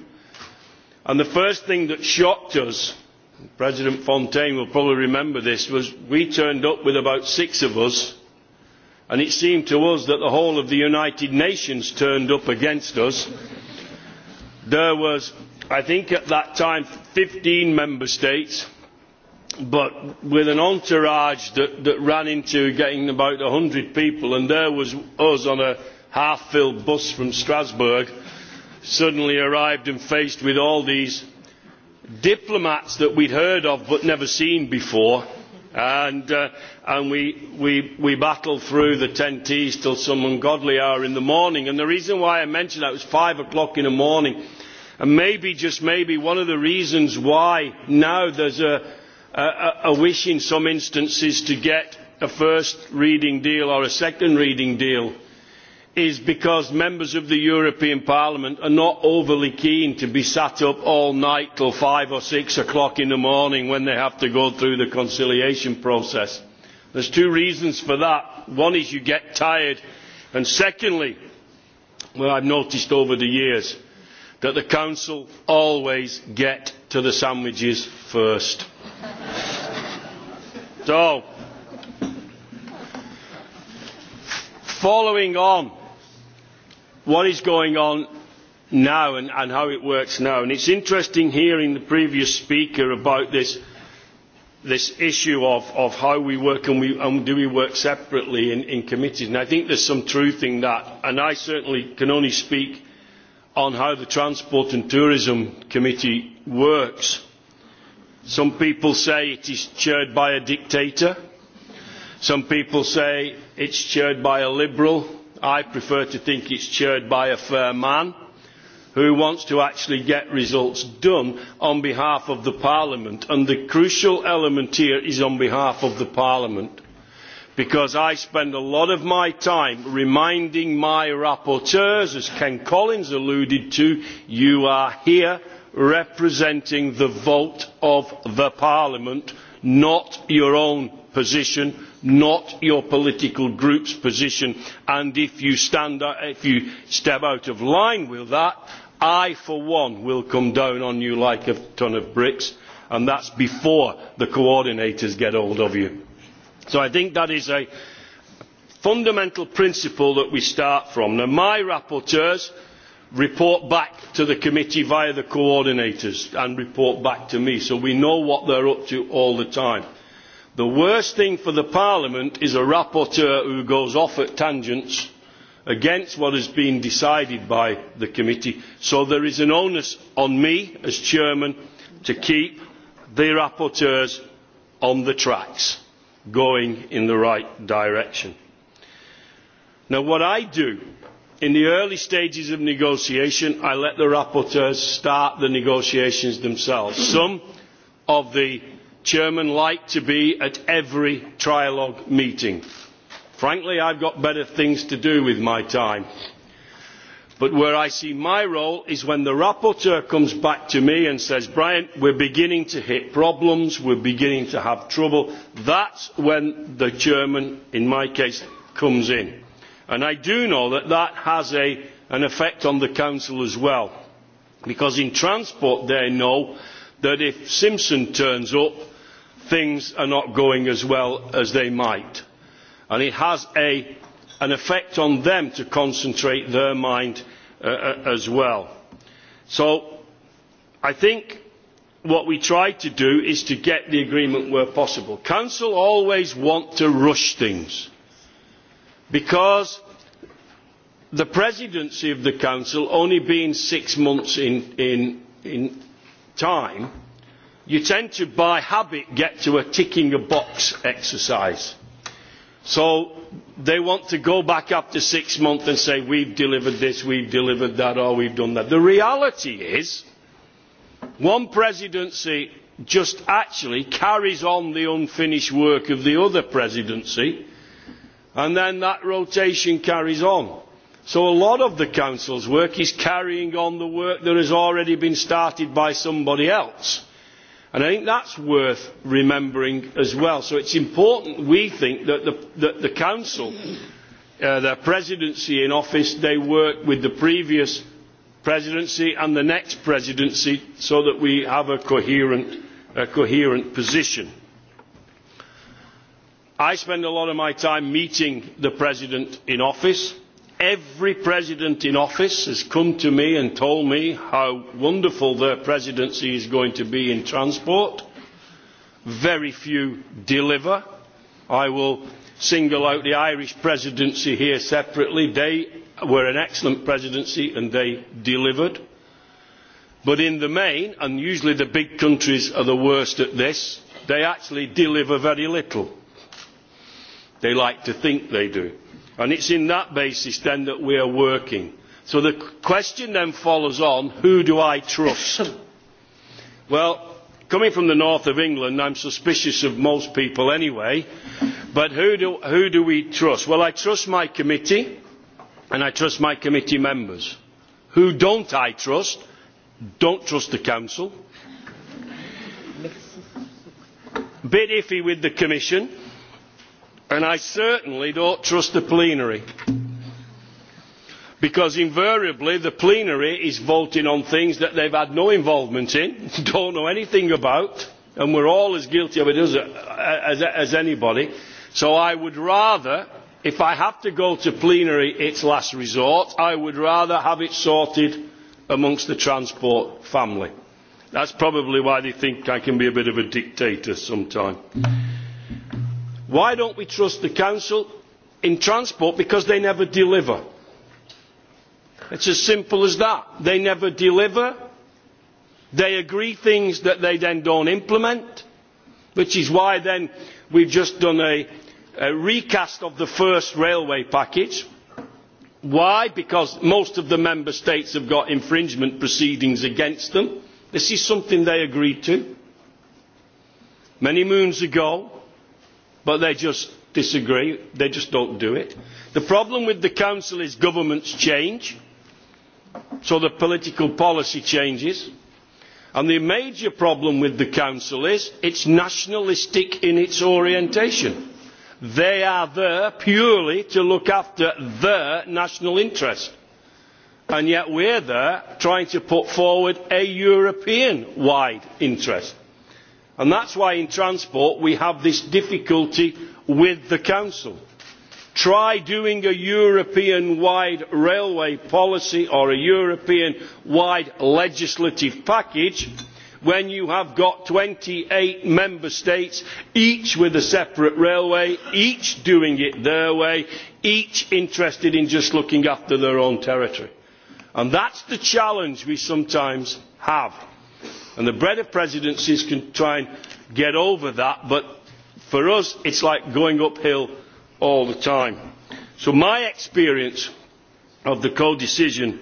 And the first thing that shocked us, President Fontaine will probably remember this, was we turned up with about six of us, and it seemed to us that the whole of the United Nations turned up against us. There was I think at that time 15 member states, but with an entourage that ran into getting about 100 people, and there was us on a half-filled bus from Strasbourg, suddenly arrived and faced with all these diplomats that we'd heard of but never seen before, and we battled through the 10 till some ungodly hour in the morning. And the reason why I mentioned that was five o'clock in the morning and maybe just maybe one of the reasons why now there is a wish in some instances to get a first reading deal or a second reading deal is because members of the european parliament are not overly keen to be sat up all night till five or six o'clock in the morning when they have to go through the conciliation process. there are two reasons for that one is you get tired and secondly what I've noticed over the years that the council always get to the sandwiches first. so following on what is going on now and how it works now and it's interesting hearing the previous speaker about this this issue of how we work and we and do we work separately in committees and i think there's some truth in that and i certainly can only speak on how the Transport and Tourism Committee works. Some people say it is chaired by a dictator. Some people say it is chaired by a liberal. I prefer to think it is chaired by a fair man who wants to actually get results done on behalf of Parliament. And the crucial element here is on behalf of the Parliament because I spend a lot of my time reminding my rapporteurs, as Ken Collins alluded to, you are here representing the vote of the Parliament, not your own position, not your political group's position, and if you step out of line with that, I, for one, will come down on you like a ton of bricks, and that's before the coordinators get hold of you so i think that is a fundamental principle that we start from. my rapporteurs report back to the committee via the coordinators and report back to me so we know what they are up to all the time. the worst thing for parliament is a rapporteur who goes off at tangents against what has been decided by the committee so there is an onus on me as chairman to keep the rapporteurs on the tracks going in the right direction. Now what I do in the early stages of negotiation I let the rapporteurs start the negotiations themselves. Some of the chairmen like to be at every trialogue meeting. Frankly I have got better things to do with my time but where i see my role is when the rapporteur comes back to me and says brian we are beginning to hit problems we are beginning to have trouble that is when the chairman in my case comes in and i do know that that has an effect on the council as well because in transport they know that if simpson turns up things are not going as well as they might and it has a an effect on them to concentrate their mind as well. So I think what we try to do is to get the agreement where possible. Council always want to rush things because the presidency of the council only being six months in time you tend to by habit get to a ticking a box exercise so they want to go back up to six months and say we've delivered this we've delivered that or we've done that. the reality is one presidency just actually carries on the unfinished work of the other presidency and then that rotation carries on. so a lot of the council's work is carrying on the work that has already been started by somebody else i think that is worth remembering as well so it is important we think that the council the presidency in office they work with the previous presidency and the next presidency so that we have a coherent position. i spend a lot of my time meeting the president in office every president in office has come to me and told me how wonderful their presidency is going to be in transport. very few deliver. i will single out the irish presidency here separately. they were an excellent presidency and they delivered. but in the main and usually the big countries are the worst at this they actually deliver very little. they like to think they do and it is on that basis then that we are working. so the question then follows on who do i trust? well coming from the north of england i am suspicious of most people anyway but who do we trust? well i trust my committee and i trust my committee members. who don't i trust? don't trust the council bit iffy with the commission and i certainly do not trust the plenary because invariably the plenary is voting on things that they have had no involvement in do not know anything about and we are all as guilty of it as anybody so i would rather if i have to go to plenary its last resort i would rather have it sorted amongst the transport family. that is probably why they think i can be a bit of a dictator sometimes why don't we trust the council in transport because they never deliver? it's as simple as that. they never deliver. they agree things that they then don't implement, which is why then have just done a, a recast of the first railway package. why? because most of the member states have got infringement proceedings against them. this is something they agreed to many moons ago but they just disagree they just don't do it. the problem with the council is governments change so the political policy changes and the major problem with the council is it is nationalistic in its orientation. they are there purely to look after their national interest and yet we are there trying to put forward a european wide interest and that is why in transport we have this difficulty with the council. try doing a european wide railway policy or a european wide legislative package when you have got twenty eight member states each with a separate railway each doing it their way each interested in just looking after their own territory. that is the challenge we sometimes have and the bread of presidencies can try and get over that but for us it is like going uphill all the time. so my experience of the codecision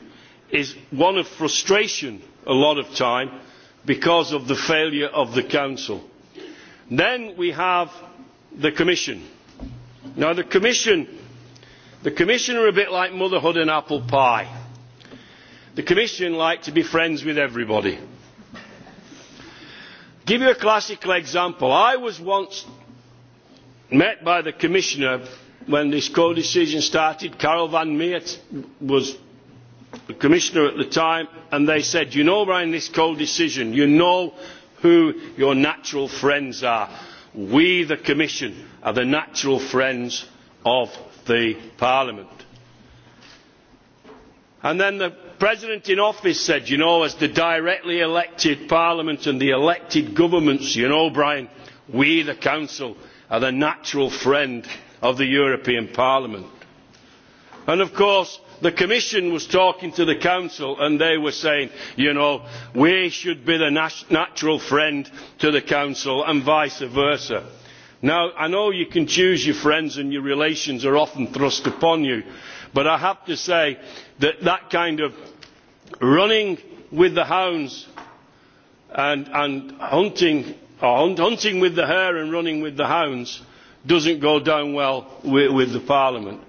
is one of frustration a lot of time because of the failure of the council. then we have the commission. now the commission the commission are a bit like motherhood and apple pie. the commission like to be friends with everybody give you a classical example. I was once met by the Commissioner when this co-decision started. Carol Van Meert was the Commissioner at the time, and they said, you know, in this co-decision, you know who your natural friends are. We, the Commission, are the natural friends of the Parliament. And then the president in office said you know as the directly elected parliament and the elected governments you know brian we the council are the natural friend of the european parliament. and of course the commission was talking to the council and they were saying you know we should be the natural friend to the council and vice versa. now i know you can choose your friends and your relations are often thrust upon you but i have to say that that kind of running with the hounds and hunting with the hare and running with the hounds does not go down well with the parliament.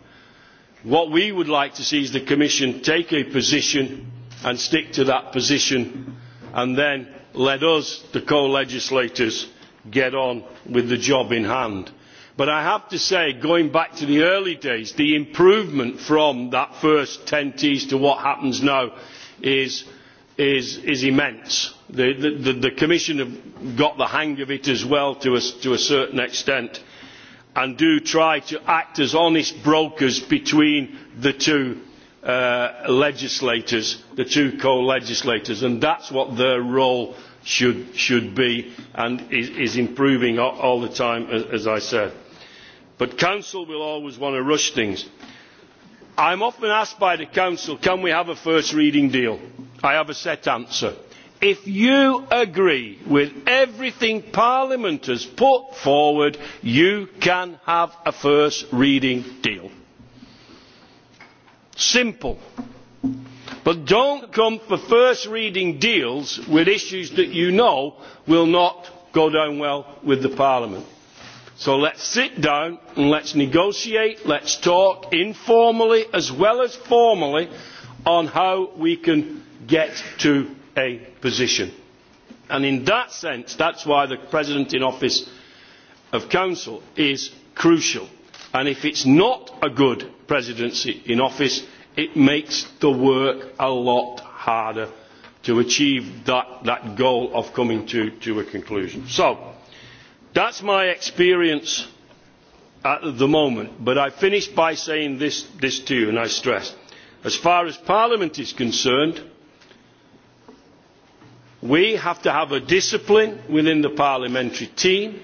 what we would like to see is the commission take a position and stick to that position and then let us the co legislators get on with the job in hand. but i have to say going back to the early days the improvement from that first ten ts to what happens now is immense. The Commission have got the hang of it as well to a certain extent and do try to act as honest brokers between the two legislators, the two co-legislators, and that's what their role should be and is improving all the time, as I said. But Council will always want to rush things i am often asked by the council can we have a first reading deal? i have a set answer if you agree with everything parliament has put forward you can have a first reading deal. simple. but do not come for first reading deals with issues that you know will not go down well with parliament. So let's sit down and let's negotiate, let's talk informally as well as formally on how we can get to a position. And in that sense, that's why the President in Office of Council is crucial. And if it's not a good presidency in office, it makes the work a lot harder to achieve that goal of coming to a conclusion. So That's my experience at the moment. But I finish by saying this to you, and I stress. As far as Parliament is concerned, we have to have a discipline within the parliamentary team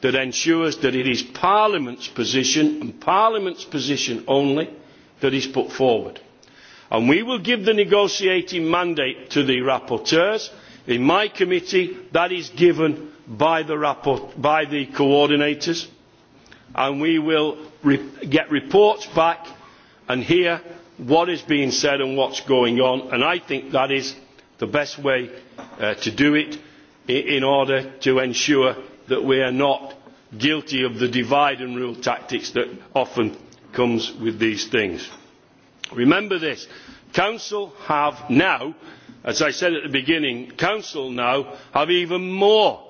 that ensures that it is Parliament's position, and Parliament's position only, that is put forward. And we will give the negotiating mandate to the rapporteurs. In my committee, that is given by the coordinators and we will get reports back and hear what is being said and what is going on and i think that is the best way to do it in order to ensure that we are not guilty of the divide and rule tactics that often comes with these things. remember this council have now as i said at the beginning council now have even more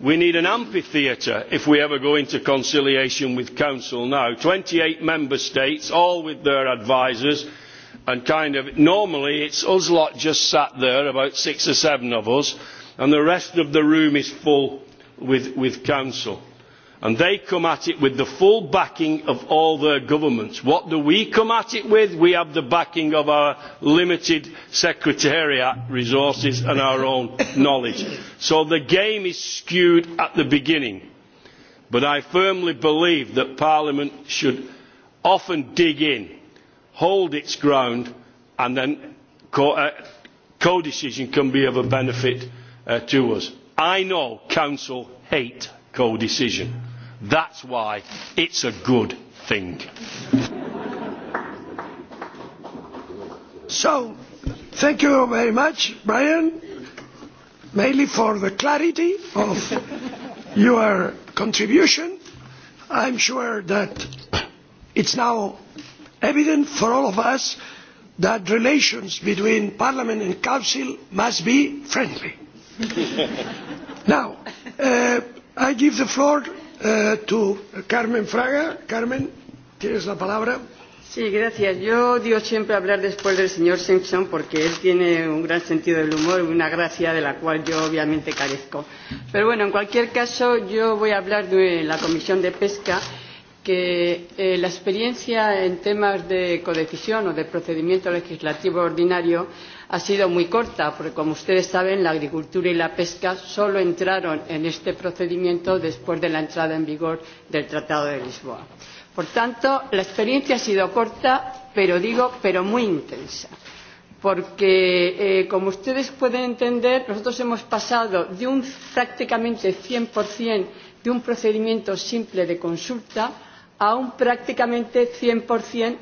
we need an amphitheatre if we ever go into conciliation with council now twenty eight member states all with their advisers and kind of normally it's us lot just sat there about six or seven of us and the rest of the room is full with council and they come at it with the full backing of all their governments. what do we come at it with? we have the backing of our limited secretariat resources and our own knowledge. so the game is skewed at the beginning but i firmly believe that parliament should often dig in hold its ground and then codecision can be of a benefit to us. i know council hate decision. That's why it's a good thing. So, thank you very much, Brian, mainly for the clarity of your contribution. I'm sure that it's now evident for all of us that relations between Parliament and Council must be friendly. Now, I give the floor to Carmen Fraga. Carmen, tienes la palabra. Sí, gracias. Yo digo siempre hablar después del señor Simpson porque él tiene un gran sentido del humor y una gracia de la cual yo obviamente carezco. Pero bueno, en cualquier caso, yo voy a hablar de la Comisión de Pesca que la experiencia en temas de codecisión o de procedimiento legislativo ordinario ha sido muy corta porque como ustedes saben la agricultura y la pesca solo entraron en este procedimiento después de la entrada en vigor del tratado de lisboa. por tanto la experiencia ha sido corta pero digo pero muy intensa porque como ustedes pueden entender nosotros hemos pasado de un prácticamente cien de un procedimiento simple de consulta un prácticamente cien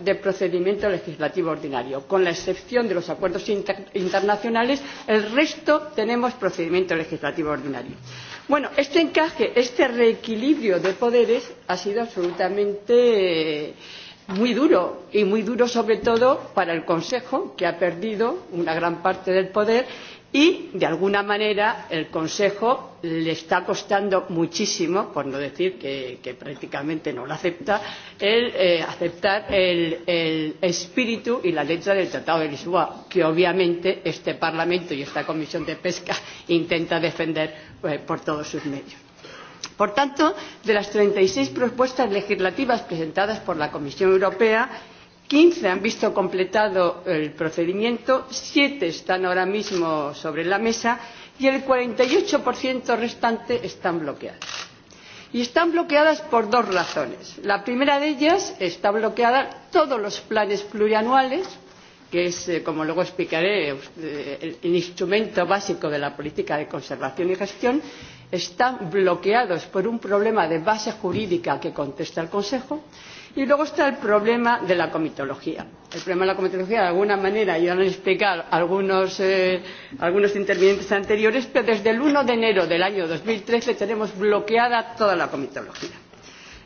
del procedimiento legislativo ordinario con la excepción de los acuerdos internacionales el resto tenemos procedimiento legislativo ordinario. bueno este encaje este reequilibrio de poderes ha sido absolutamente muy duro y muy duro sobre todo para el consejo que ha perdido una gran parte del poder y de alguna manera el consejo le está costando muchísimo por no decir que prácticamente no lo acepta el aceptar el espíritu y la letra del tratado de lisboa que obviamente este parlamento y esta comisión de pesca intenta defender por todos sus medios. por tanto de las treinta y seis propuestas legislativas presentadas por la comisión europea 15 han visto completado el procedimiento, siete están ahora mismo sobre la mesa y el 48% restante están bloqueados. Y están bloqueadas por dos razones. La primera de ellas está bloqueada todos los planes plurianuales, que es, como luego explicaré, el instrumento básico de la política de conservación y gestión, están bloqueados por un problema de base jurídica que contesta el Consejo Y luego está el problema de la comitología. El problema de la comitología, de alguna manera, ya lo han explicado algunos intervinientes anteriores, pero desde el 1 de enero del año 2013 tenemos bloqueada toda la comitología.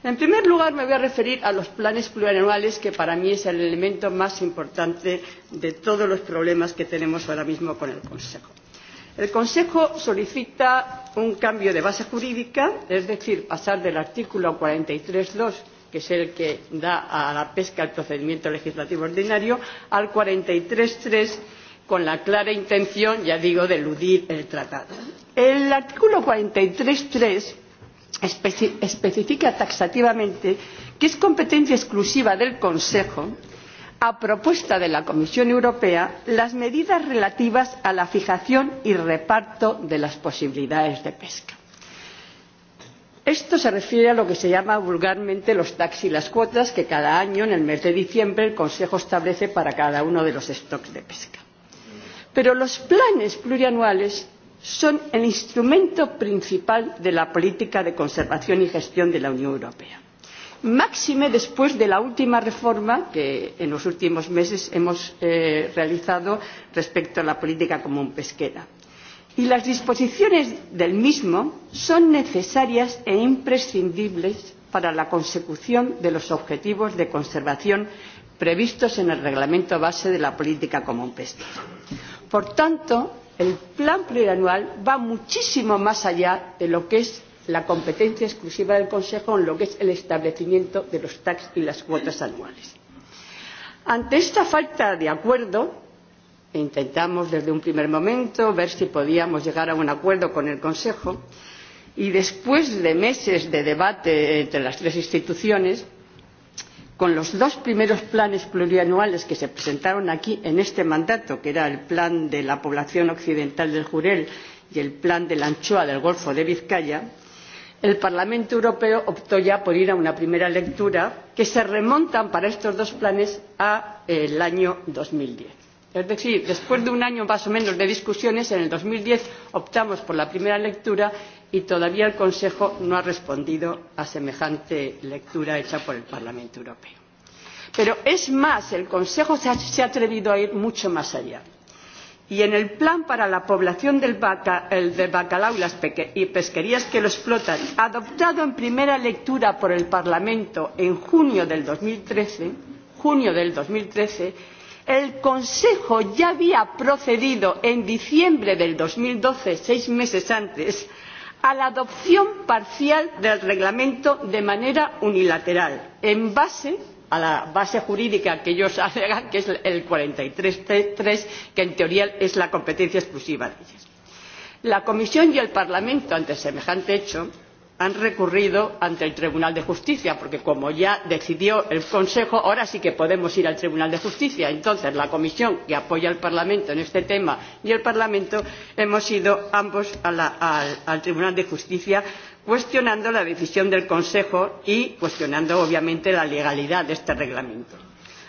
En primer lugar, me voy a referir a los planes plurianuales, que para mí es el elemento más importante de todos los problemas que tenemos ahora mismo con el Consejo. El Consejo solicita un cambio de base jurídica, es decir, pasar del artículo 43.2 que es el que da a la pesca el procedimiento legislativo ordinario al cuarenta y tres con la clara intención ya digo de eludir el tratado. el artículo cuarenta y tres especifica taxativamente que es competencia exclusiva del consejo a propuesta de la comisión europea las medidas relativas a la fijación y reparto de las posibilidades de pesca Esto se refiere a lo que se llama vulgarmente los taxis y las cuotas que cada año, en el mes de diciembre, el Consejo establece para cada uno de los stocks de pesca. Pero los planes plurianuales son el instrumento principal de la política de conservación y gestión de la Unión Europea. Máxime después de la última reforma que en los últimos meses hemos realizado respecto a la política común pesquera y las disposiciones del mismo son necesarias e imprescindibles para la consecución de los objetivos de conservación previstos en el reglamento base de la política común pesquera. por tanto el plan plurianual va muchísimo más allá de lo que es la competencia exclusiva del consejo en lo que es el establecimiento de los tac y las cuotas anuales. ante esta falta de acuerdo intentamos desde un primer momento ver si podíamos llegar a un acuerdo con el consejo y después de meses de debate entre las tres instituciones con los dos primeros planes plurianuales que se presentaron aquí en este mandato que era el plan de la población occidental del jurel y el plan de la anchoa del golfo de vizcaya el parlamento europeo optó ya por ir a una primera lectura que se remontan para estos dos planes al año 2010. Es decir, después de un año más o menos de discusiones, en el 2010 optamos por la primera lectura y todavía el Consejo no ha respondido a semejante lectura hecha por el Parlamento Europeo. Pero es más, el Consejo se ha atrevido a ir mucho más allá. Y en el plan para la población del bacalao y pesquerías que lo explotan, adoptado en primera lectura por el Parlamento en junio del 2013, junio del 2013, el consejo ya había procedido en diciembre de dos mil doce seis meses antes a la adopción parcial del reglamento de manera unilateral en base a la base jurídica que ellos alegan que es el cuarenta y tres apartado tres que en teoría es la competencia exclusiva de ellos. la comisión y el parlamento ante semejante hecho han recurrido ante el tribunal de justicia porque como ya decidió el consejo ahora sí que podemos ir al tribunal de justicia. entonces la comisión que apoya al parlamento en este tema y el parlamento hemos ido ambos al tribunal de justicia cuestionando la decisión del consejo y cuestionando obviamente la legalidad de este reglamento.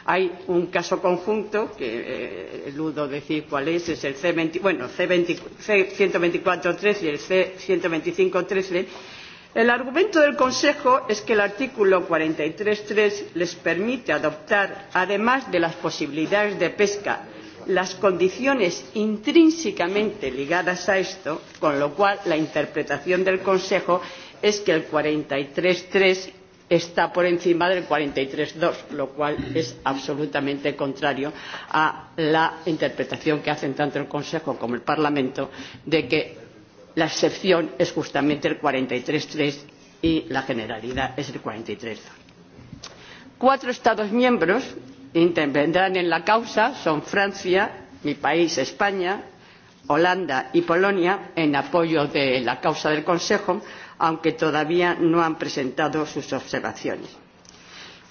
hay un caso conjunto que eludo decir cuál es es el c ciento veinticuatro trece y el c ciento veinticinco el argumento del consejo es que el artículo cuarenta y tres les permite adoptar además de las posibilidades de pesca las condiciones intrínsecamente ligadas a esto con lo cual la interpretación del consejo es que el cuarenta y tres está por encima del cuarenta y dos lo cual es absolutamente contrario a la interpretación que hacen tanto el consejo como el parlamento de que la excepción es justamente el cuarenta y la generalidad es el dos. Cuatro Estados miembros intervendrán en la causa, son Francia, mi país España, Holanda y Polonia, en apoyo de la causa del Consejo, aunque todavía no han presentado sus observaciones.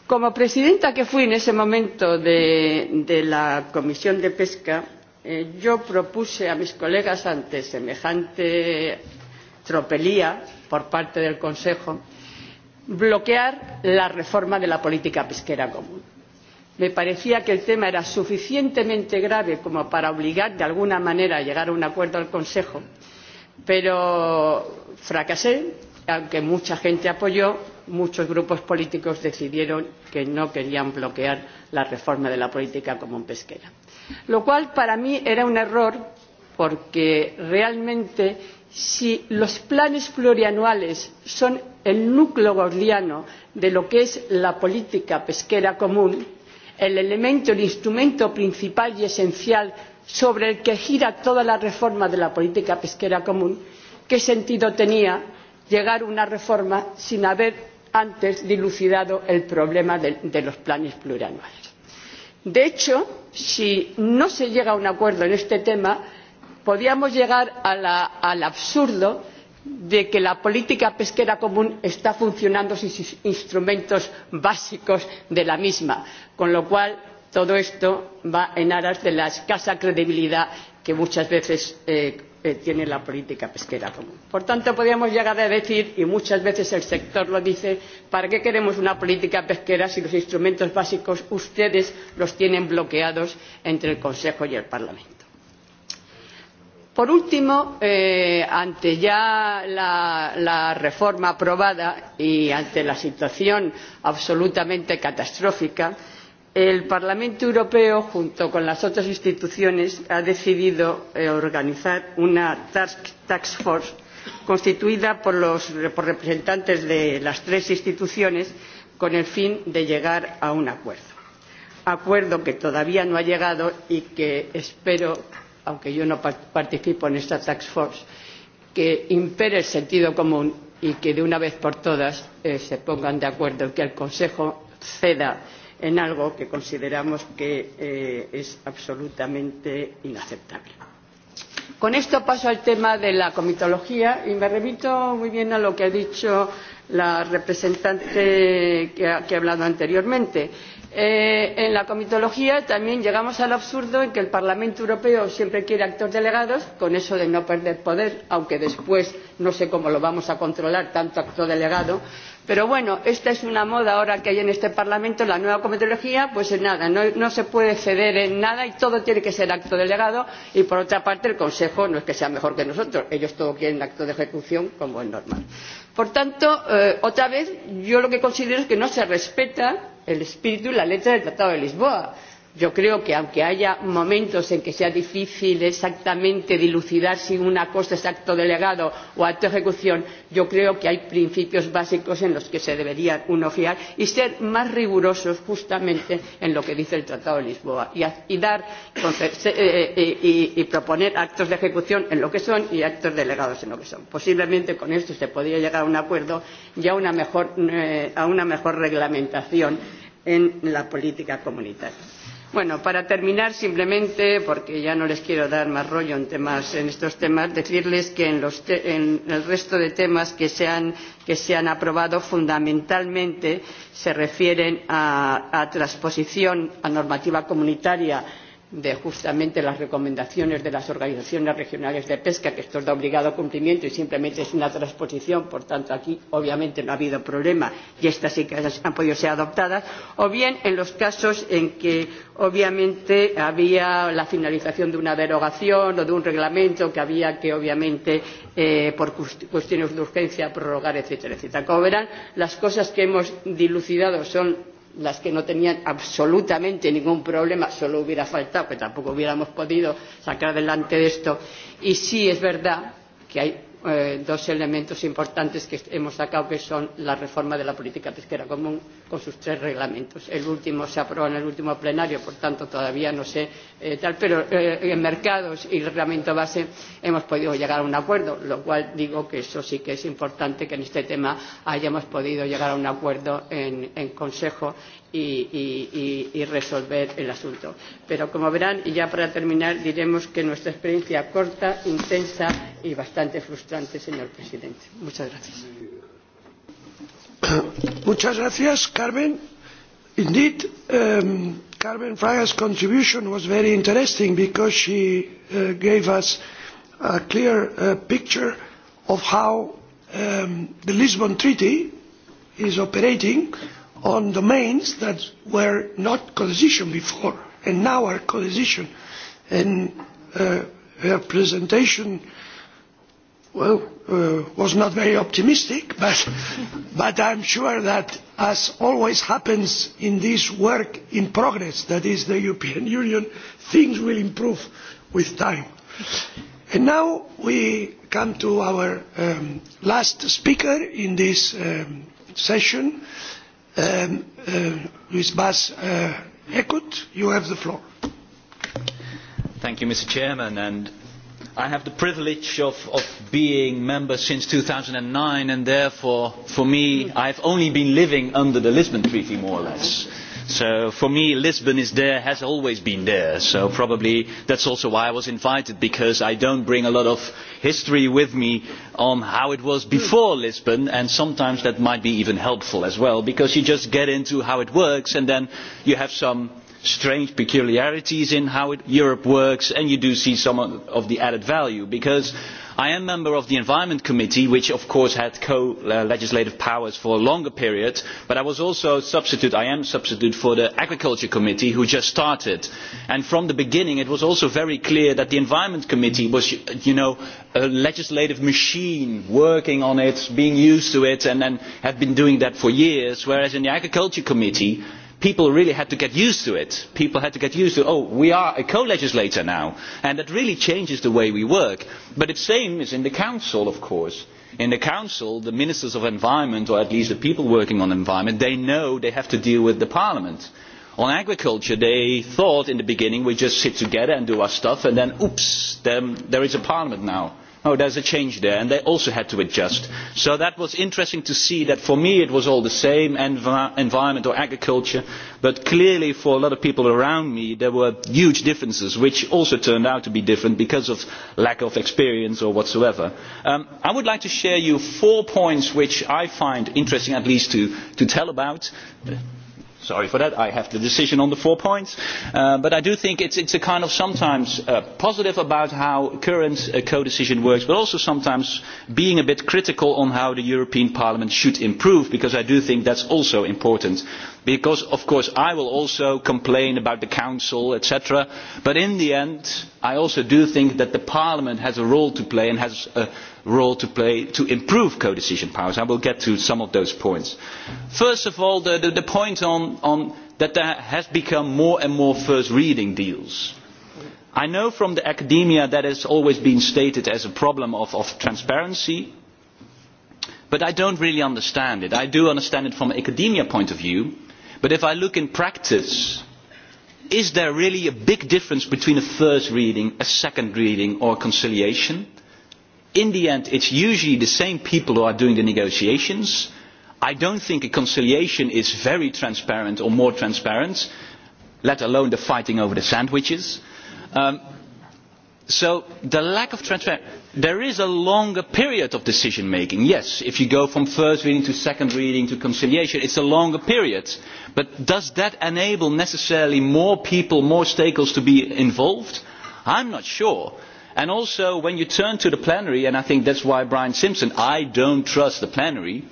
Como presidenta que fui en ese momento de la Comisión de Pesca, yo propuse a mis colegas ante semejante tropelía por parte del consejo bloquear la reforma de la política pesquera común. me parecía que el tema era suficientemente grave como para obligar de alguna manera a llegar a un acuerdo al consejo pero fracasé aunque mucha gente apoyó muchos grupos políticos decidieron que no querían bloquear la reforma de la política común pesquera lo cual para mí era un error porque realmente si los planes plurianuales son el núcleo gordiano de lo que es la política pesquera común el elemento el instrumento principal y esencial sobre el que gira toda la reforma de la política pesquera común qué sentido tenía llegar a una reforma sin haber antes dilucidado el problema de los planes plurianuales? de hecho si no se llega a un acuerdo en este tema podríamos llegar al absurdo de que la política pesquera común está funcionando sin sus instrumentos básicos de la misma con lo cual todo esto va en aras de la escasa credibilidad que muchas veces eh, tiene la política pesquera común. por tanto podríamos llegar a decir y muchas veces el sector lo dice para qué queremos una política pesquera si los instrumentos básicos ustedes los tienen bloqueados entre el consejo y el parlamento? por último ante ya la reforma aprobada y ante la situación absolutamente catastrófica el Parlamento Europeo, junto con las otras instituciones, ha decidido organizar una task force constituida por los representantes de las tres instituciones con el fin de llegar a un acuerdo. Acuerdo que todavía no ha llegado y que espero, aunque yo no participo en esta task force, que impere el sentido común y que de una vez por todas se pongan de acuerdo y que el Consejo ceda en algo que consideramos que es absolutamente inaceptable. Con esto paso al tema de la comitología y me remito muy bien a lo que ha dicho la representante que ha hablado anteriormente. En la comitología también llegamos al absurdo en que el Parlamento Europeo siempre quiere actos delegados, con eso de no perder poder, aunque después no sé cómo lo vamos a controlar tanto acto delegado pero bueno esta es una moda ahora que hay en este parlamento la nueva comitología pues nada no se puede ceder en nada y todo tiene que ser acto delegado y por otra parte el consejo no es que sea mejor que nosotros ellos todo quieren acto de ejecución como es normal. por tanto otra vez yo lo que considero es que no se respeta el espíritu y la letra del tratado de lisboa yo creo que aunque haya momentos en que sea difícil exactamente dilucidar si una cosa es acto delegado o acto de ejecución yo creo que hay principios básicos en los que se debería uno fiar y ser más rigurosos justamente en lo que dice el tratado de lisboa y y proponer actos de ejecución en lo que son y actos delegados en lo que son. posiblemente con esto se podría llegar a un acuerdo y a una mejor reglamentación en la política comunitaria. Bueno, para terminar simplemente, porque ya no les quiero dar más rollo en, temas, en estos temas, decirles que en, los en el resto de temas que se han, aprobado fundamentalmente se refieren a, a transposición a normativa comunitaria de justamente las recomendaciones de las organizaciones regionales de pesca, que esto es de obligado cumplimiento y simplemente es una transposición, por tanto aquí obviamente no ha habido problema y estas sí que han podido ser adoptadas, o bien en los casos en que obviamente había la finalización de una derogación o de un reglamento que había que obviamente por cuestiones de urgencia prorrogar, etcétera, etcétera. Como verán, las cosas que hemos dilucidado son las que no tenían absolutamente ningún problema solo hubiera faltado que tampoco hubiéramos podido sacar adelante esto y sí es verdad que hay dos elementos importantes que hemos sacado, que son la reforma de la política pesquera común con sus tres reglamentos. El último se aprobó en el último plenario, por tanto todavía no sé tal, pero en mercados y reglamento base hemos podido llegar a un acuerdo, lo cual digo que eso sí que es importante que en este tema hayamos podido llegar a un acuerdo en Consejo y resolver el asunto. Pero, como verán, y ya para terminar, diremos que nuestra experiencia corta, intensa y bastante frustrante, señor presidente. Muchas gracias. Muchas gracias, Carmen. Indeed, Carmen Fraga's contribution was very interesting because she gave us a clear picture of how the Lisbon Treaty is operating on domains that were not coalition before and now are coalition. And her presentation was not very optimistic, but I am sure that, as always happens in this work in progress that is the European Union, things will improve with time. And now we come to our last speaker in this session Mr. President, I have the privilege of being member since 2009, and therefore, for me, I have only been living under the Lisbon Treaty, more or less So for me, Lisbon is there, has always been there. So probably that is also why I was invited, because I don't bring a lot of history with me on how it was before Lisbon, and sometimes that might be even helpful as well, because you just get into how it works, and then you have some strange peculiarities in how Europe works, and you do see some of the added value, because i am a member of the environment committee which of course had co legislative powers for a longer period but i was also a substitute i am a substitute for the agriculture committee which just started and from the beginning it was also very clear that the environment committee was a legislative machine working on it being used to it and had been doing that for years whereas in the agriculture committee people really had to get used to it. People had to get used to, oh, we are a co-legislator now. And that really changes the way we work. But the same is in the Council, of course. In the Council, the ministers of environment, or at least the people working on environment, they know they have to deal with the Parliament. On agriculture, they thought in the beginning we just sit together and do our stuff, and then, oops, there is a Parliament now oh there's a change there and they also had to adjust. so that was interesting to see that for me it was all the same environment or agriculture but clearly for a lot of people around me there were huge differences which also turned out to be different because of lack of experience or whatsoever. i would like to share you four points which i find interesting at least to tell about sorry for that i have the decision on the four points but i do think it's it's a kind of sometimes positive about how current codecision works but also sometimes being a bit critical on how the european parliament should improve because i do think that's also important because of course i will also complain about the council etc but in the end i also do think that the parliament has a role to play and has a role to play to improve codecision powers. I will get to some of those points. First of all, the point on that there has become more and more first reading deals. I know from the academia that has always been stated as a problem of transparency, but I don't really understand it. I do understand it from an academia point of view, but if I look in practice, is there really a big difference between a first reading, a second reading or conciliation? in the end it's usually the same people who are doing the negotiations. I don't think a conciliation is very transparent or more transparent, let alone the fighting over the sandwiches. So the lack of transparency, there is a longer period of decision making. Yes, if you go from first reading to second reading to conciliation, it's a longer period. But does that enable necessarily more people, more stakeholders to be involved? I'm not sure and also when you turn to the plenary and i think that's why brian simpson i don't trust the plenary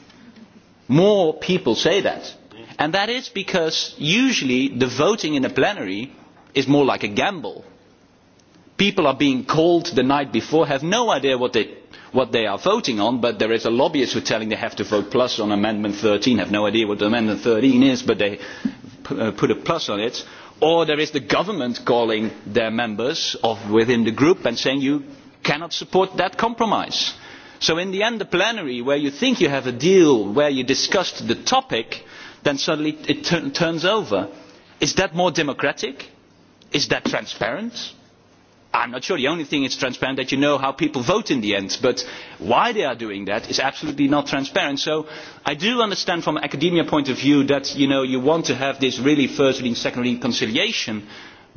more people say that and that is because usually the voting in the plenary is more like a gamble people are being called the night before have no idea what they what they are voting on but there is a lobbyist who is telling they have to vote plus on amendment 13 have no idea what amendment 13 is but they put a plus on it or there is the government calling their members within the group and saying you cannot support that compromise. so in the end the plenary where you think you have a deal where you discussed the topic then suddenly it turns over. is that more democratic? is that transparent? I am not sure the only thing is transparent that you know how people vote in the end, but why they are doing that is absolutely not transparent. So I do understand from an academia point of view that you want to have this really first second reading conciliation,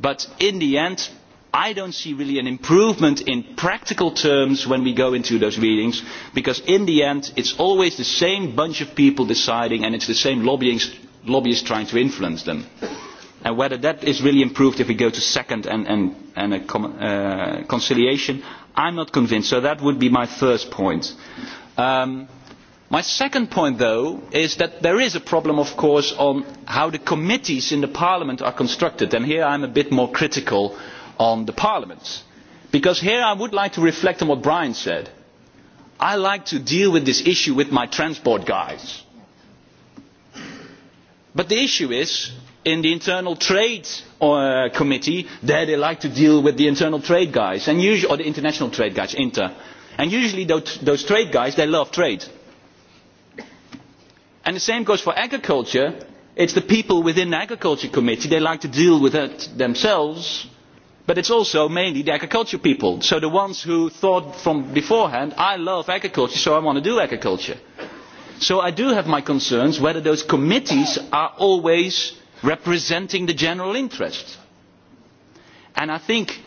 but in the end I don't see really an improvement in practical terms when we go into those readings because in the end it's always the same bunch of people deciding and it's the same lobbyists trying to influence them and whether that is really improved if we go to second and and a conciliation i'm not convinced so that would be my first point my second point though is that there is a problem of course on how the committees in the parliament are constructed and here i'm a bit more critical on the parliament because here i would like to reflect on what brian said i like to deal with this issue with my transport guys but the issue is in the internal trade committee there they like to deal with the internal trade guys and or the international trade guys inter and usually those trade guys they love trade and the same goes for agriculture it's the people within the agriculture committee they like to deal with it themselves but it's also mainly the agriculture people so the ones who thought from beforehand i love agriculture so i want to do agriculture so i do have my concerns whether those committees are always representing the general interest. And I think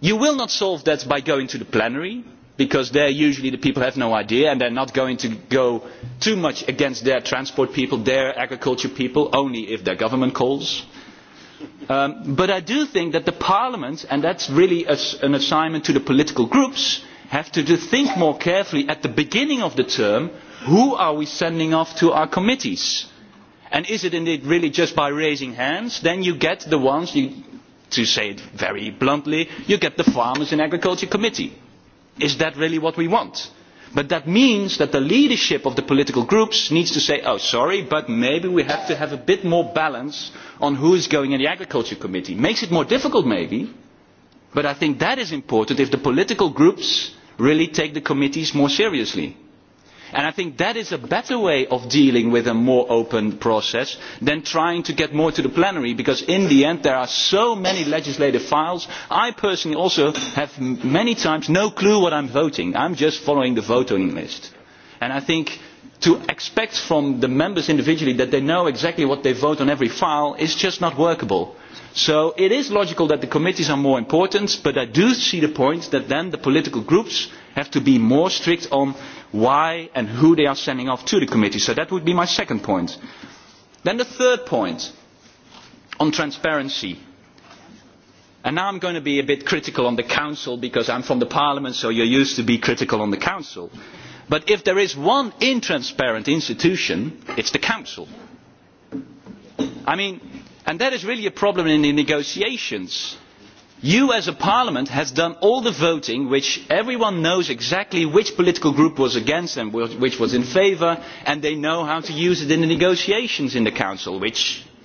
you will not solve that by going to the plenary, because there usually the people have no idea and they're not going to go too much against their transport people, their agriculture people, only if their government calls. But I do think that the Parliament, and that's really an assignment to the political groups, have to think more carefully at the beginning of the term, who are we sending off to our committees? and is it indeed really just by raising hands? then you get the ones to say it very bluntly you get the farmers in agriculture committee. is that really what we want? but that means that the leadership of the political groups needs to say oh sorry but maybe we have to have a bit more balance on who is going in the agriculture committee. makes it more difficult maybe but i think that is important if the political groups really take the committees more seriously and i think that is a better way of dealing with a more open process than trying to get more to the plenary because in the end there are so many legislative files i personally also have many times no clue what I am voting I am just following the voting list and i think to expect from the members individually that they know exactly what they vote on every file is just not workable So it is logical that the committees are more important, but I do see the point that then the political groups have to be more strict on why and who they are sending off to the committee. So that would be my second point. Then the third point on transparency. And now I'm going to be a bit critical on the Council because I'm from the Parliament, so you're used to be critical on the Council. But if there is one intransparent institution, it's the Council. I mean and that is really a problem in the negotiations. you as a parliament have done all the voting which everyone knows exactly which political group was against and which was in favour and they know how to use it in the negotiations in the council which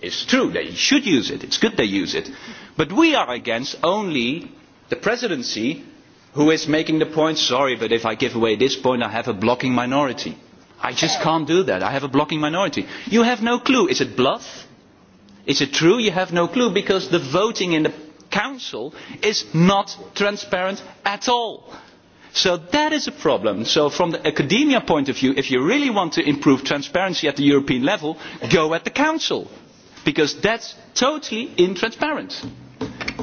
is true they should use it it is good they use it but we are against only the presidency who is making the point sorry but if i give away this point i have a blocking minority. i just can't do that i have a blocking minority. you have no clue is it bluff? Is it true you have no clue? Because the voting in the Council is not transparent at all. So that is a problem. So from the academia point of view, if you really want to improve transparency at the European level, go at the Council. Because that's totally intransparent.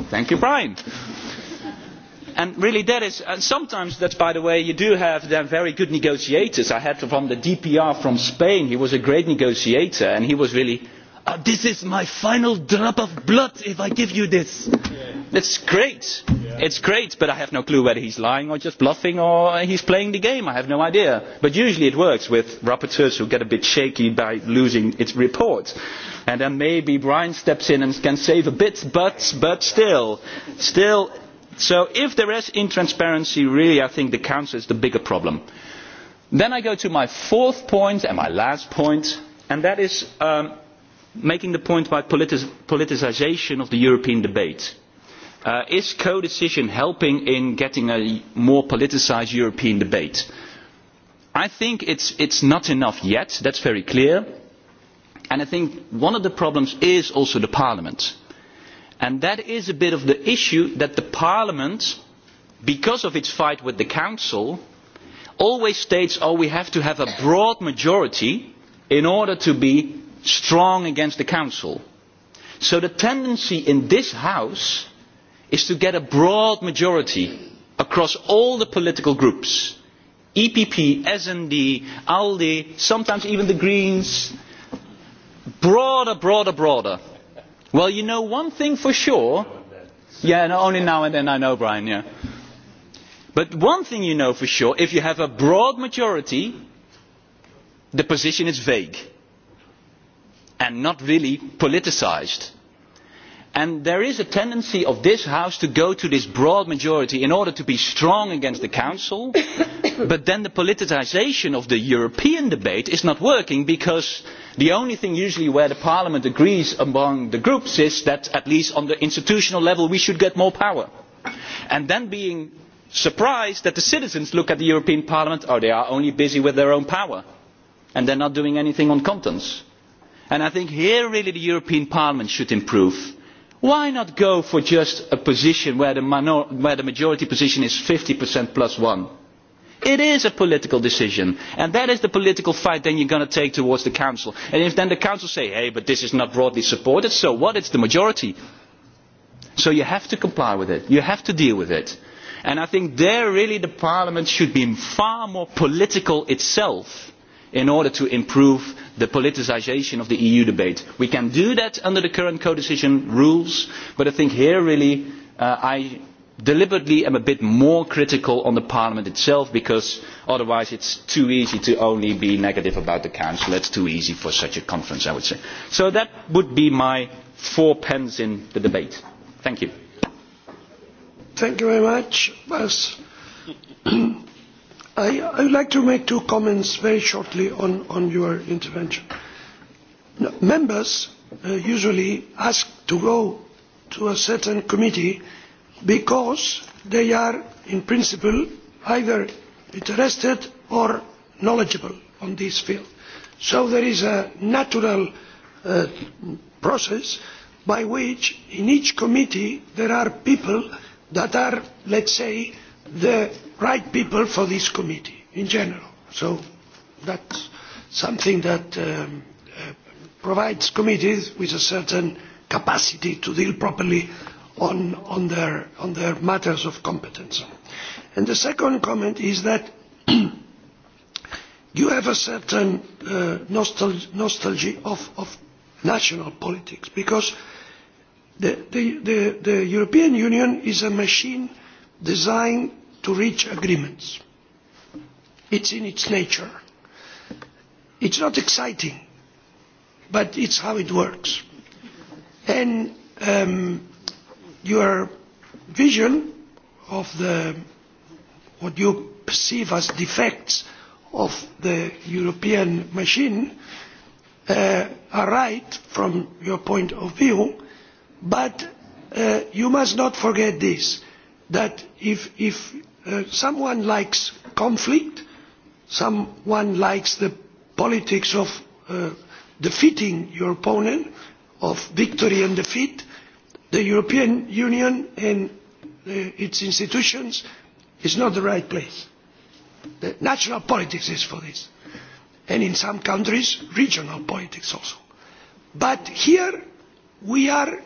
Thank you, Brian. And really that is, and sometimes that's by the way, you do have then very good negotiators. I had from the DPR from Spain, he was a great negotiator and he was really This is my final drop of blood if I give you this. It's great. It's great, but I have no clue whether he's lying or just bluffing or he's playing the game. I have no idea. But usually it works with rapporteurs who get a bit shaky by losing its report. And then maybe Brian steps in and can save a bit, but but still. Still. So if there is intransparency, really I think the Council is the bigger problem. Then I go to my fourth point and my last point, and that is making the point about politicisation of the European debate. Is codecision helping in getting a more politicised European debate? I think it's not enough yet, that's very clear. And I think one of the problems is also the Parliament. And that is a bit of the issue that the Parliament, because of its fight with the Council, always states, oh, we have to have a broad majority in order to be strong against the Council. So the tendency in this House is to get a broad majority across all the political groups EPP, SD, ALDE, sometimes even the Greens. Broader, broader, broader. Well, you know one thing for sure. Yeah, only now and then I know, Brian, yeah. But one thing you know for sure, if you have a broad majority, the position is vague and not really politicised. And there is a tendency of this House to go to this broad majority in order to be strong against the Council, but then the politicisation of the European debate is not working because the only thing usually where the Parliament agrees among the groups is that at least on the institutional level we should get more power. And then being surprised that the citizens look at the European Parliament, oh they are only busy with their own power and they are not doing anything on contents and i think here really the european parliament should improve. why not go for just a position where the majority position is fifty plus one? it is a political decision and that is the political fight then you are going to take towards the council and if then the council says hey but this is not broadly supported so what is the majority so you have to comply with it you have to deal with it and i think there really the parliament should be far more political itself in order to improve the politicisation of the eu debate. we can do that under the current codecision rules but i think here really i deliberately am a bit more critical on parliament itself because otherwise it's too easy to only be negative about the council. that's too easy for such a conference i would say. so that would be my four pence in the debate. thank you. thank you very much I would like to make two comments very shortly on your intervention. Members usually ask to go to a certain committee because they are in principle either interested or knowledgeable on this field. So there is a natural process by which in each committee there are people that are, let's say, the right people for this committee in general. So that's something that provides committees with a certain capacity to deal properly on their matters of competence. And the second comment is that you have a certain nostalgia of national politics because the European Union is a machine designed to reach agreements. It's in its nature. It's not exciting, but it's how it works. And your vision of the what you perceive as defects of the European machine are right from your point of view, but you must not forget this that if someone likes conflict someone likes the politics of defeating your opponent of victory and defeat the european union and its institutions is not the right place. national politics is for this and in some countries regional politics also. but here we are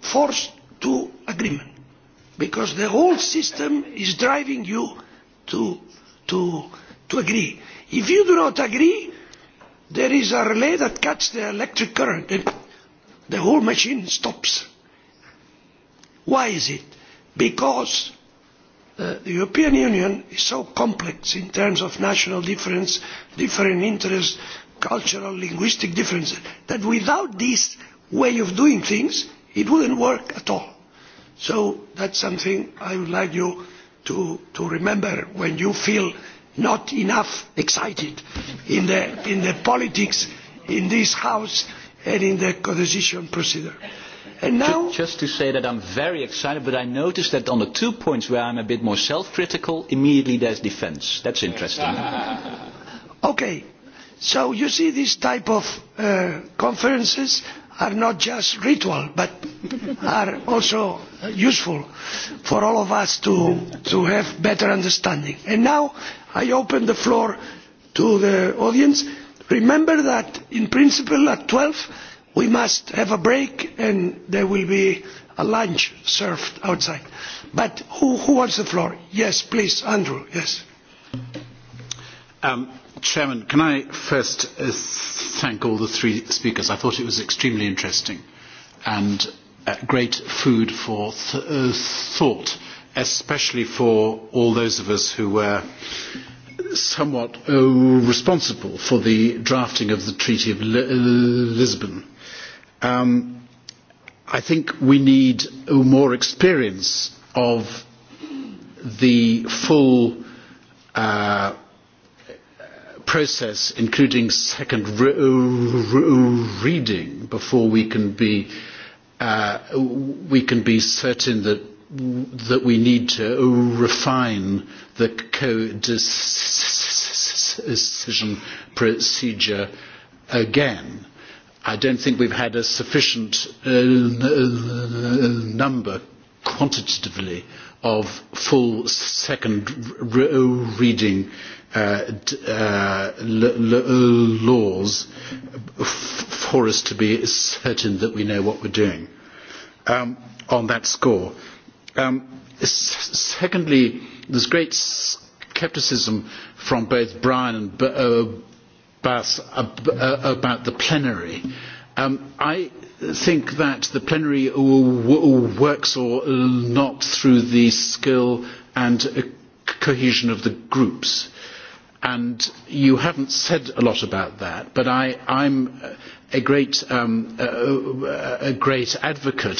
forced to agreement because the whole system is driving you to agree. If you do not agree, there is a relay that cuts the electric current and the whole machine stops. Why is it? Because the European Union is so complex in terms of national difference, different interests, cultural, linguistic differences, that without this way of doing things, it wouldn't work at all So that's something I would like you to remember when you feel not enough excited in the politics in this House and in the codecision procedure. And now... Just to say that I'm very excited, but I noticed that on the two points where I'm a bit more self-critical, immediately there's defence. That's interesting. Okay. So you see these type of conferences are not just ritual but are also useful for all of us to have better understanding. And now I open the floor to the audience. Remember that in principle at 12 we must have a break and there will be a lunch served outside. But who wants the floor? Yes, please, Andrew. Yes. Chairman, can I first thank all the three speakers? I thought it was extremely interesting and great food for thought, especially for all those of us who were somewhat responsible for the drafting of the Treaty of Lisbon. I think we need more experience of the full process, including second reading, before we can be we can be certain that we need to refine the co-decision procedure again. I don't think we've had a sufficient number quantitatively of full second reading laws for us to be certain that we know what we're doing on that score. Secondly, there's great scepticism from both Brian and Bas about the plenary I think that the plenary works or not through the skill and cohesion of the groups. And you haven't said a lot about that, but I I'm a great advocate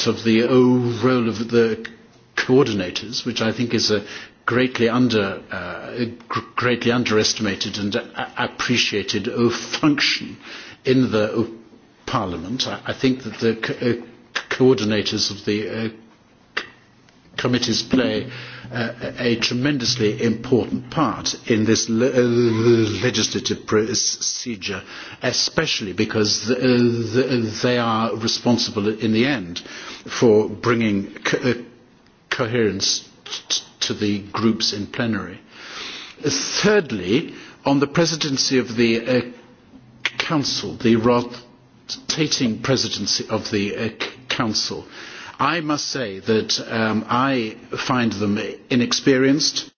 of the role of the coordinators, which I think is a greatly underestimated and appreciated function in the Parliament. I think that the coordinators of the committees play a tremendously important part in this legislative procedure, especially because they are responsible in the end for bringing coherence to the groups in plenary. Thirdly, on the presidency of the Council, the rotating presidency of the Council. I must say that I find them inexperienced